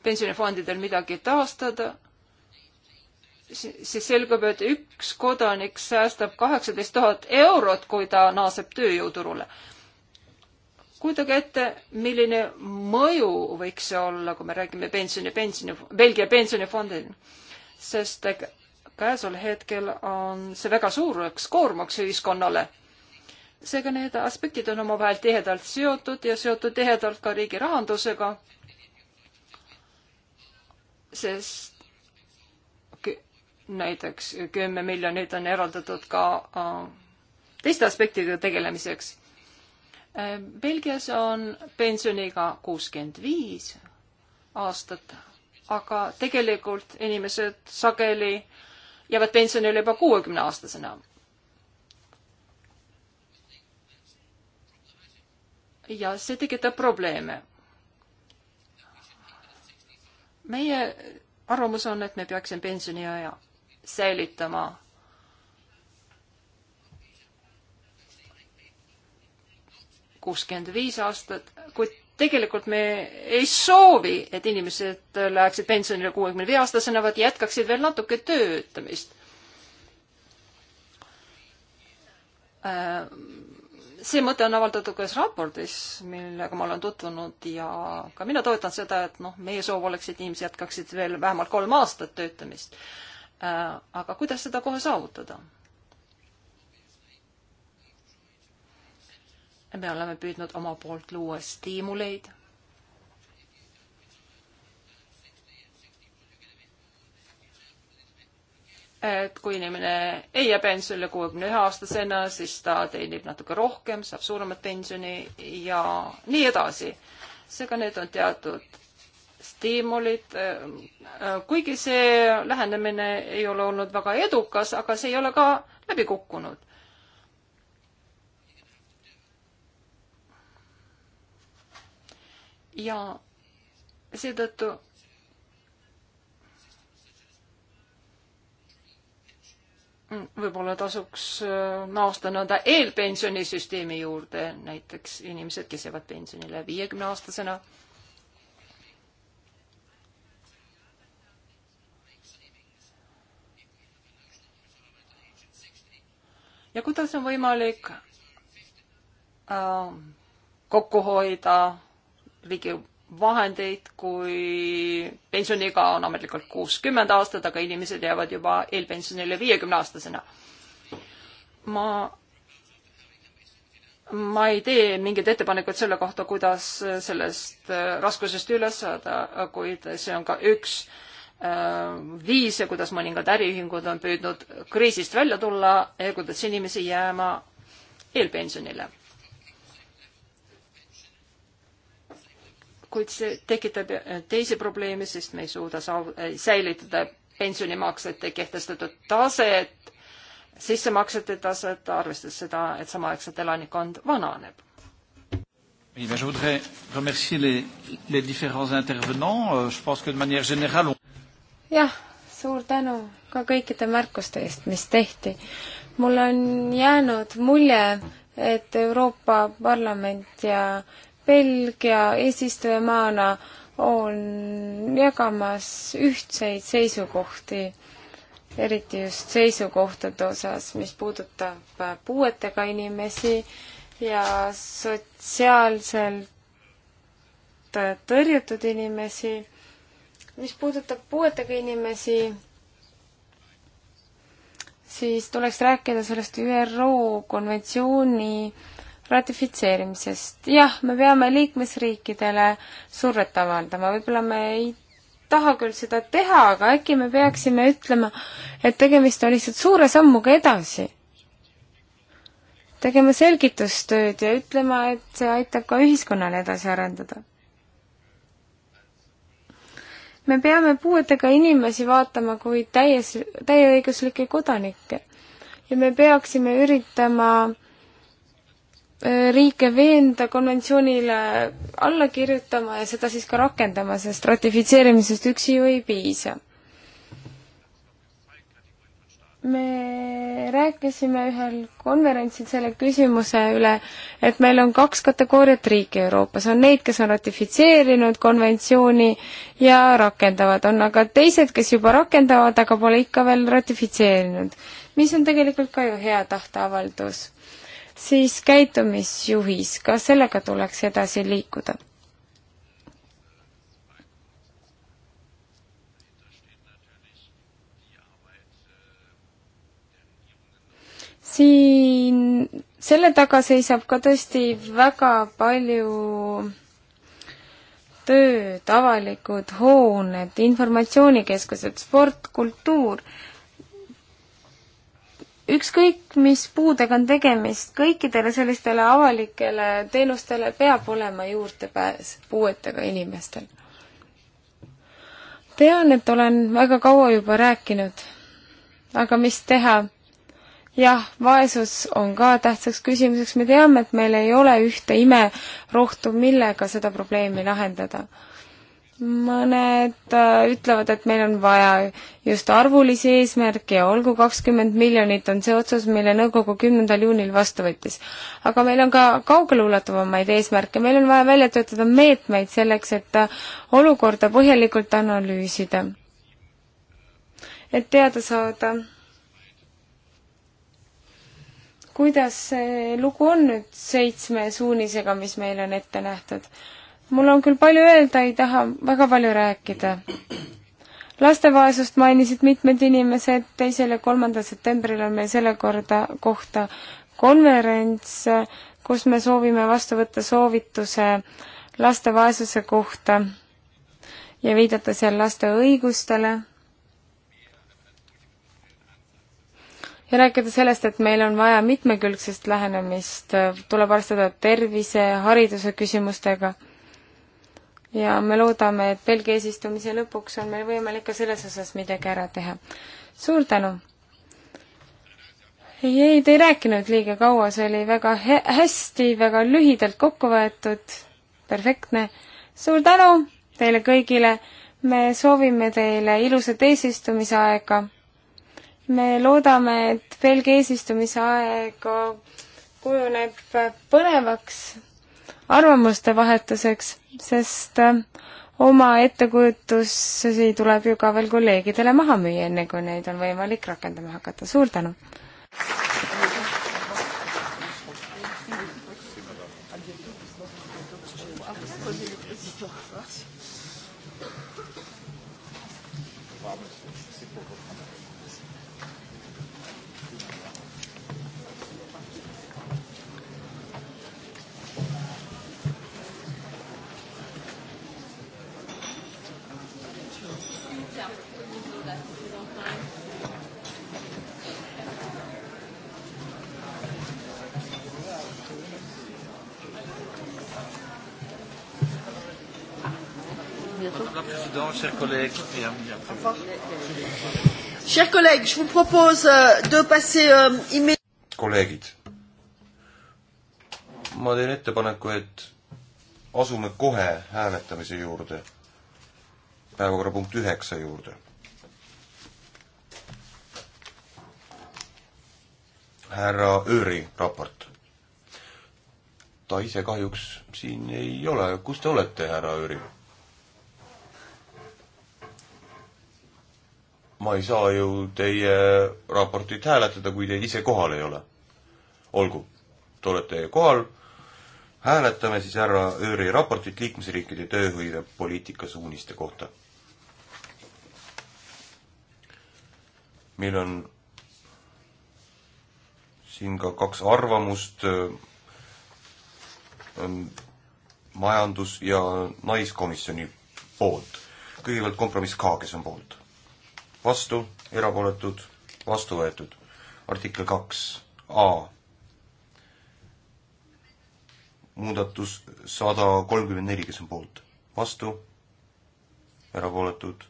pensionifondidel midagi taastada, siis selgub, et üks kodanik säästab kaheksateist tuhat eurot, kui ta naaseb tööjõuturule. kujutage ette, milline mõju võiks see olla, kui me räägime pensioni, pensioni, Belgia pensionifondil, sest käesoleval hetkel on see väga suureks koormaks ühiskonnale. seega need aspektid on omavahel tihedalt seotud ja seotud tihedalt ka riigi rahandusega, sest näiteks kümme miljonit on eraldatud ka äh, teiste aspektidega tegelemiseks. Äh, Belgias on pensioniiga kuuskümmend viis aastat, aga tegelikult inimesed sageli jäävad pensionile juba kuuekümne aastasena. ja see tekitab probleeme. meie arvamus on, et me peaksime pensioniaja säilitama. kuuskümmend viis aastat, kuid tegelikult me ei soovi, et inimesed läheksid pensionile kuuekümne viie aastasena, vaid jätkaksid veel natuke töötamist see mõte on avaldatud ka ühes raportis, millega ma olen tutvunud ja ka mina toetan seda, et noh, meie soov oleks, et inimesed jätkaksid veel vähemalt kolm aastat töötamist. Äh, aga kuidas seda kohe saavutada? me oleme püüdnud oma poolt luua stiimuleid et kui inimene ei jää pensionile kuuekümne ühe aastasena, siis ta teenib natuke rohkem, saab suuremat pensioni ja nii edasi. seega need on teatud stiimulid, äh, äh, kuigi see lähenemine ei ole olnud väga edukas, aga see ei ole ka läbi kukkunud. ja seetõttu võib-olla tasuks äh, naasta nõnda eelpensionisüsteemi juurde, näiteks inimesed, kes jäävad pensionile viiekümne aastasena ja kuidas on võimalik äh, kokku hoida riigi vahendeid, kui pensioniiga on ametlikult kuuskümmend aastat, aga inimesed jäävad juba eelpensionile viiekümne aastasena. ma, ma ei tee mingeid ettepanekuid selle kohta, kuidas sellest äh, raskusest üle saada, kuid see on ka üks äh, Äh, viise, kuidas mõningad äriühingud on püüdnud kriisist välja tulla, ergutades inimesi jääma eelpensionile. kuid see tekitab teisi probleeme, sest me ei suuda saav-, säilitada pensionimaksete kehtestatud taset, sissemaksete taset, arvestades seda, et samaaegselt elanikkond vananeb. Oui, ben je voudrais remercier les, les différents intervenants. Euh, je pense que de manière générale, on jah, suur tänu ka kõikide märkuste eest, mis tehti. mul on jäänud mulje, et Euroopa Parlament ja Belgia eesistujamaana on jagamas ühtseid seisukohti, eriti just seisukohtade osas, mis puudutab puuetega inimesi ja sotsiaalselt tõrjutud inimesi mis puudutab puuetega inimesi, siis tuleks rääkida sellest ÜRO konventsiooni ratifitseerimisest. jah, me peame liikmesriikidele survet avaldama, võib-olla me ei taha küll seda teha, aga äkki me peaksime ütlema, et tegemist on lihtsalt suure sammuga edasi. tegema selgitustööd ja ütlema, et see aitab ka ühiskonnale edasi arendada me peame puuetega inimesi vaatama kui täies, täieõiguslikke kodanikke ja me peaksime üritama äh, riike veenda konventsioonile alla kirjutama ja seda siis ka rakendama, sest ratifitseerimisest üksi ju ei piisa me rääkisime ühel konverentsil selle küsimuse üle, et meil on kaks kategooriat riike Euroopas, on neid, kes on ratifitseerinud konventsiooni ja rakendavad, on aga teised, kes juba rakendavad, aga pole ikka veel ratifitseerinud, mis on tegelikult ka ju hea tahteavaldus. siis käitumisjuhis, ka sellega tuleks edasi liikuda siin, selle taga seisab ka tõesti väga palju tööd, avalikud hooned, informatsioonikeskused, sport, kultuur, ükskõik, mis puudega on tegemist, kõikidele sellistele avalikele teenustele peab olema juurdepääs puuetega inimestel. tean, et olen väga kaua juba rääkinud, aga mis teha, jah, vaesus on ka tähtsaks küsimuseks, me teame, et meil ei ole ühte imerohtu, millega seda probleemi lahendada. mõned äh, ütlevad, et meil on vaja just arvulisi eesmärke ja olgu kakskümmend miljonit, on see otsus, mille nõukogu kümnendal juunil vastu võttis. aga meil on ka kaugeleulatuvamaid eesmärke, meil on vaja välja töötada meetmeid selleks, et äh, olukorda põhjalikult analüüsida. et teada saada kuidas see lugu on nüüd seitsme suunisega, mis meil on ette nähtud? mul on küll palju öelda, ei taha väga palju rääkida. lastevaesust mainisid mitmed inimesed, teisel ja kolmandal septembril on meil selle korda, kohta konverents, kus me soovime vastu võtta soovituse laste vaesuse kohta ja viidata seal laste õigustele ja rääkida sellest, et meil on vaja mitmekülgsest lähenemist, tuleb arvestada tervise, hariduse küsimustega. ja me loodame, et Belgia eesistumise lõpuks on meil võimalik ka selles osas midagi ära teha. suur tänu! ei, ei, te ei rääkinud liiga kaua, see oli väga he-, hästi, väga lühidalt kokku võetud, perfektne. suur tänu teile kõigile, me soovime teile ilusat eesistumise aega me loodame, et Belgia eesistumise aeg kujuneb põnevaks arvamuste vahetuseks, sest äh, oma ettekujutusi tuleb ju ka veel kolleegidele maha müüa, enne kui neid on võimalik rakendama hakata. suur tänu! bien. Au revoir. Chers collègues, je vous propose euh, de passer euh, immédiatement. Kolleegid, ma teen ettepaneku, et asume kohe hääletamise juurde, päevakorrapunkt üheksa juurde. härra Ööri raport. ta ise kahjuks siin ei ole, kus te olete, härra Ööri? ma ei saa ju teie raportit hääletada, kui teid ise kohal ei ole. olgu, te olete kohal, hääletame siis härra ÖRi raportit liikmesriikide tööhõivepoliitika suuniste kohta. meil on siin ka kaks arvamust, majandus- ja naiskomisjoni poolt. kõigepealt kompromiss K, kes on poolt vastu, erapooletud, vastu võetud. artikkel kaks A. muudatus sada kolmkümmend neli, kes on poolt, vastu, erapooletud,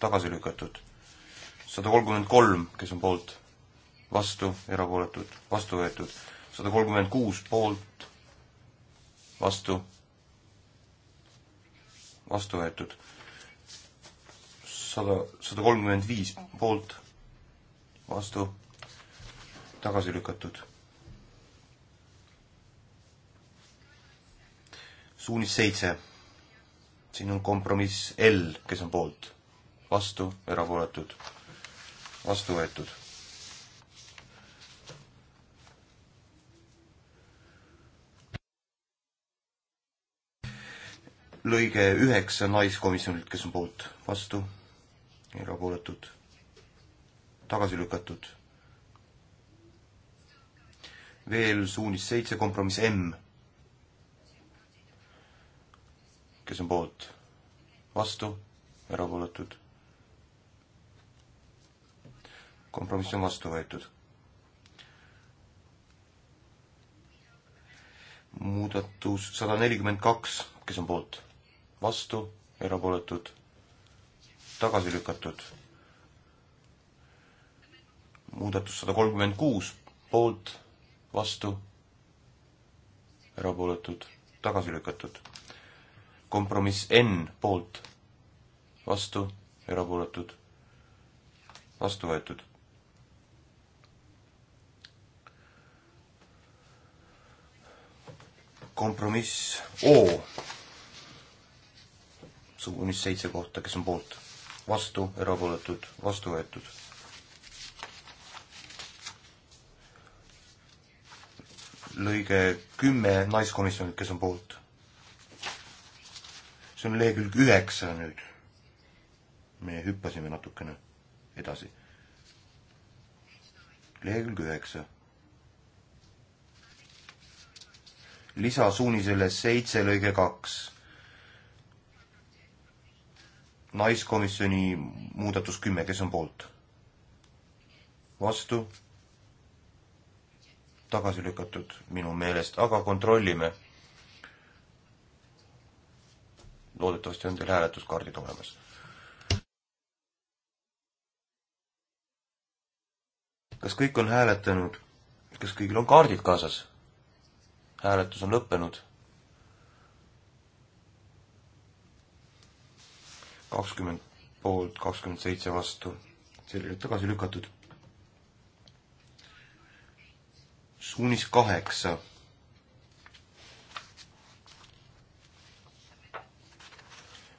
tagasi lükatud. sada kolmkümmend kolm, kes on poolt, vastu, erapooletud, vastu võetud. sada kolmkümmend kuus poolt, vastu, vastu võetud sada, sada kolmkümmend viis poolt, vastu, tagasi lükatud. suunis seitse. siin on kompromiss L, kes on poolt, vastu, erapooletud, vastu võetud lõige üheksa naiskomisjonilt, kes on poolt, vastu, erapooletud, tagasi lükatud. veel suunis seitse, kompromiss M. kes on poolt, vastu, erapooletud. kompromiss on vastu võetud. muudatus sada nelikümmend kaks, kes on poolt, vastu, erapooletud tagasi lükatud. muudatus sada kolmkümmend kuus, poolt, vastu, erapooletud, tagasi lükatud. kompromiss N poolt, vastu, erapooletud, vastu võetud kompromiss O suunis seitse kohta, kes on poolt vastu, erapooletud, vastu võetud. lõige kümme naiskomisjonilt, kes on poolt. see on lehekülg üheksa nüüd. me hüppasime natukene edasi. lehekülg üheksa. lisasuunisele seitse lõige kaks naiskomisjoni muudatus kümme, kes on poolt? vastu? tagasi lükatud minu meelest, aga kontrollime. loodetavasti on teil hääletuskaardid olemas. kas kõik on hääletanud? kas kõigil on kaardid kaasas? hääletus on lõppenud kakskümmend poolt, kakskümmend seitse vastu. selgelt tagasi lükatud. suunis kaheksa.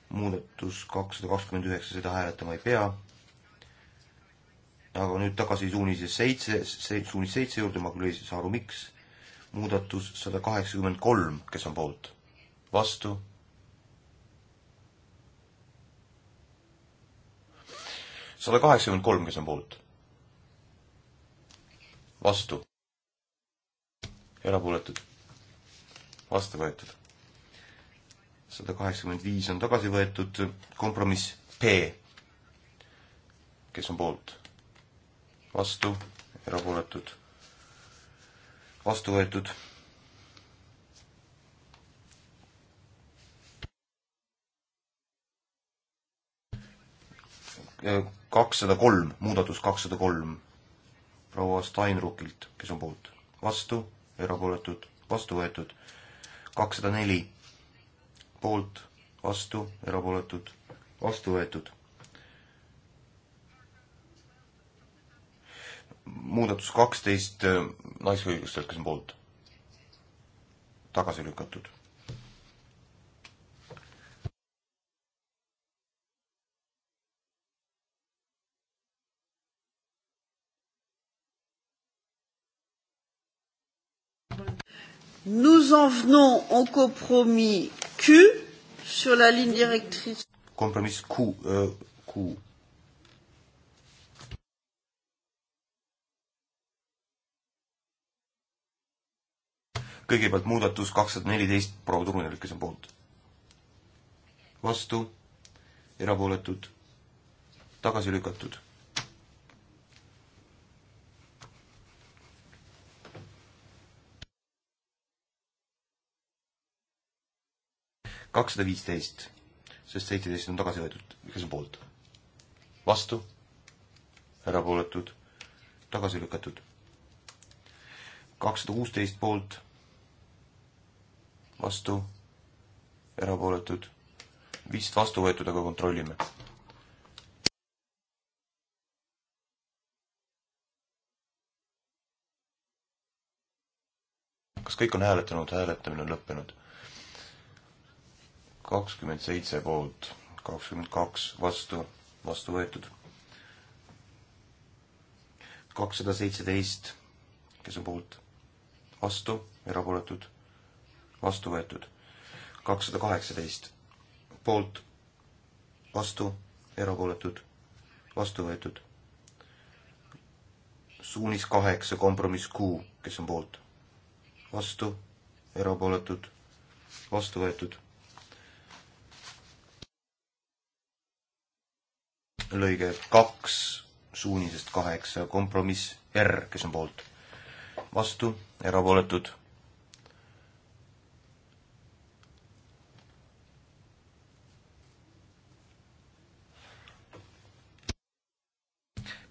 muudatus kakssada kakskümmend üheksa, seda hääletama ei pea. aga nüüd tagasi suunise seitse, suunis seitse juurde, ma küll ei saa aru, miks. muudatus sada kaheksakümmend kolm, kes on poolt, vastu sada kaheksakümmend kolm, kes on poolt? vastu. erapooletud. vastu võetud. sada kaheksakümmend viis on tagasi võetud, kompromiss P. kes on poolt? vastu, erapooletud. vastu võetud kakssada kolm, muudatus kakssada kolm proua Steinruckilt, kes on poolt, vastu, erapooletud, vastu võetud, kakssada neli poolt, vastu, erapooletud, vastu võetud. muudatus kaksteist äh, naisõigustelt, kes on poolt, tagasi lükatud Nous en venons au compromis Q sur la ligne directrice. Compromis Q. Euh, Q. kõigepealt muudatus kakssada neliteist proua Turunen lükkas poolt. vastu, erapooletud, tagasi lükatud kakssada viisteist, sest seitseteist on tagasi võetud, kes on poolt? vastu, erapooletud, tagasi lükatud. kakssada kuusteist poolt, vastu, erapooletud, vist vastu võetud, aga kontrollime. kas kõik on hääletanud, hääletamine on lõppenud kakskümmend seitse poolt, kakskümmend kaks vastu, vastu võetud. kakssada seitseteist, kes on poolt, vastu, erapooletud, vastu võetud. kakssada kaheksateist, poolt, vastu, erapooletud, vastu võetud. suunis kaheksa, kompromiss Q, kes on poolt, vastu, erapooletud, vastu võetud lõige kaks suunisest kaheksa, kompromiss R, kes on poolt, vastu, erapooletud.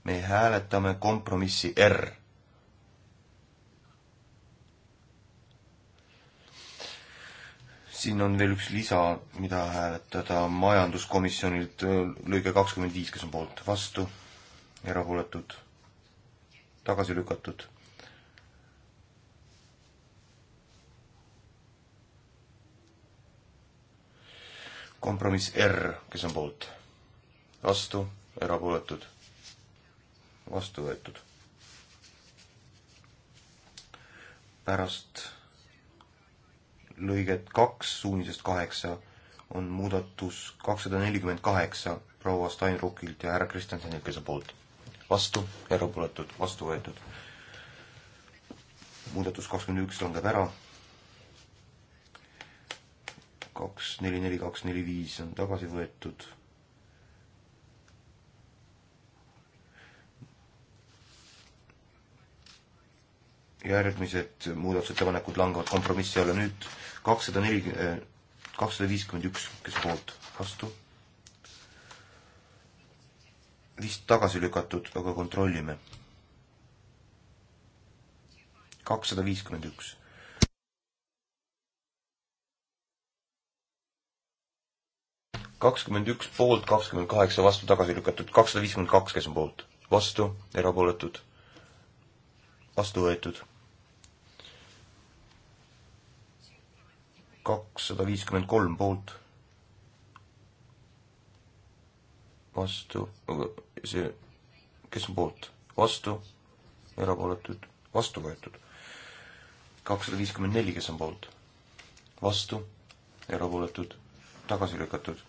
me hääletame kompromissi R siin on veel üks lisa, mida hääletada majanduskomisjonilt, lõige kakskümmend viis, kes on poolt, vastu, erapooletud, tagasi lükatud. kompromiss R, kes on poolt, vastu, erapooletud, vastu võetud. pärast lõiget kaks suunisest kaheksa on muudatus kakssada nelikümmend kaheksa proua Steinruckilt ja härra Kristjanson Jõgese poolt. vastu, erapooletud, vastu võetud. muudatus kakskümmend üks langeb ära. kaks, neli, neli, kaks, neli, viis on tagasi võetud. järgmised muudatusettepanekud langevad kompromissi alla nüüd kakssada nelikümmend, kakssada viiskümmend üks, kes poolt, vastu. vist tagasi lükatud, aga kontrollime. kakssada viiskümmend üks. kakskümmend üks poolt, kakskümmend kaheksa vastu, tagasi lükatud, kakssada viiskümmend kaks, kes on poolt, vastu, erapooletud, vastu võetud kakssada viiskümmend kolm poolt. vastu, see, kes on poolt, vastu, erapooletud, vastu võetud. kakssada viiskümmend neli, kes on poolt, vastu, erapooletud, tagasi lükatud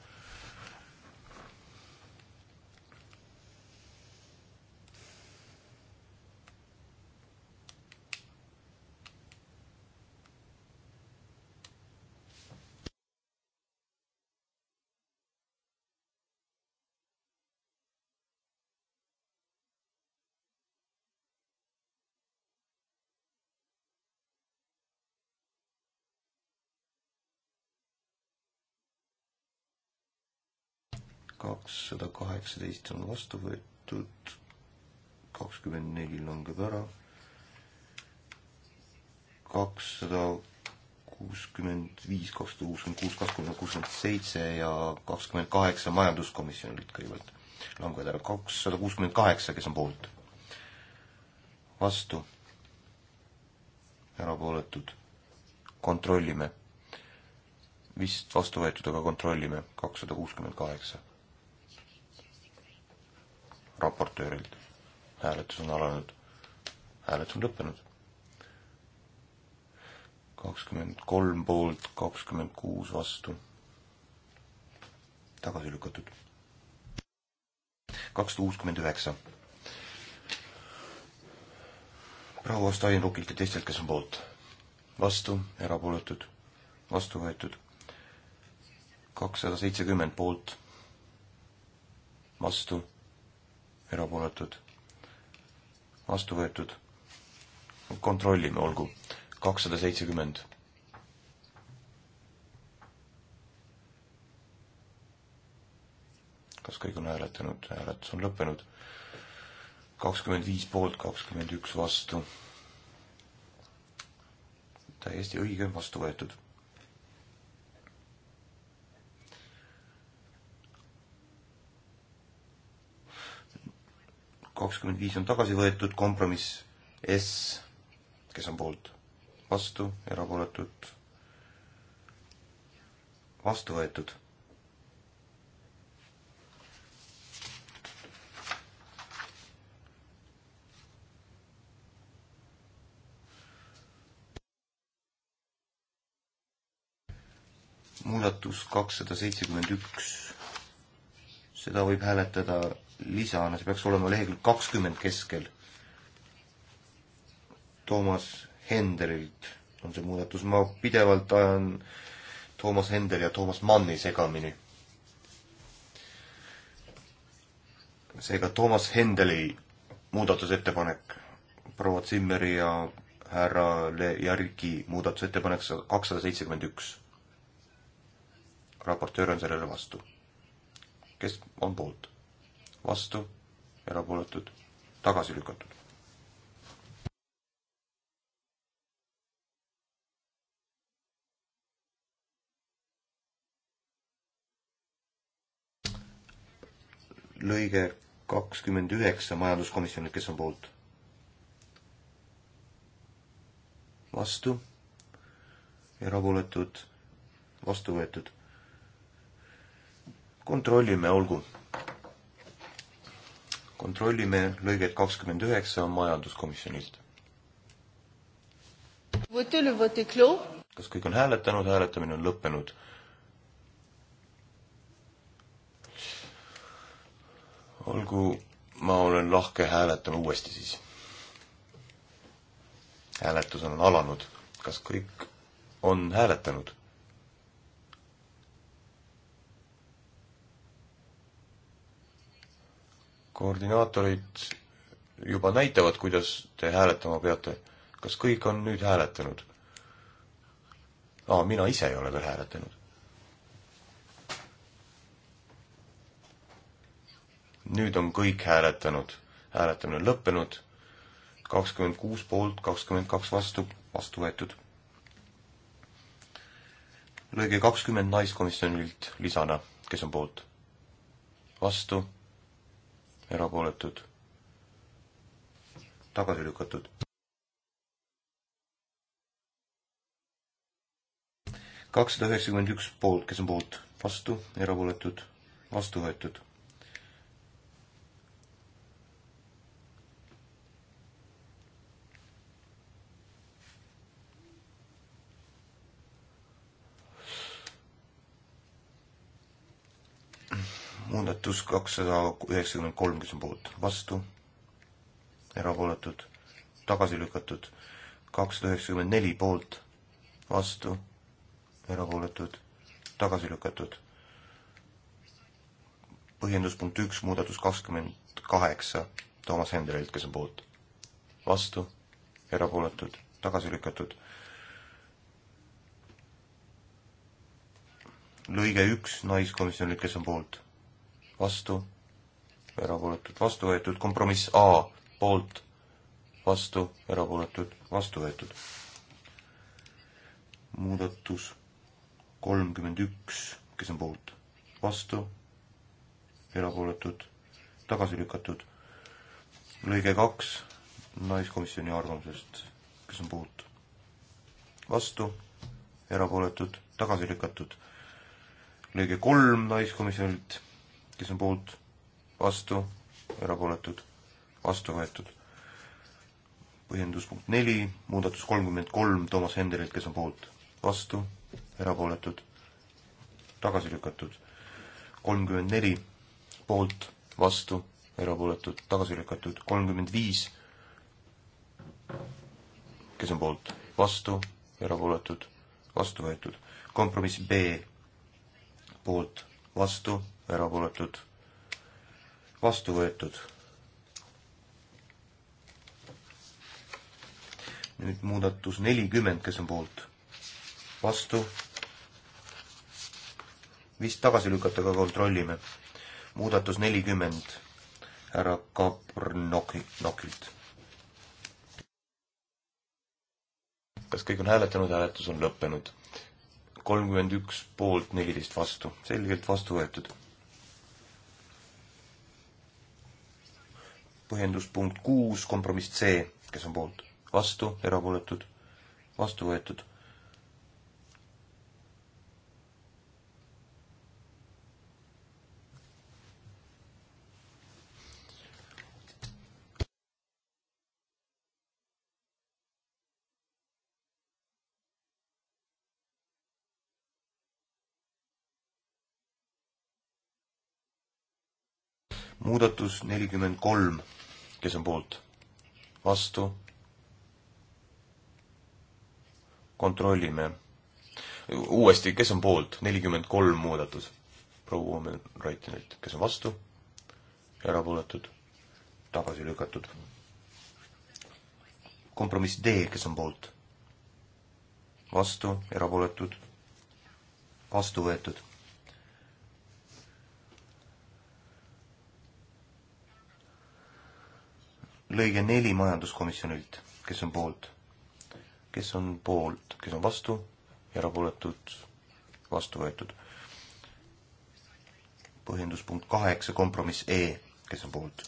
kakssada kaheksateist on vastu võetud, kakskümmend neli langeb ära, kakssada kuuskümmend viis, kakssada kuuskümmend kuus, kakskümmend, kuuskümmend seitse ja kakskümmend kaheksa majanduskomisjonilt kõigepealt langevad ära, kakssada kuuskümmend kaheksa, kes on poolt, vastu, erapooletud, kontrollime vist vastu võetud, aga kontrollime, kakssada kuuskümmend kaheksa raportöörilt. hääletus on alanud. hääletus on lõppenud. kakskümmend kolm poolt, kakskümmend kuus vastu. tagasi lükatud. kakssada kuuskümmend üheksa. proua Steinruckilt ja teistelt, kes on poolt. vastu, erapooletud, vastu võetud. kakssada seitsekümmend poolt vastu, erapooletud, vastu võetud. kontrollime, olgu, kakssada seitsekümmend. kas kõik on hääletanud, hääletus on lõppenud. kakskümmend viis poolt, kakskümmend üks vastu. täiesti õige, vastu võetud kakskümmend viis on tagasi võetud, kompromiss S, kes on poolt, vastu, erapooletud, vastu võetud. muudatus kakssada seitsekümmend üks, seda võib hääletada lisana, see peaks olema lehekülg kakskümmend keskel. Toomas Hendrilt on see muudatus, ma pidevalt ajan Toomas Hendel ja Toomas Manni segamini. seega Toomas Hendeli muudatusettepanek, proua Zimmeri ja härra Le Järgi muudatusettepanek kakssada seitsekümmend üks. raportöör on sellele vastu. kes on poolt? vastu, erapooletud, tagasi lükatud. lõige kakskümmend üheksa majanduskomisjonilt, kes on poolt? vastu, erapooletud, vastu võetud. kontrollime, olgu kontrollime lõiget kakskümmend üheksa majanduskomisjonilt. kas kõik on hääletanud, hääletamine on lõppenud? olgu, ma olen lahke, hääletame uuesti siis. hääletus on alanud, kas kõik on hääletanud? koordinaatorid juba näitavad, kuidas te hääletama peate. kas kõik on nüüd hääletanud? aa, mina ise ei ole veel hääletanud. nüüd on kõik hääletanud, hääletamine on lõppenud, kakskümmend kuus poolt, kakskümmend kaks vastu, vastu võetud. lõige kakskümmend naiskomisjonilt lisana, kes on poolt? vastu erapooletud, tagasi lükatud. kakssada üheksakümmend üks poolt, kes on poolt, vastu, erapooletud, vastu võetud muudatus kakssada üheksakümmend kolm, kes on poolt, vastu, erapooletud, tagasi lükatud, kakssada üheksakümmend neli poolt, vastu, erapooletud, tagasi lükatud. põhjendus punkt üks, muudatus kakskümmend kaheksa, Toomas Hendrelt, kes on poolt, vastu, erapooletud, tagasi lükatud lõige üks naiskomisjonilt, kes on poolt, vastu, erapooletud, vastu võetud, kompromiss A poolt, vastu, erapooletud, vastu võetud. muudatus kolmkümmend üks, kes on poolt, vastu, erapooletud, tagasi lükatud. lõige kaks naiskomisjoni arvamusest, kes on poolt, vastu, erapooletud, tagasi lükatud. lõige kolm naiskomisjonilt kes on poolt, vastu, erapooletud, vastu võetud. põhjendus punkt neli, muudatus kolmkümmend kolm Toomas Hendelilt, kes on poolt, vastu, erapooletud, tagasi lükatud. kolmkümmend neli poolt, vastu, erapooletud, tagasi lükatud. kolmkümmend viis, kes on poolt, vastu, erapooletud, vastu võetud. kompromiss B poolt, vastu, erapooletud, vastu võetud. nüüd muudatus nelikümmend, kes on poolt, vastu, vist tagasi lükata, aga kontrollime. muudatus nelikümmend härra Kaprnoki, Nokilt. kas kõik on hääletanud, hääletus on lõppenud. kolmkümmend üks poolt, neliteist vastu, selgelt vastu võetud põhjendus punkt kuus, kompromiss C, kes on poolt, vastu, erapooletud, vastu võetud. muudatus nelikümmend kolm kes on poolt? vastu? kontrollime. uuesti, kes on poolt? nelikümmend kolm muudatus. proua Omen Raitinilt, kes on vastu? erapooletud? tagasi lükatud. kompromiss D, kes on poolt? vastu, erapooletud? vastu võetud lõige neli majanduskomisjonilt, kes on poolt, kes on poolt, kes on vastu, erapooletud, vastu võetud. põhjendus punkt kaheksa, kompromiss E, kes on poolt,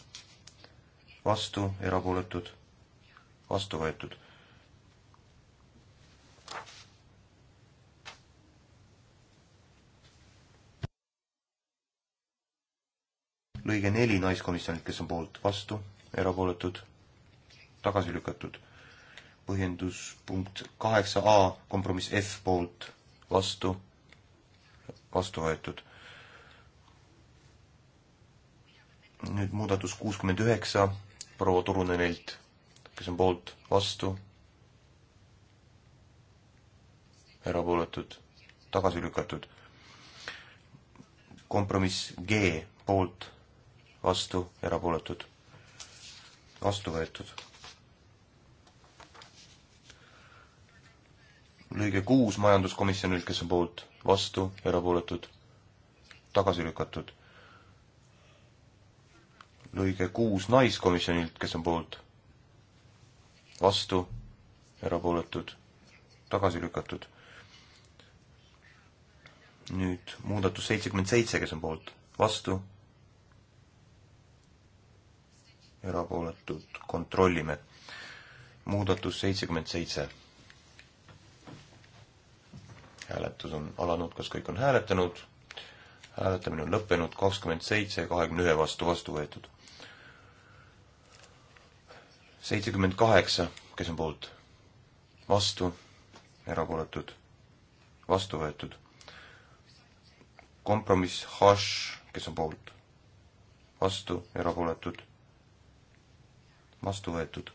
vastu, erapooletud, vastu võetud lõige neli naiskomisjonilt, kes on poolt vastu, erapooletud, tagasi lükatud. põhjendus punkt kaheksa A, kompromiss F poolt, vastu, vastu võetud. nüüd muudatus kuuskümmend üheksa proua Turunenilt, kes on poolt, vastu, erapooletud, tagasi lükatud. kompromiss G poolt, vastu, erapooletud vastu võetud. lõige kuus majanduskomisjonilt, kes on poolt, vastu, erapooletud, tagasi lükatud. lõige kuus naiskomisjonilt, kes on poolt, vastu, erapooletud, tagasi lükatud. nüüd muudatus seitsekümmend seitse, kes on poolt, vastu erapooletud kontrollime. muudatus seitsekümmend seitse. hääletus on alanud, kas kõik on hääletanud? hääletamine on lõppenud, kakskümmend seitse, kahekümne ühe vastu vastu võetud. seitsekümmend kaheksa, kes on poolt? vastu, erapooletud, vastu võetud. kompromiss H, kes on poolt? vastu, erapooletud vastu võetud.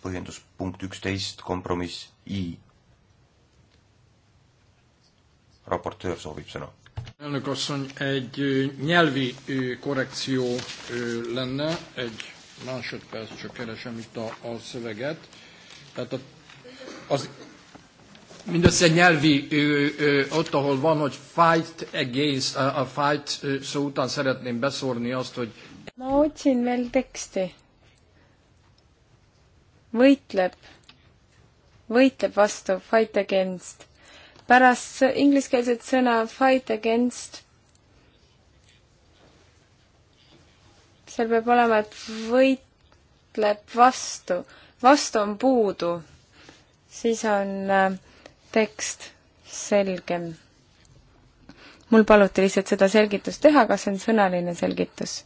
põhjendus punkt üksteist, kompromiss I. raportöör soovib sõna. Elnök asszony, egy nyelvi korrekció lenne, egy másodperc, csak keresem itt a, a szöveget. Tehát a, az mindössze nyelvi ö, ö, ott, ahol van, hogy fight against, a, a fight ö, szó után szeretném beszórni azt, hogy... Ma otsin veel teksti. Võitleb. Võitleb vastu, fight against. Pärast ingliskeelset sõna fight against seal peab olema, et võitleb vastu. vastu on puudu. siis on äh, tekst selgem. mul paluti lihtsalt seda selgitust teha, kas see on sõnaline selgitus?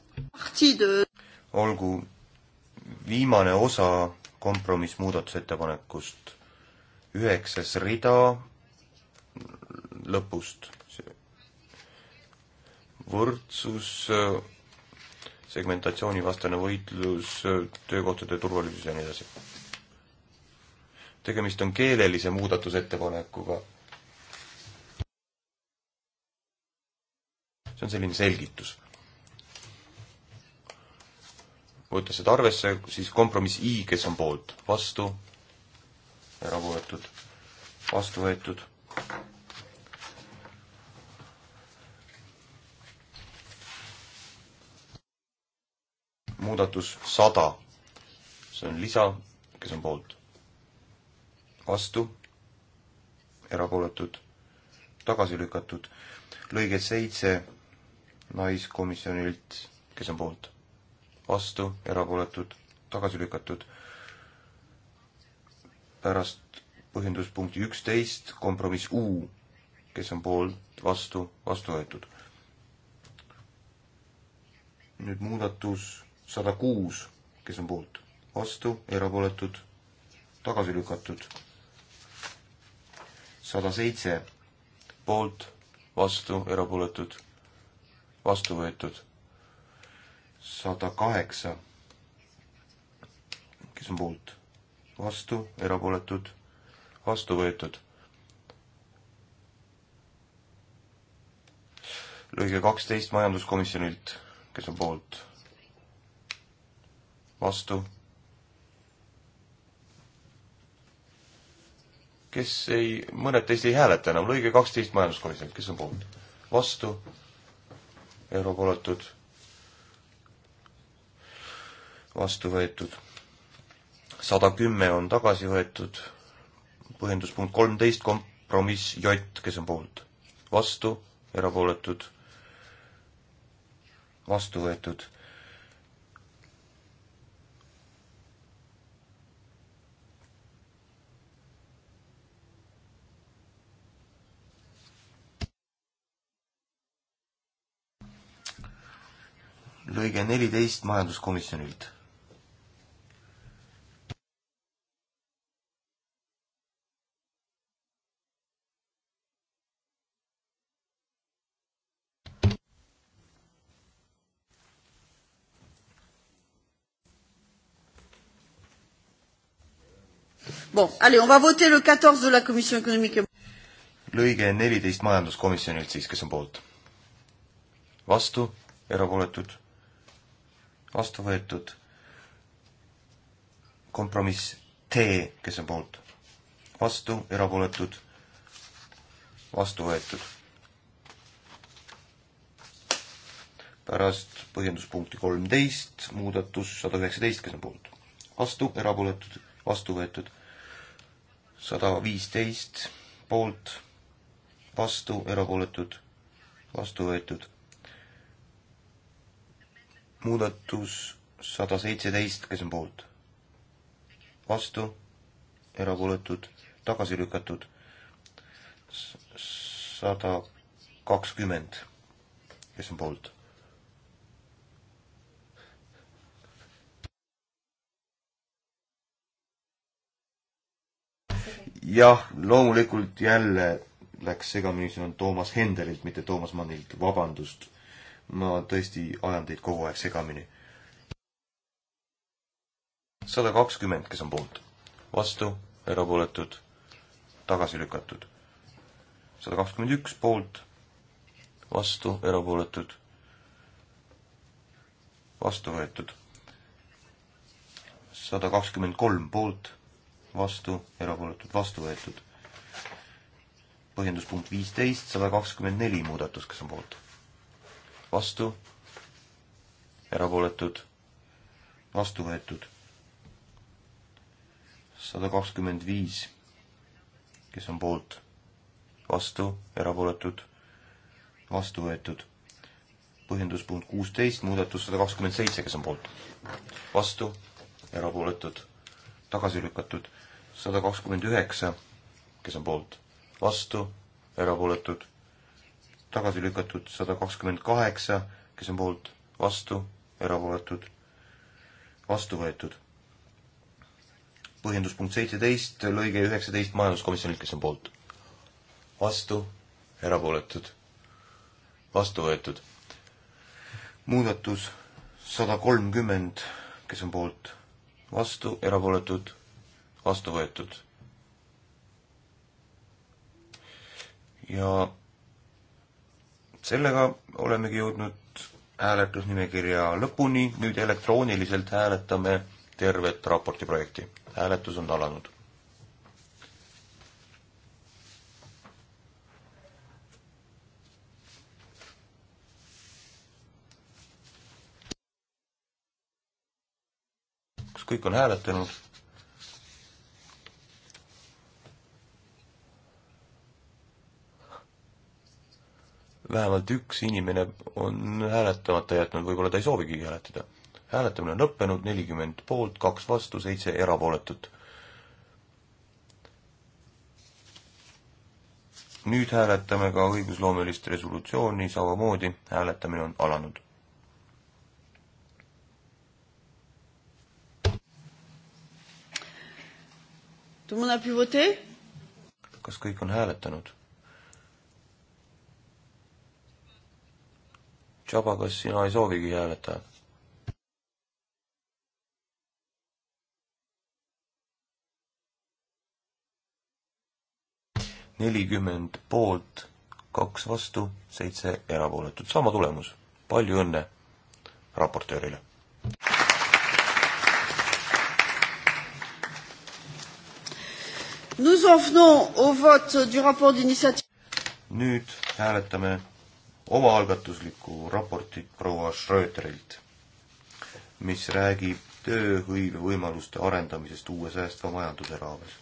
olgu, viimane osa kompromissmuudatusettepanekust, üheksas rida lõpust, võrdsus, segmentatsioonivastane võitlus, töökohtade turvalisus ja nii edasi tegemist on keelelise muudatusettepanekuga. see on selline selgitus. võttes seda arvesse, siis kompromiss I, kes on poolt, vastu, erapooletud, vastu võetud. muudatus sada, see on lisa, kes on poolt vastu, erapooletud, tagasi lükatud. lõige seitse naiskomisjonilt, kes on poolt, vastu, erapooletud, tagasi lükatud. pärast põhjenduspunkti üksteist kompromiss U, kes on poolt, vastu, vastu võetud. nüüd muudatus sada kuus, kes on poolt, vastu, erapooletud, tagasi lükatud sada seitse poolt, vastu, erapooletud, vastu võetud. sada kaheksa, kes on poolt, vastu, erapooletud, vastu võetud. lõige kaksteist majanduskomisjonilt, kes on poolt, vastu kes ei, mõned teist ei hääleta enam, lõige kaksteist majanduskomisjonilt, kes on poolt? vastu? erapooletud? vastu võetud. sada kümme on tagasi võetud, põhjenduspunkt kolmteist, kompromiss J, kes on poolt? vastu? erapooletud? vastu võetud lõige neliteist majanduskomisjonilt. Bon, allez, on va voter le 14 de la Commission économique. lõige neliteist majanduskomisjonilt siis, kes on poolt? vastu, erapooletud vastu võetud. kompromiss T, kes on poolt, vastu, erapooletud, vastu võetud. pärast põhjenduspunkti kolmteist, muudatus sada üheksateist, kes on poolt, vastu, erapooletud, vastu võetud, sada viisteist poolt, vastu, erapooletud, vastu võetud muudatus sada seitseteist, kes on poolt? vastu, erapooletud, tagasi lükatud, sada kakskümmend, kes on poolt? jah, loomulikult jälle läks segamini, see on Toomas Hendelilt, mitte Toomas Mannilt, vabandust ma tõesti ajan teid kogu aeg segamini. sada kakskümmend, kes on poolt, vastu, erapooletud, tagasi lükatud. sada kakskümmend üks poolt, vastu, erapooletud, vastu võetud. sada kakskümmend kolm poolt, vastu, erapooletud, vastu võetud põhjenduspunkt viisteist, sada kakskümmend neli muudatus, kes on poolt vastu, erapooletud, vastu võetud. sada kakskümmend viis, kes on poolt, vastu, erapooletud, vastu võetud. põhjenduspunkt kuusteist, muudatus sada kakskümmend seitse, kes on poolt, vastu, erapooletud, tagasi lükatud. sada kakskümmend üheksa, kes on poolt, vastu, erapooletud tagasi lükatud sada kakskümmend kaheksa, kes on poolt, vastu, erapooletud, vastu võetud. põhjendus punkt seitseteist, lõige üheksateist majanduskomisjonilt, kes on poolt, vastu, erapooletud, vastu võetud. muudatus sada kolmkümmend, kes on poolt, vastu, erapooletud, vastu võetud. ja sellega olemegi jõudnud hääletusnimekirja lõpuni, nüüd elektrooniliselt hääletame tervet raporti projekti. hääletus on alanud. kas kõik on hääletanud? vähemalt üks inimene on hääletamata jätnud, võib-olla ta ei soovigi hääletada. hääletamine on lõppenud, nelikümmend poolt, kaks vastu, seitse erapooletut. nüüd hääletame ka õigusloomelist resolutsiooni, samamoodi hääletamine on alanud. kas kõik on hääletanud? Tšaba, kas sina ei soovigi hääletada? nelikümmend poolt, kaks vastu, seitse erapooletut, sama tulemus. palju õnne raportöörile! Nous en venons au vote du rapport d'initiative. Nüüd hääletame omaalgatuslikku raportit proua Schröderilt, mis räägib tööhõive võimaluste arendamisest uue säästva majanduse raames.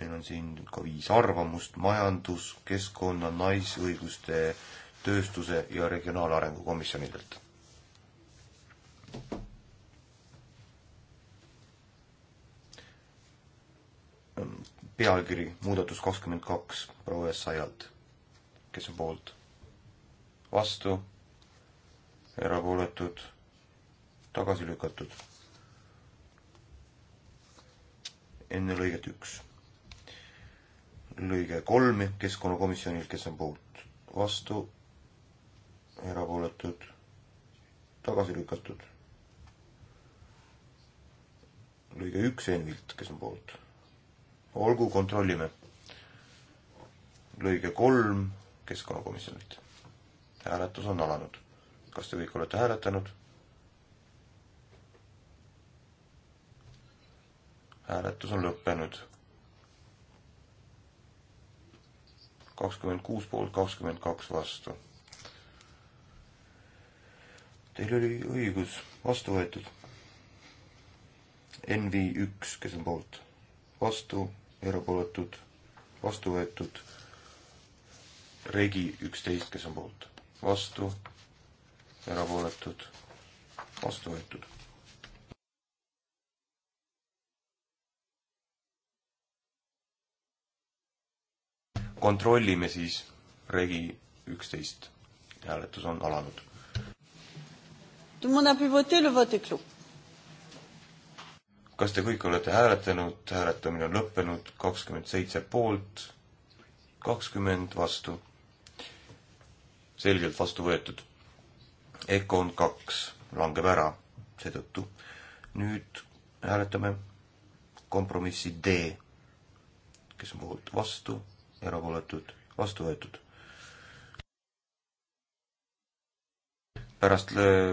meil on siin ka viis arvamust, majandus, keskkonna, naisõiguste, tööstuse ja regionaalarengu komisjonidelt. pealkiri muudatus kakskümmend kaks proua Essayalt, kes on poolt vastu, erapooletud, tagasi lükatud. enne lõiget üks. lõige kolm keskkonnakomisjonilt, kes on poolt, vastu, erapooletud, tagasi lükatud. lõige üks Envilt, kes on poolt. olgu, kontrollime. lõige kolm keskkonnakomisjonilt hääletus on alanud. kas te kõik olete hääletanud? hääletus on lõppenud. kakskümmend kuus poolt, kakskümmend kaks vastu. Teil oli õigus, vastu võetud. NV üks, kes on poolt, vastu, erapooletud, vastu võetud. Regi üksteist, kes on poolt, vastu, erapooletud, vastu võetud. kontrollime siis regi üksteist, hääletus on alanud. kas te kõik olete hääletanud, hääletamine on lõppenud, kakskümmend seitse poolt, kakskümmend vastu selgelt vastu võetud. Econ kaks langeb ära seetõttu. nüüd hääletame kompromissi D, kes on poolt vastu, erapooletud, vastu võetud. pärast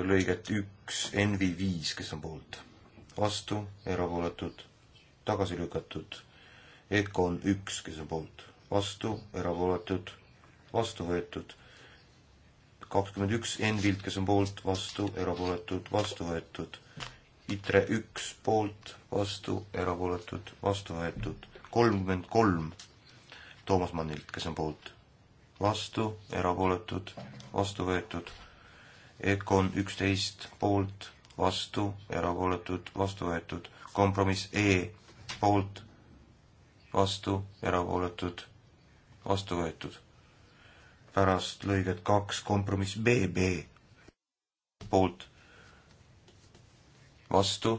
lõiget üks NV viis, kes on poolt vastu, erapooletud, tagasi lükatud. Econ üks, kes on poolt vastu, erapooletud, vastu võetud kakskümmend üks Envilt, kes on poolt, vastu, erapooletud, vastu võetud. ITRE üks poolt, vastu, erapooletud, vastu võetud. kolmkümmend kolm Toomas Mannilt, kes on poolt, vastu, erapooletud, vastu võetud. EKOn üksteist poolt, vastu, erapooletud, vastu võetud. kompromiss E poolt, vastu, erapooletud, vastu võetud pärast lõiget kaks kompromiss BB poolt vastu.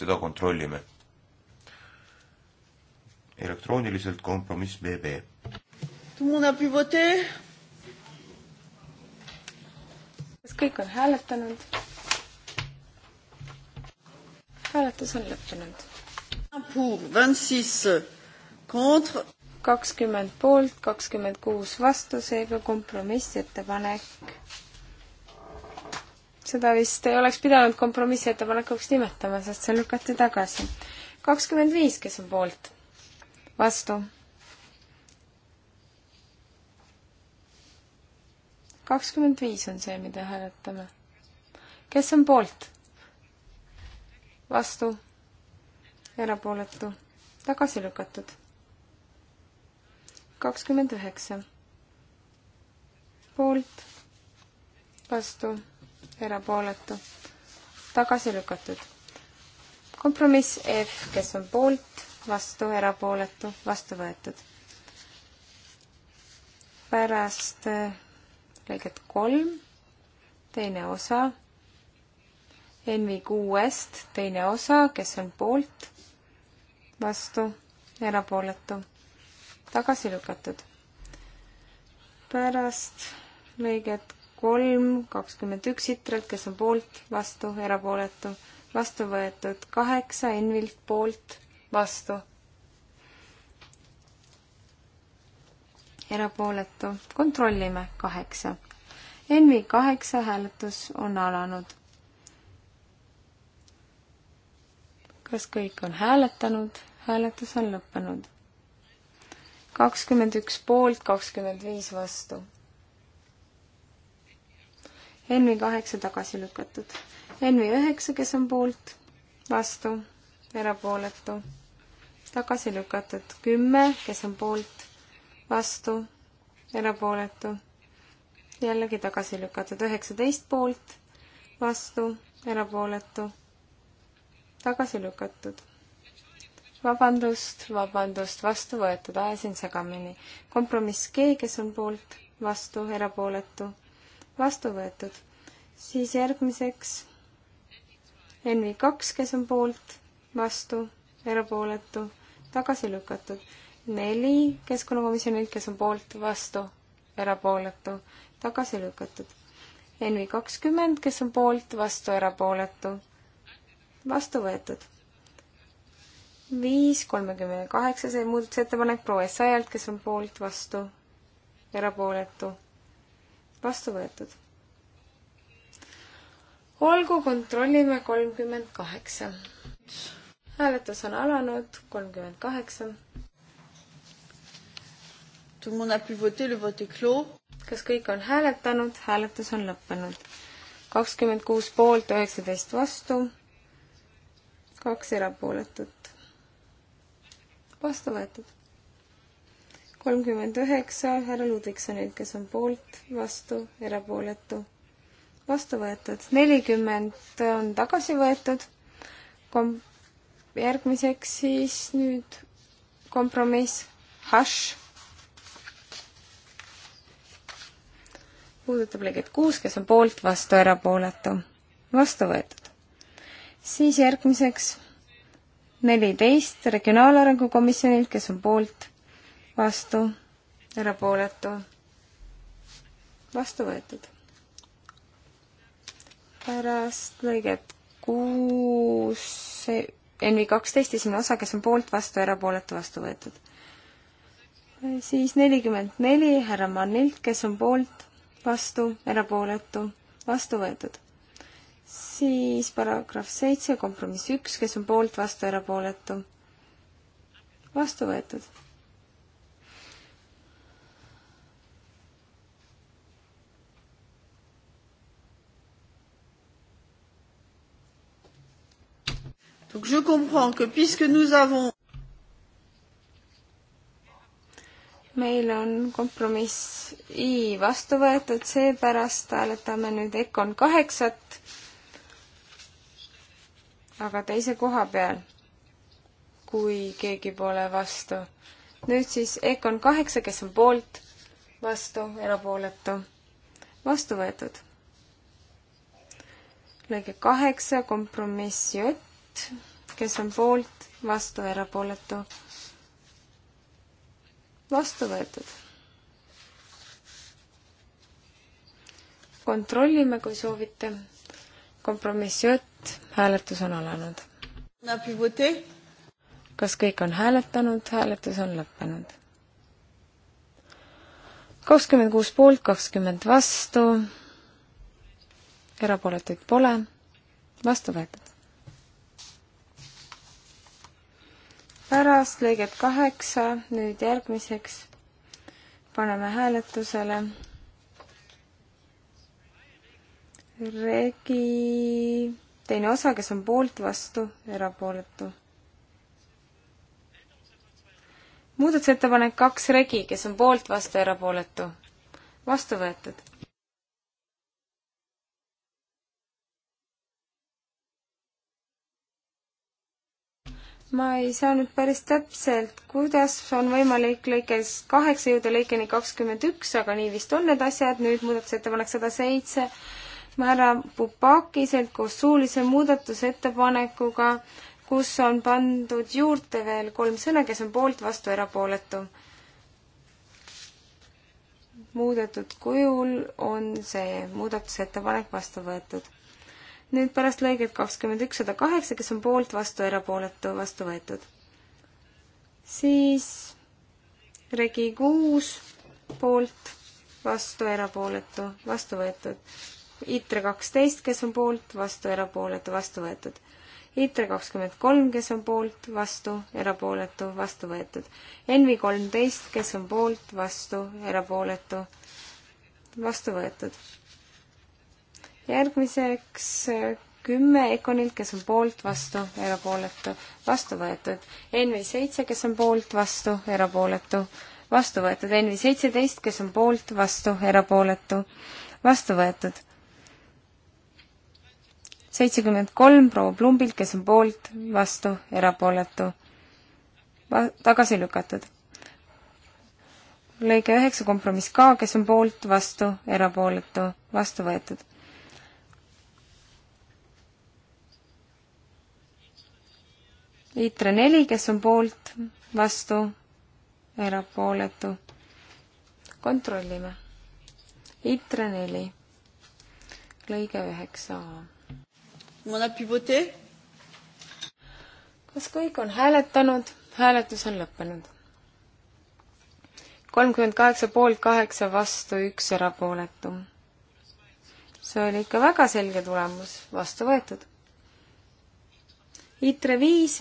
seda kontrollime. elektrooniliselt kompromiss BB. kas kõik on hääletanud? hääletus on lõppenud. Pour 26 contre kakskümmend poolt, kakskümmend kuus vastu, seega kompromissettepanek. seda vist ei oleks pidanud kompromissettepanekuks nimetama, sest see lükati tagasi. kakskümmend viis, kes on poolt, vastu. kakskümmend viis on see, mida hääletame. kes on poolt? vastu, erapooletu, tagasi lükatud kakskümmend üheksa. poolt, vastu, erapooletu, tagasi lükatud. kompromiss F, kes on poolt, vastu, erapooletu, vastu võetud. pärast äh, lõiget kolm, teine osa, NV kuuest teine osa, kes on poolt, vastu, erapooletu tagasi lükatud. pärast lõiget kolm, kakskümmend üks sitralt, kes on poolt, vastu, erapooletu, vastu võetud kaheksa, Envilt poolt, vastu. erapooletu, kontrollime, kaheksa. Envi kaheksa hääletus on alanud. kas kõik on hääletanud? hääletus on lõppenud kakskümmend üks poolt, kakskümmend viis vastu. Envi kaheksa tagasi lükatud. Envi üheksa, kes on poolt, vastu, erapooletu, tagasi lükatud. kümme, kes on poolt, vastu, erapooletu, jällegi tagasi lükatud. üheksateist poolt, vastu, erapooletu, tagasi lükatud vabandust, vabandust, vastu võetud, ajasin segamini. kompromiss G, kes on poolt, vastu, erapooletu, vastu võetud. siis järgmiseks NV kaks, kes on poolt, vastu, erapooletu, tagasi lükatud. neli keskkonnakomisjonilt, kes on poolt, vastu, erapooletu, tagasi lükatud. NV kakskümmend, kes on poolt, vastu, erapooletu, vastu võetud viis, kolmekümne kaheksa, see muudatusettepanek proua Essayalt, kes on poolt, vastu, erapooletu, vastu võetud. olgu, kontrollime kolmkümmend kaheksa. hääletus on alanud, kolmkümmend kaheksa. Tout le monde a pu voter, le vote est clos. kas kõik on hääletanud, hääletus on lõppenud. kakskümmend kuus poolt, üheksateist vastu, kaks erapooletut vastu võetud. kolmkümmend üheksa härra Ludvigsonilt, kes on poolt, vastu, erapooletu, vastu võetud. nelikümmend on tagasi võetud. kom-, järgmiseks siis nüüd kompromiss, hash puudutab lõiget kuus, kes on poolt, vastu, erapooletu. vastu võetud. siis järgmiseks neliteist Regionaalarengu Komisjonilt, kes on poolt, vastu, erapooletu, vastu võetud. pärast lõiget kuus, NV kaksteist, esimene osa, kes on poolt, vastu, erapooletu, vastu võetud. siis nelikümmend neli härra Mannilt, kes on poolt, vastu, erapooletu, vastu võetud siis paragrahv seitse, kompromiss üks, kes on poolt, vastu, erapooletu. vastu võetud. Donc je comprends que puisque nous avons meil on kompromiss I vastu võetud, seepärast hääletame nüüd EKOn kaheksat aga teise koha peal, kui keegi pole vastu. nüüd siis Econ kaheksa, kes on poolt, vastu, erapooletu, vastu võetud. lõige kaheksa, kompromiss J, kes on poolt, vastu, erapooletu, vastu võetud. kontrollime, kui soovite kompromiss J, hääletus on alanud. kas kõik on hääletanud, hääletus on lõppenud? kakskümmend kuus poolt, kakskümmend vastu, erapooletuid pole, vastu võetud. pärast lõiget kaheksa, nüüd järgmiseks paneme hääletusele regi teine osa, kes on poolt, vastu, erapooletu. muudatusettepanek kaks regi, kes on poolt, vastu, erapooletu. vastu võetud. ma ei saa nüüd päris täpselt, kuidas on võimalik lõikes kaheksa jõuda lõikeni kakskümmend üks, aga nii vist on need asjad, nüüd muudatusettepanek sada seitse härra Pupakiselt koos suulise muudatusettepanekuga, kus on pandud juurde veel kolm sõna, kes on poolt, vastu, erapooletu. muudetud kujul on see muudatusettepanek vastu võetud. nüüd pärast lõiget kakskümmend üks, sada kaheksa, kes on poolt, vastu, erapooletu, vastu võetud. siis regi kuus, poolt, vastu, erapooletu, vastu võetud ITRE kaksteist, kes on poolt, vastu, erapooletu, vastu võetud. ITRE kakskümmend kolm, kes on poolt, vastu, erapooletu, vastu võetud. ENVI kolmteist, kes on poolt, vastu, erapooletu, vastu võetud. järgmiseks äh, kümme Econilt, kes on poolt, vastu, erapooletu, vastu võetud. ENVI seitse, kes on poolt, vastu, erapooletu, vastu võetud. ENVI seitseteist, kes on poolt, vastu, erapooletu, vastu võetud seitsekümmend kolm proua Plumbilt, kes on poolt, vastu, erapooletu, tagasi lükatud. lõige üheksa, kompromiss K, kes on poolt, vastu, erapooletu, vastu võetud. liitre neli, kes on poolt, vastu, erapooletu. kontrollime. liitre neli, lõige üheksa A kas kõik on hääletanud? hääletus on lõppenud. kolmkümmend kaheksa poolt, kaheksa vastu, üks erapooletu. see oli ikka väga selge tulemus, vastu võetud. ITRE viis,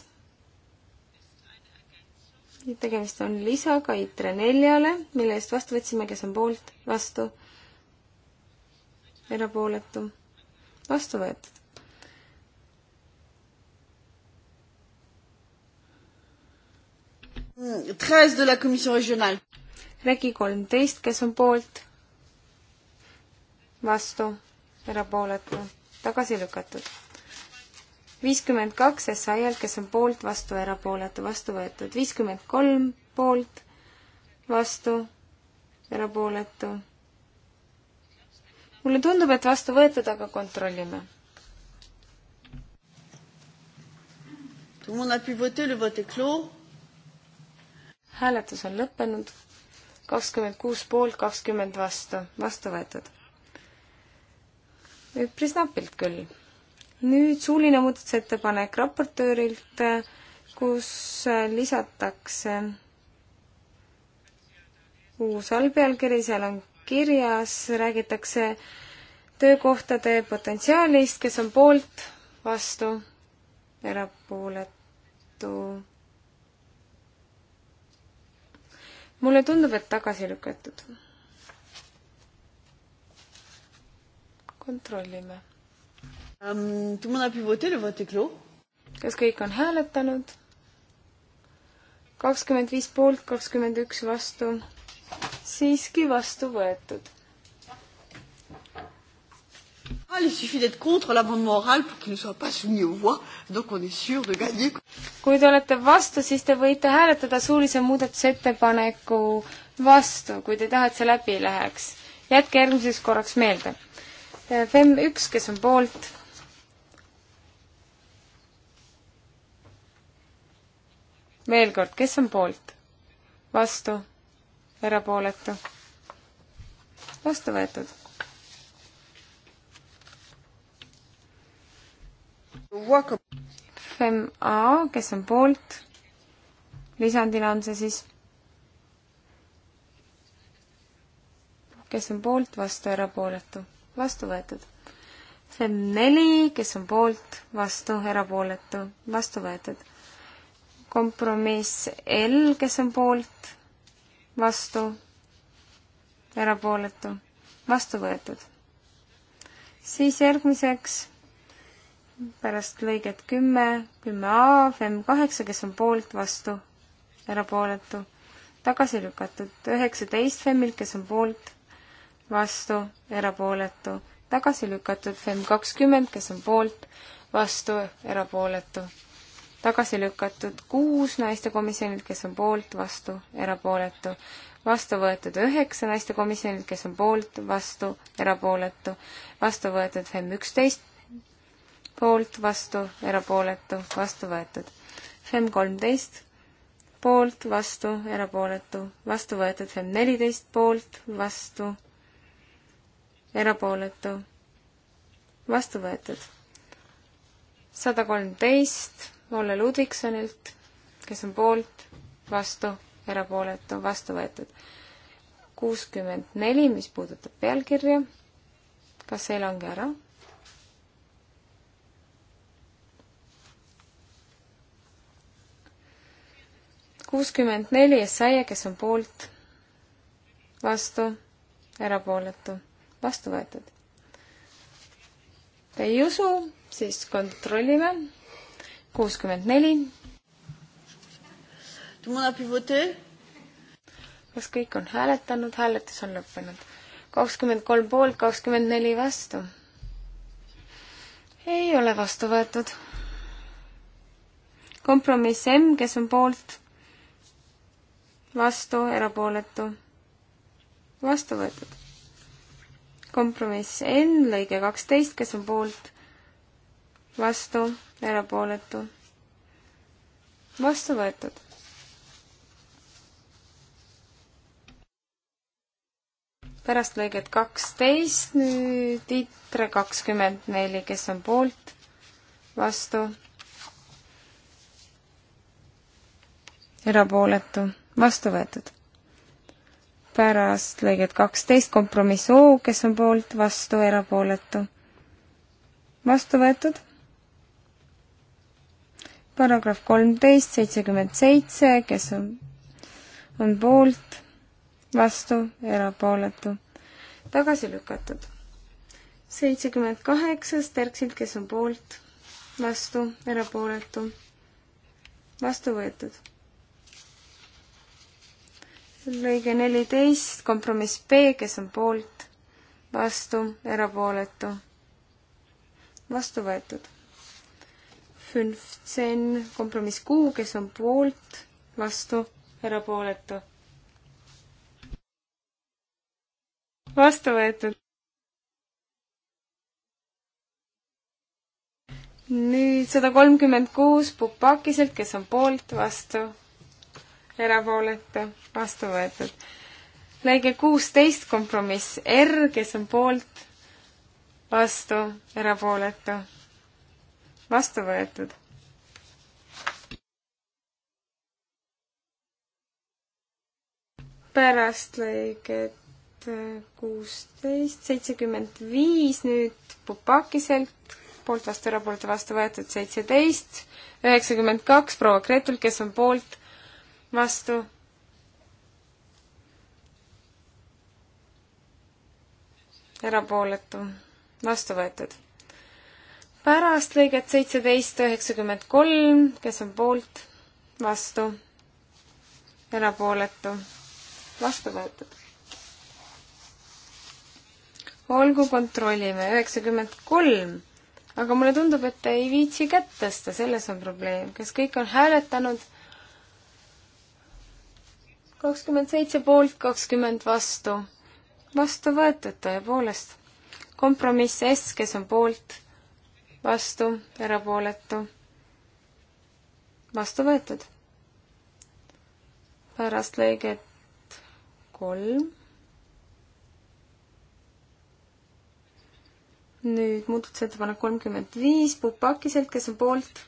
tegemist on lisaga ITRE neljale, mille eest vastu võtsime, kes on poolt, vastu, erapooletu, vastu võetud regi kolmteist, kes on poolt, vastu, erapooletu, tagasi lükatud. viiskümmend kaks SAI-l, kes on poolt, vastu, erapooletu, vastu võetud. viiskümmend kolm poolt, vastu, erapooletu. mulle tundub, et vastu võetud, aga kontrollime Tout le monde a pu voter, le vote est clos hääletus on lõppenud, kakskümmend kuus poolt, kakskümmend vastu, vastu võetud. üpris napilt küll. nüüd suuline muudatusettepanek raportöörilt, kus lisatakse uus allpealkiri, seal on kirjas, räägitakse töökohtade potentsiaalist, kes on poolt, vastu, erapooletu mulle tundub, et tagasi lükatud. kontrollime um,. kas kõik on hääletanud? kakskümmend viis poolt, kakskümmend üks vastu. siiski vastu võetud orale, il suffit d'être contre l'amendement oral pour qu'il ne soit pas soumis aux voix, donc on est sûr de gagner. kui te olete vastu, siis te võite hääletada suulise muudatusettepaneku vastu, kui te tahate, see läbi läheks. jätke järgmiseks korraks meelde. FEM üks, kes on poolt. veel kord, kes on poolt? vastu? erapooletu? vastu võetud FEMA, kes on poolt, lisandina on see siis, kes on poolt, vastu, erapooletu, vastu võetud. FEM neli, kes on poolt, vastu, erapooletu, vastu võetud. kompromiss L, kes on poolt, vastu, erapooletu, vastu võetud. siis järgmiseks pärast lõiget kümme, kümme A, FEM kaheksa, kes on poolt, vastu, erapooletu, tagasi lükatud. üheksateist FEM-ilt, kes on poolt, vastu, erapooletu, tagasi lükatud. FEM kakskümmend, kes on poolt, vastu, erapooletu, tagasi lükatud. kuus naistekomisjonilt, kes on poolt, vastu, erapooletu vastu võetud üheksa naistekomisjonilt, kes on poolt, vastu, erapooletu. vastu võetud FEM üksteist poolt, vastu, erapooletu, vastu võetud. FEM kolmteist, poolt, vastu, erapooletu, vastu võetud. FEM neliteist, poolt, vastu, erapooletu, vastu võetud. sada kolmteist Olle Ludvigsonilt, kes on poolt, vastu, erapooletu, vastu võetud. kuuskümmend neli, mis puudutab pealkirja, kas see ei lange ära? kuuskümmend neli Essaia, kes on poolt, vastu, erapooletu, vastu võetud. ei usu, siis kontrollime. kuuskümmend neli. kas kõik on hääletanud, hääletus on lõppenud. kakskümmend kolm poolt, kakskümmend neli vastu. ei ole vastu võetud. kompromiss M, kes on poolt vastu, erapooletu, vastu võetud. kompromiss N lõige kaksteist, kes on poolt, vastu, erapooletu, vastu võetud. pärast lõiget kaksteist nüüd ITRE kakskümmend neli, kes on poolt, vastu, erapooletu vastu võetud. pärast lõiget kaksteist kompromiss O, kes on poolt, vastu, erapooletu. vastu võetud. paragrahv kolmteist, seitsekümmend seitse, kes on, on poolt, vastu, erapooletu. tagasi lükatud. seitsekümmend kaheksa, Sterksilt, kes on poolt, vastu, erapooletu. vastu võetud lõige neliteist, kompromiss B, kes on poolt, vastu, erapooletu, vastu võetud. Fünfzen, kompromiss Q, kes on poolt, vastu, erapooletu. vastu võetud. nüüd sada kolmkümmend kuus Pupakiselt, kes on poolt, vastu erapooletu, vastu võetud. lõige kuusteist kompromiss R, kes on poolt, vastu, erapooletu, vastu võetud. pärast lõiget kuusteist, seitsekümmend viis nüüd Pupakiselt, poolt vastu, erapooletu vastu võetud seitseteist, üheksakümmend kaks proua Gretult, kes on poolt, vastu. erapooletu, vastu võetud. pärast lõiget seitseteist üheksakümmend kolm, kes on poolt, vastu, erapooletu, vastu võetud. olgu, kontrollime, üheksakümmend kolm aga mulle tundub, et ei viitsi kätt tõsta, selles on probleem. kas kõik on hääletanud? kakskümmend seitse poolt, kakskümmend vastu. vastu võetud tõepoolest. kompromiss S, kes on poolt, vastu, erapooletu, vastu võetud. pärast lõiget kolm. nüüd muudatusettepanek kolmkümmend viis, Pupakiselt, kes on poolt,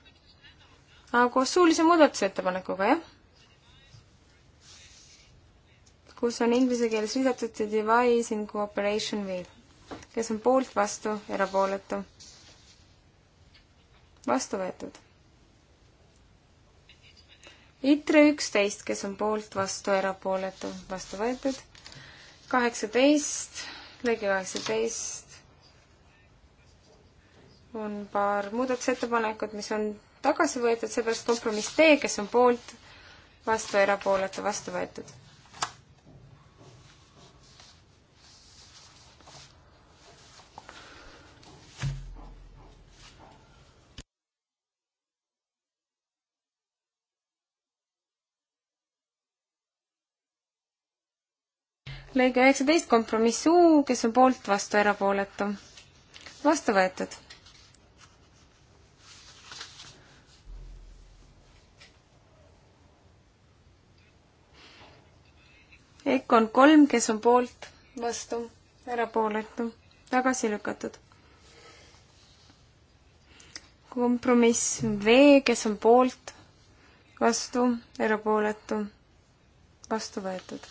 koos suulise muudatusettepanekuga, jah kus on inglise keeles lisatud the device in cooperation with. kes on poolt, vastu, erapooletu? vastu võetud. ITRE üksteist, kes on poolt, vastu, erapooletu, vastu võetud. kaheksateist, lõige kaheksateist. on paar muudatusettepanekut, mis on tagasi võetud, seepärast kompromiss D, kes on poolt, vastu, erapooletu, vastu võetud lõige üheksateist, kompromiss U, kes on poolt, vastu, erapooletu. vastu võetud. Ekon kolm, kes on poolt, vastu, erapooletu, tagasi lükatud. kompromiss V, kes on poolt, vastu, erapooletu, vastu võetud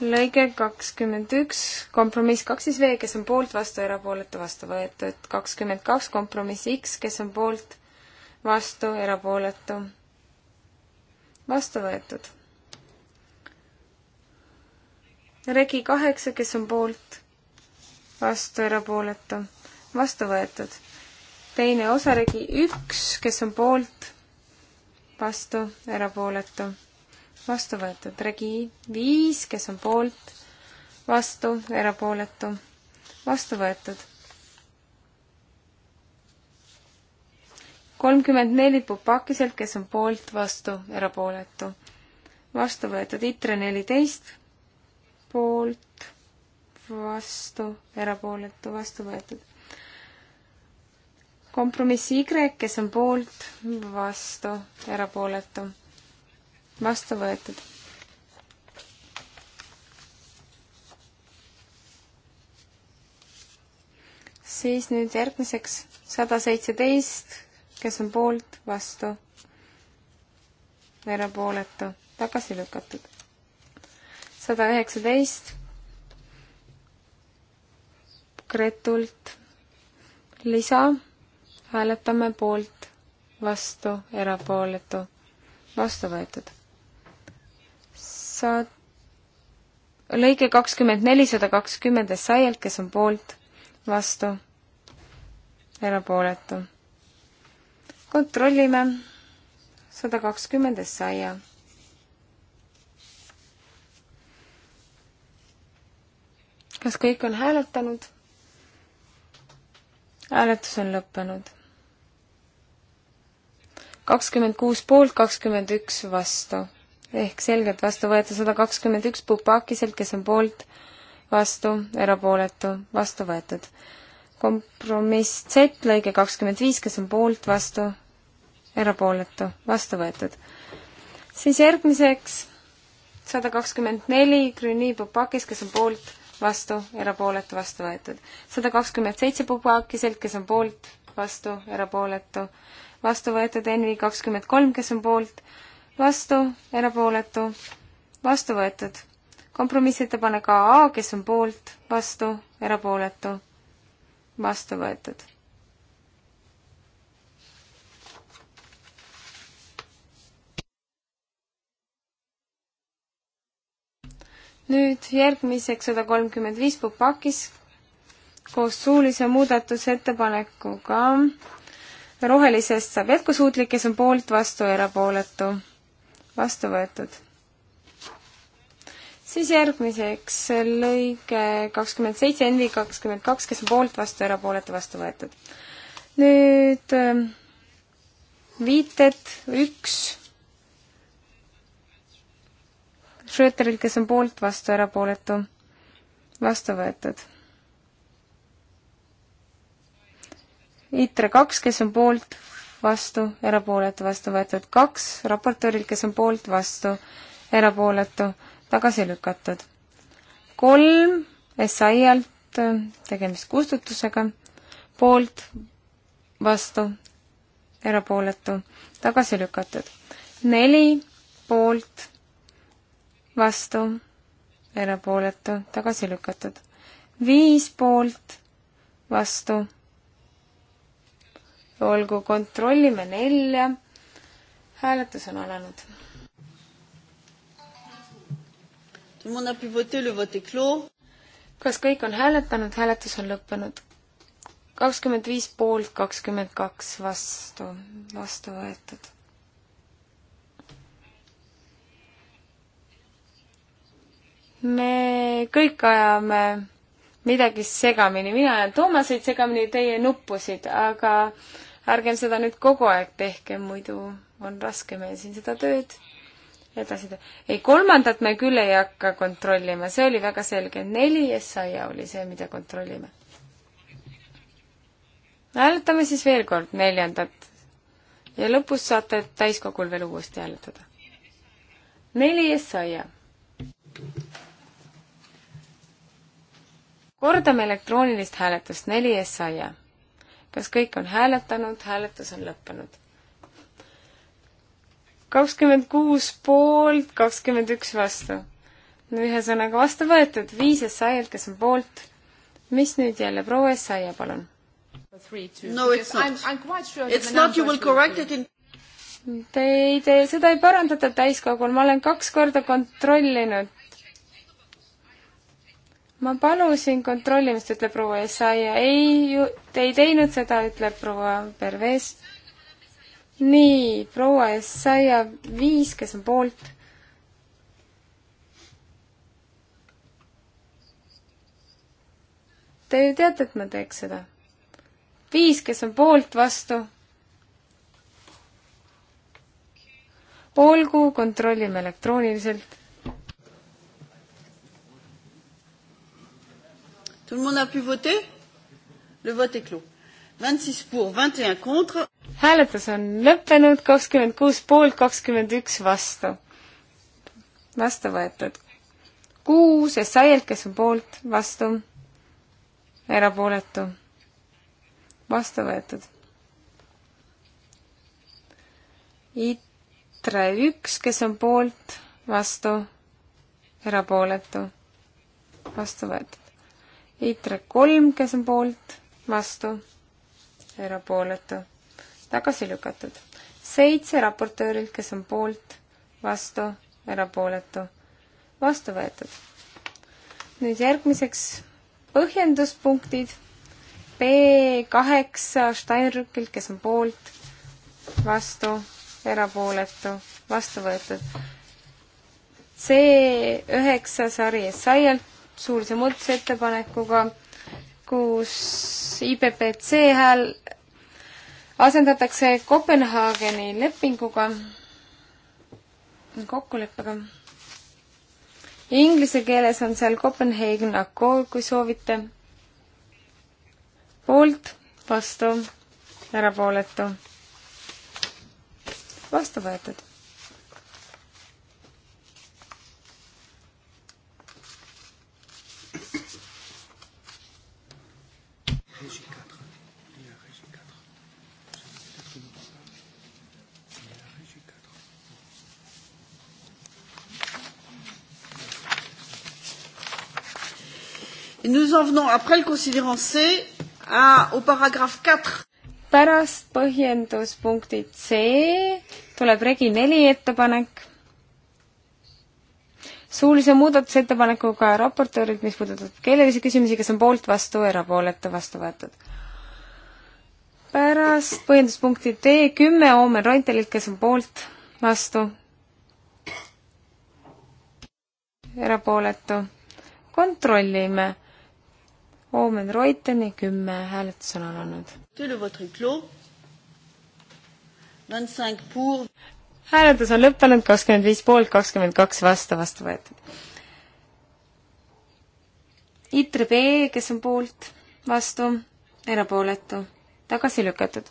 lõige kakskümmend üks, kompromiss kaks siis V, kes on poolt, vastu, erapooletu, vastu võetud. kakskümmend kaks, kompromiss X, kes on poolt, vastu, erapooletu, vastu võetud. regi kaheksa, kes on poolt, vastu, erapooletu, vastu võetud. teine osa regi üks, kes on poolt, vastu, erapooletu vastu võetud. Regi viis, kes on poolt, vastu, erapooletu, vastu võetud. kolmkümmend neli pupakiselt, kes on poolt, vastu, erapooletu. vastu võetud ITRE neliteist, poolt, vastu, erapooletu, vastu võetud kompromiss Y, kes on poolt, vastu, erapooletu, vastu võetud. siis nüüd järgmiseks sada seitseteist, kes on poolt, vastu, erapooletu, tagasi lükatud. sada üheksateist Gretult lisa, hääletame poolt, vastu, erapooletu, vastu võetud sa-, lõige kakskümmend neli, sada kakskümmend essaialt, kes on poolt, vastu, erapooletu. kontrollime, sada kakskümmend essaia. kas kõik on hääletanud? hääletus on lõppenud kakskümmend kuus poolt, kakskümmend üks vastu ehk selgelt vastu võetud sada kakskümmend üks Pupakiselt, kes on poolt, vastu, erapooletu, vastu võetud. kompromiss Z lõige kakskümmend viis, kes on poolt, vastu, erapooletu, vastu võetud. siis järgmiseks sada kakskümmend neli Grüni Pupakis, kes on poolt, vastu, erapooletu, vastu võetud. sada kakskümmend seitse Pupakiselt, kes on poolt, vastu, erapooletu, vastu võetud, Envi kakskümmend kolm, kes on poolt, vastu, erapooletu, vastu võetud. kompromissettepanek AA, kes on poolt, vastu, erapooletu, vastu võetud. nüüd järgmiseks sada kolmkümmend viis Pupakis koos suulise muudatusettepanekuga rohelisest saab jätkusuutlik, kes on poolt, vastu, erapooletu vastu võetud. siis järgmiseks lõige kakskümmend seitse, NV kakskümmend kaks, kes on poolt, vastu, erapooletu, vastu võetud. nüüd ähm, viited üks Schröterilt, kes on poolt, vastu, erapooletu, vastu võetud. ITRE kaks, kes on poolt, vastu, erapooletu, vastu võetud kaks, raportööril, kes on poolt, vastu, erapooletu, tagasi lükatud. kolm SAI-lt, tegemist kustutusega, poolt, vastu, erapooletu, tagasi lükatud. neli poolt, vastu, erapooletu, tagasi lükatud. viis poolt, vastu olgu, kontrollime nelja. hääletus on alanud. kas kõik on hääletanud, hääletus on lõppenud? kakskümmend viis poolt, kakskümmend kaks vastu, vastu võetud. me kõik ajame midagi segamini, mina ajan Toomaseid segamini, teie nuppusid, aga äh, ärgem seda nüüd kogu aeg tehkem, muidu on raske meil siin seda tööd edasi teha. ei, kolmandat me küll ei hakka kontrollima, see oli väga selge. neli SIA oli see, mida kontrollime. hääletame siis veel kord neljandat ja lõpus saate täiskogul veel uuesti hääletada. neli SIA. kordame elektroonilist hääletust, neli SIA kas kõik on hääletanud, hääletus on lõppenud. kakskümmend kuus poolt, kakskümmend üks vastu. no ühesõnaga vastu võetud, viis essaialt, kes on poolt. mis nüüd jälle, proua essaia, palun. no it's not. It's not, you will correct it in Te ei, te seda ei parandata täiskogul, ma olen kaks korda kontrollinud ma palusin kontrollimist, ütleb proua Essaia. ei, te ei teinud seda, ütleb proua Pervez. nii, proua Essaia viis, kes on poolt. Te ju teate, et ma teeks seda. viis, kes on poolt, vastu. olgu, kontrollime elektrooniliselt Tout le monde a pu voter Le vote est clos. 26 pour, 21 contre. hääletus on lõppenud, kakskümmend kuus poolt, kakskümmend üks vastu. vastu võetud. kuus SAI-lt, kes on poolt, vastu, erapooletu, vastu võetud. ITRE üks, kes on poolt, vastu, erapooletu, vastu võetud ITRE kolm, kes on poolt, vastu, erapooletu, tagasi lükatud. seitse raportöörilt, kes on poolt, vastu, erapooletu, vastu võetud. nüüd järgmiseks põhjenduspunktid. B kaheksa Steinrückilt, kes on poolt, vastu, erapooletu, vastu võetud. C üheksa sari Essayalt suulise muudatusettepanekuga, kus IPPC hääl asendatakse Kopenhaageni lepinguga, kokkuleppega. Inglise keeles on seal Copenhagen Accord, kui soovite. poolt, vastu, erapooletu. vastu võetud Nous en venons après le considérant C à, au paragraphe 4. pärast põhjenduspunktid C tuleb regi neli ettepanek suulise muudatusettepanekuga raportöörilt, mis puudutab keelelisi küsimusi, kes on poolt, vastu, erapooletu, vastu võetud. pärast põhjenduspunkti D kümme Oomen Reutelilt, kes on poolt, vastu, erapooletu. kontrollime Omen Reuteni kümme hääletus on alanud. hääletus on lõppenud, kakskümmend viis poolt, kakskümmend kaks vastu, vastu võetud. Itre B, kes on poolt, vastu, erapooletu, tagasi lükatud.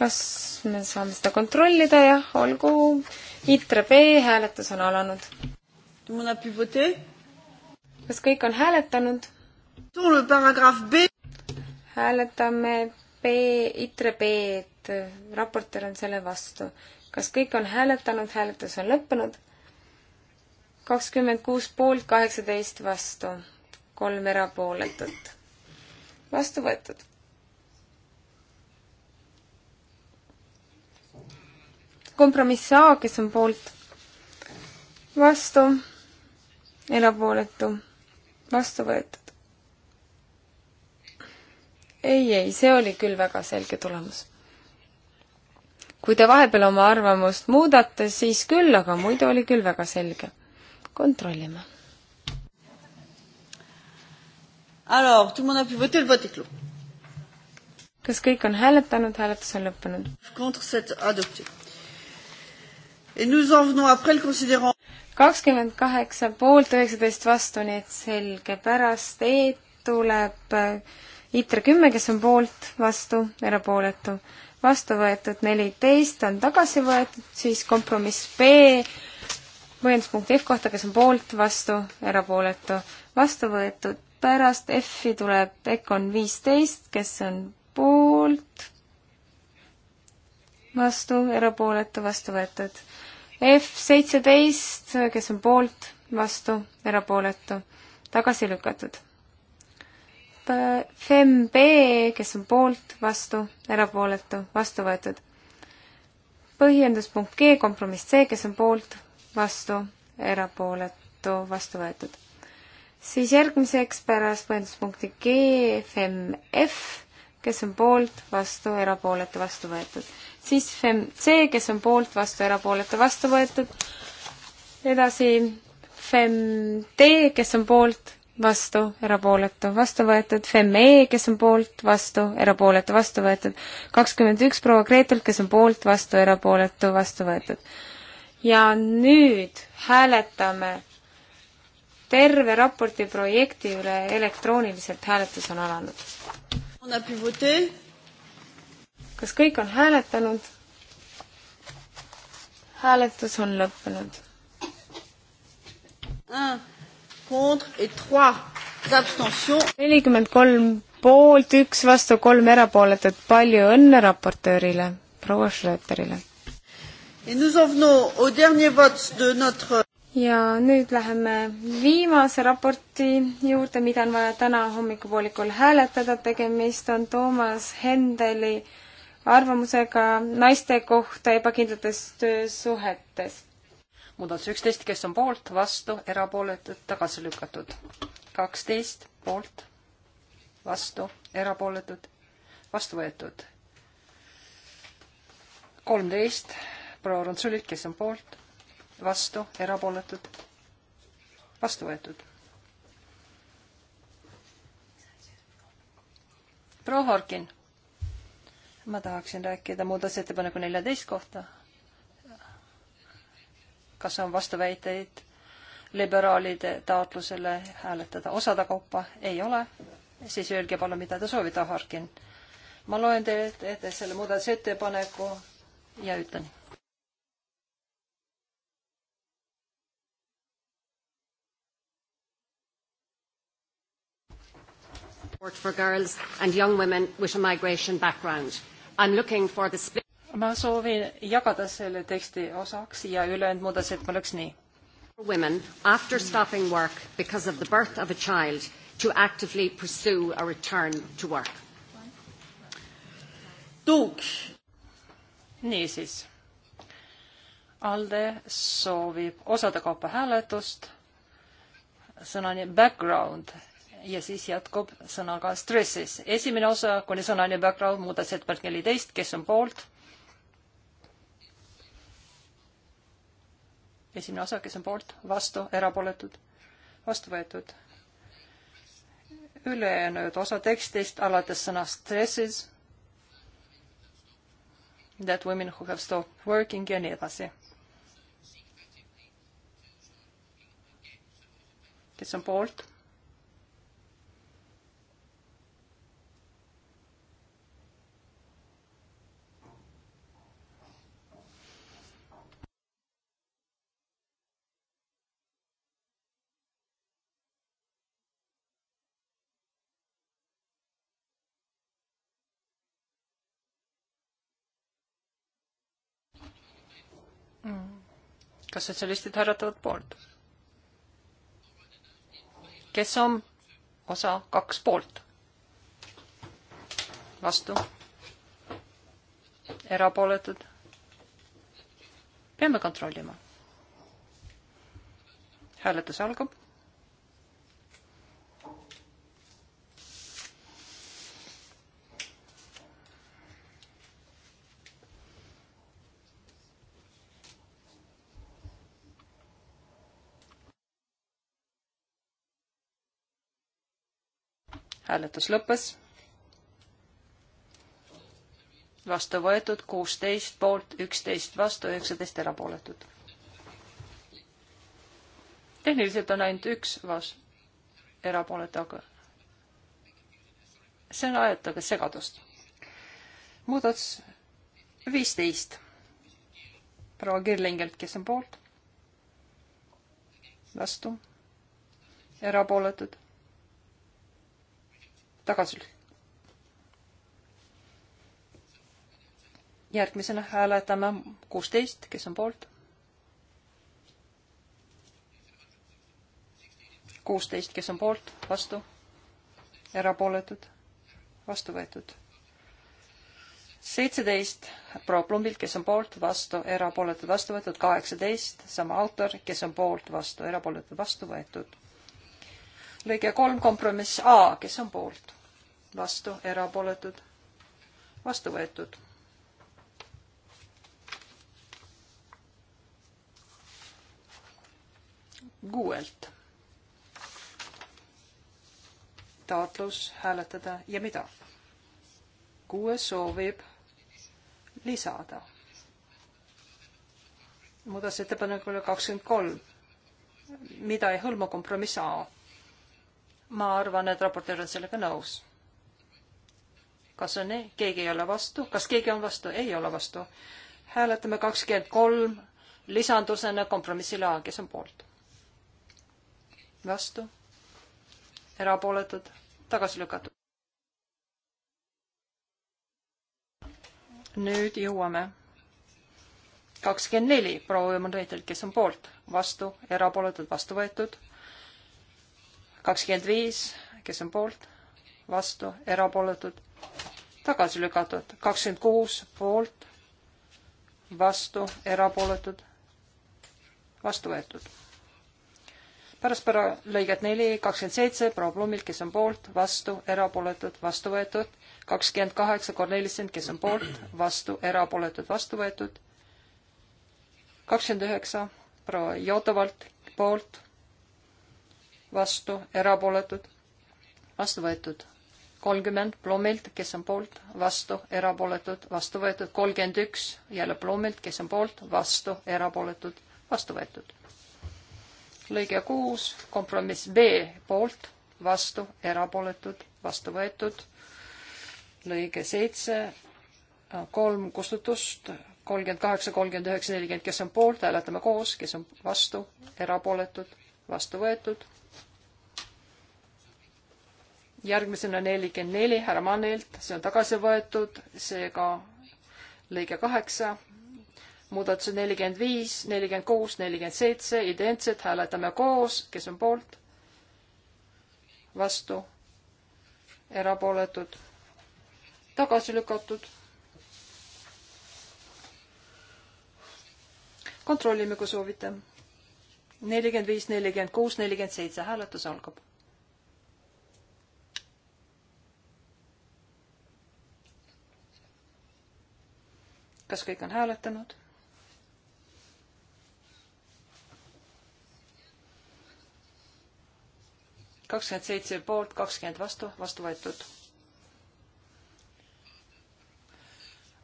kas me saame seda kontrollida, jah, olgu. Itre B hääletus on alanud kas kõik on hääletanud? hääletame B, ITRE B-d, raportöör on selle vastu. kas kõik on hääletanud, hääletus on lõppenud? kakskümmend kuus poolt, kaheksateist vastu, kolm erapooletut. vastu võetud. kompromiss A, kes on poolt? vastu erapooletu, vastu võetud. ei, ei, see oli küll väga selge tulemus. kui te vahepeal oma arvamust muudate, siis küll, aga muidu oli küll väga selge. kontrollime. Alors, tout le monde a pu voter, le vote est clos kas kõik on hääletanud, hääletus on lõppenud kakskümmend kaheksa poolt, üheksateist vastu, nii et selge, pärast E tuleb ITRE kümme, kes on poolt, vastu, erapooletu. vastu võetud neliteist on tagasi võetud, siis kompromiss B, põhjenduspunkti F kohta, kes on poolt, vastu, erapooletu. vastu võetud pärast F-i tuleb Econ viisteist, kes on poolt, vastu, erapooletu, vastu võetud F seitseteist, kes on poolt, vastu, erapooletu, tagasi lükatud. Fem B, kes on poolt, vastu, erapooletu, vastu võetud. põhjenduspunkt G, kompromiss C, kes on poolt, vastu, erapooletu, vastu võetud. siis järgmiseks pärast põhjenduspunkti G, Fem F, kes on poolt, vastu, erapooletu, vastu võetud siis FEM C, kes on poolt, vastu, erapooletu, vastu võetud. edasi FEM D, kes on poolt, vastu, erapooletu, vastu võetud. FEM E, kes on poolt, vastu, erapooletu, vastu võetud. kakskümmend üks proua Kreetult, kes on poolt, vastu, erapooletu, vastu võetud. ja nüüd hääletame terve raporti projekti üle elektrooniliselt hääletus on alanud kas kõik on hääletanud? hääletus on lõppenud. nelikümmend kolm poolt, üks vastu, kolm erapooletut. palju õnne raportöörile, proua Schröterile. Notre... ja nüüd läheme viimase raporti juurde, mida on vaja täna hommikupoolikul hääletada. tegemist on Toomas Hendeli arvamusega naiste kohta ebakindlates töösuhetes. muudatus üksteist, kes on poolt, vastu, erapooletud, tagasi lükatud. kaksteist poolt, vastu, erapooletud, vastu võetud. kolmteist proua Randsulit, kes on poolt, vastu, erapooletud, vastu võetud. proua Harkin ma tahaksin rääkida muudatusettepaneku neljateist kohta. kas on vastuväiteid liberaalide taotlusele hääletada osade kaupa? ei ole. siis öelge palun, mida te soovite, Harkin. ma loen teile ette selle muudatusettepaneku ja ütlen support for girls and young women with a migration background ma soovin jagada selle teksti osaks ja ülejäänud muudatusettepanekuks nii. Women after stopping work because of the birth of a child to actively pursue a return to work. niisiis, ALDE soovib osade kaupa hääletust, sõnani background ja siis jätkub sõnaga stresses. esimene osa kuni sõnani background muudatusettepanek neliteist, kes on poolt? esimene osa, kes on poolt, vastu, erapooletud, vastu võetud. ülejäänud osa tekstist alates sõnast stresses, that women who have stopped working ja nii edasi kes on poolt, kas sotsialistid hääletavad poolt? kes on osa kaks poolt? vastu? erapooletud? peame kontrollima. hääletus algab. hääletus lõppes. vastu võetud kuusteist poolt, üksteist vastu, üheksateist erapooletut. tehniliselt on ainult üks vastu, erapooletu, aga see ajatage segadust. muudatus viisteist. proua Kirlingelt, kes on poolt? vastu? erapooletud? tagasi. järgmisena hääletame kuusteist, kes on poolt. kuusteist, kes on poolt, vastu, erapooletud, vastu võetud. seitseteist proua Plumbilt, kes on poolt, vastu, erapooletud, vastu võetud, kaheksateist, sama autor, kes on poolt, vastu, erapooletud, vastu võetud lõige kolm kompromiss A, kes on poolt? vastu, erapooletud, vastu võetud. kuuelt taotlus hääletada ja mida? kuue soovib lisada muudatusettepanekule kakskümmend kolm, mida ei hõlma kompromiss A. ma arvan, et raportöör on sellega nõus kas on nii, keegi ei ole vastu, kas keegi on vastu, ei ole vastu. hääletame kakskümmend kolm lisandusena kompromissile A, kes on poolt? vastu, erapooletud, tagasi lükatud. nüüd jõuame kakskümmend neli, proua Jüman Reidel, kes on poolt, vastu, erapooletud, vastu võetud. kakskümmend viis, kes on poolt, vastu, erapooletud tagasi lükatud, kakskümmend kuus poolt, vastu, erapooletud, vastu võetud. pärast pära-, lõiget neli, kakskümmend seitse, proua Plumilt, kes on poolt, vastu, erapooletud, vastu võetud, kakskümmend kaheksa, Kornelissen, kes on poolt, vastu, erapooletud, vastu võetud, kakskümmend üheksa, proua Jotovalt, poolt, vastu, erapooletud, vastu võetud kolmkümmend Bloomilt, kes on poolt, vastu, erapooletud, vastu võetud, kolmkümmend üks jälle Bloomilt, kes on poolt, vastu, erapooletud, vastu võetud. lõige kuus, kompromiss B poolt, vastu, erapooletud, vastu võetud. lõige seitse, kolm kustutust, kolmkümmend kaheksa, kolmkümmend üheksa, nelikümmend, kes on poolt, hääletame koos, kes on vastu, erapooletud, vastu võetud järgmisena nelikümmend neli härra Mannilt, see on tagasi võetud, seega lõige kaheksa, muudatused nelikümmend viis, nelikümmend kuus, nelikümmend seitse, identsed, hääletame koos, kes on poolt, vastu, erapooletud, tagasi lükatud. kontrollime, kui soovite. nelikümmend viis, nelikümmend kuus, nelikümmend seitse, hääletus algab kas kõik on hääletanud? kakskümmend seitse poolt, kakskümmend vastu, vastu võetud.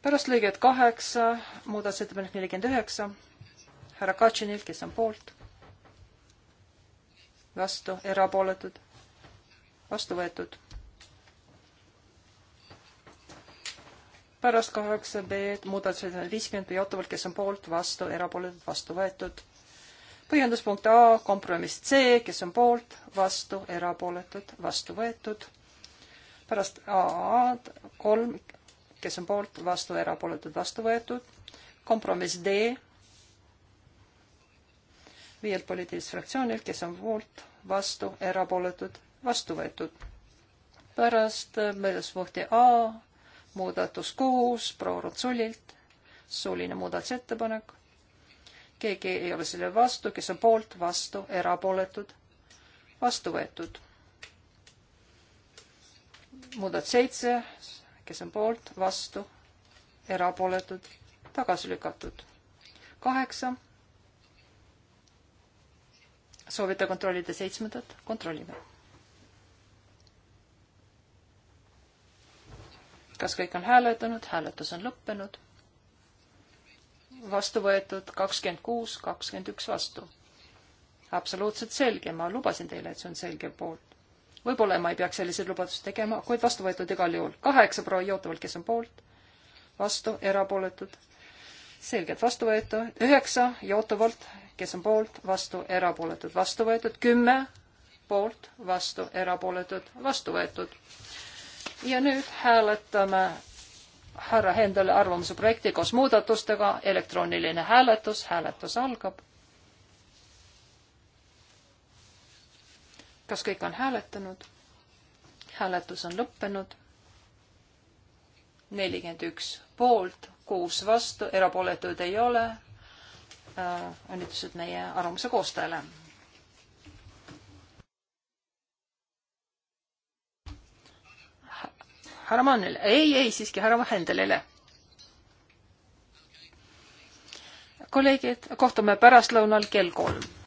pärast lõiget kaheksa, muudatusettepanek nelikümmend üheksa, härra Katšinil, kes on poolt, vastu, erapooletud, vastu võetud pärast kaheksa B-d muudatusettepanek viiskümmend B jaotavalt, kes on poolt, vastu, erapooletud, vastu võetud. põhjenduspunkt A, kompromiss C, kes on poolt, vastu, erapooletud, vastu võetud. pärast AA-d kolm, kes on poolt, vastu, erapooletud, vastu võetud. kompromiss D, viielt poliitilist fraktsioonilt, kes on poolt, vastu, erapooletud, vastu võetud. pärast mõelduspunkti A muudatus kuus proua Rutsulilt, suuline muudatusettepanek. keegi ei ole selle vastu, kes on poolt, vastu, erapooletud, vastu võetud. muudatus seitse, kes on poolt, vastu, erapooletud, tagasi lükatud. kaheksa. soovite kontrollida seitsmendat, kontrollime kas kõik on hääletanud, hääletus on lõppenud. vastu võetud kakskümmend kuus, kakskümmend üks vastu. absoluutselt selge, ma lubasin teile, et see on selge poolt. võib-olla ma ei peaks selliseid lubadusi tegema, kuid vastu võetud igal juhul. kaheksa proua Jootavalt, kes on poolt, vastu, erapooletud, selgelt vastu võetud. üheksa Jootavalt, kes on poolt, vastu, erapooletud, vastu võetud. kümme poolt, vastu, erapooletud, vastu võetud ja nüüd hääletame härra Hendele arvamuse projekti koos muudatustega, elektrooniline hääletus, hääletus algab. kas kõik on hääletanud? hääletus on lõppenud. nelikümmend üks poolt, kuus vastu, erapooletuid ei ole äh,. õnnitlused meie arvamuse koostajale härra Mannile, ei, ei siiski härra Vahendelile. kolleegid, kohtume pärastlõunal kell kolm.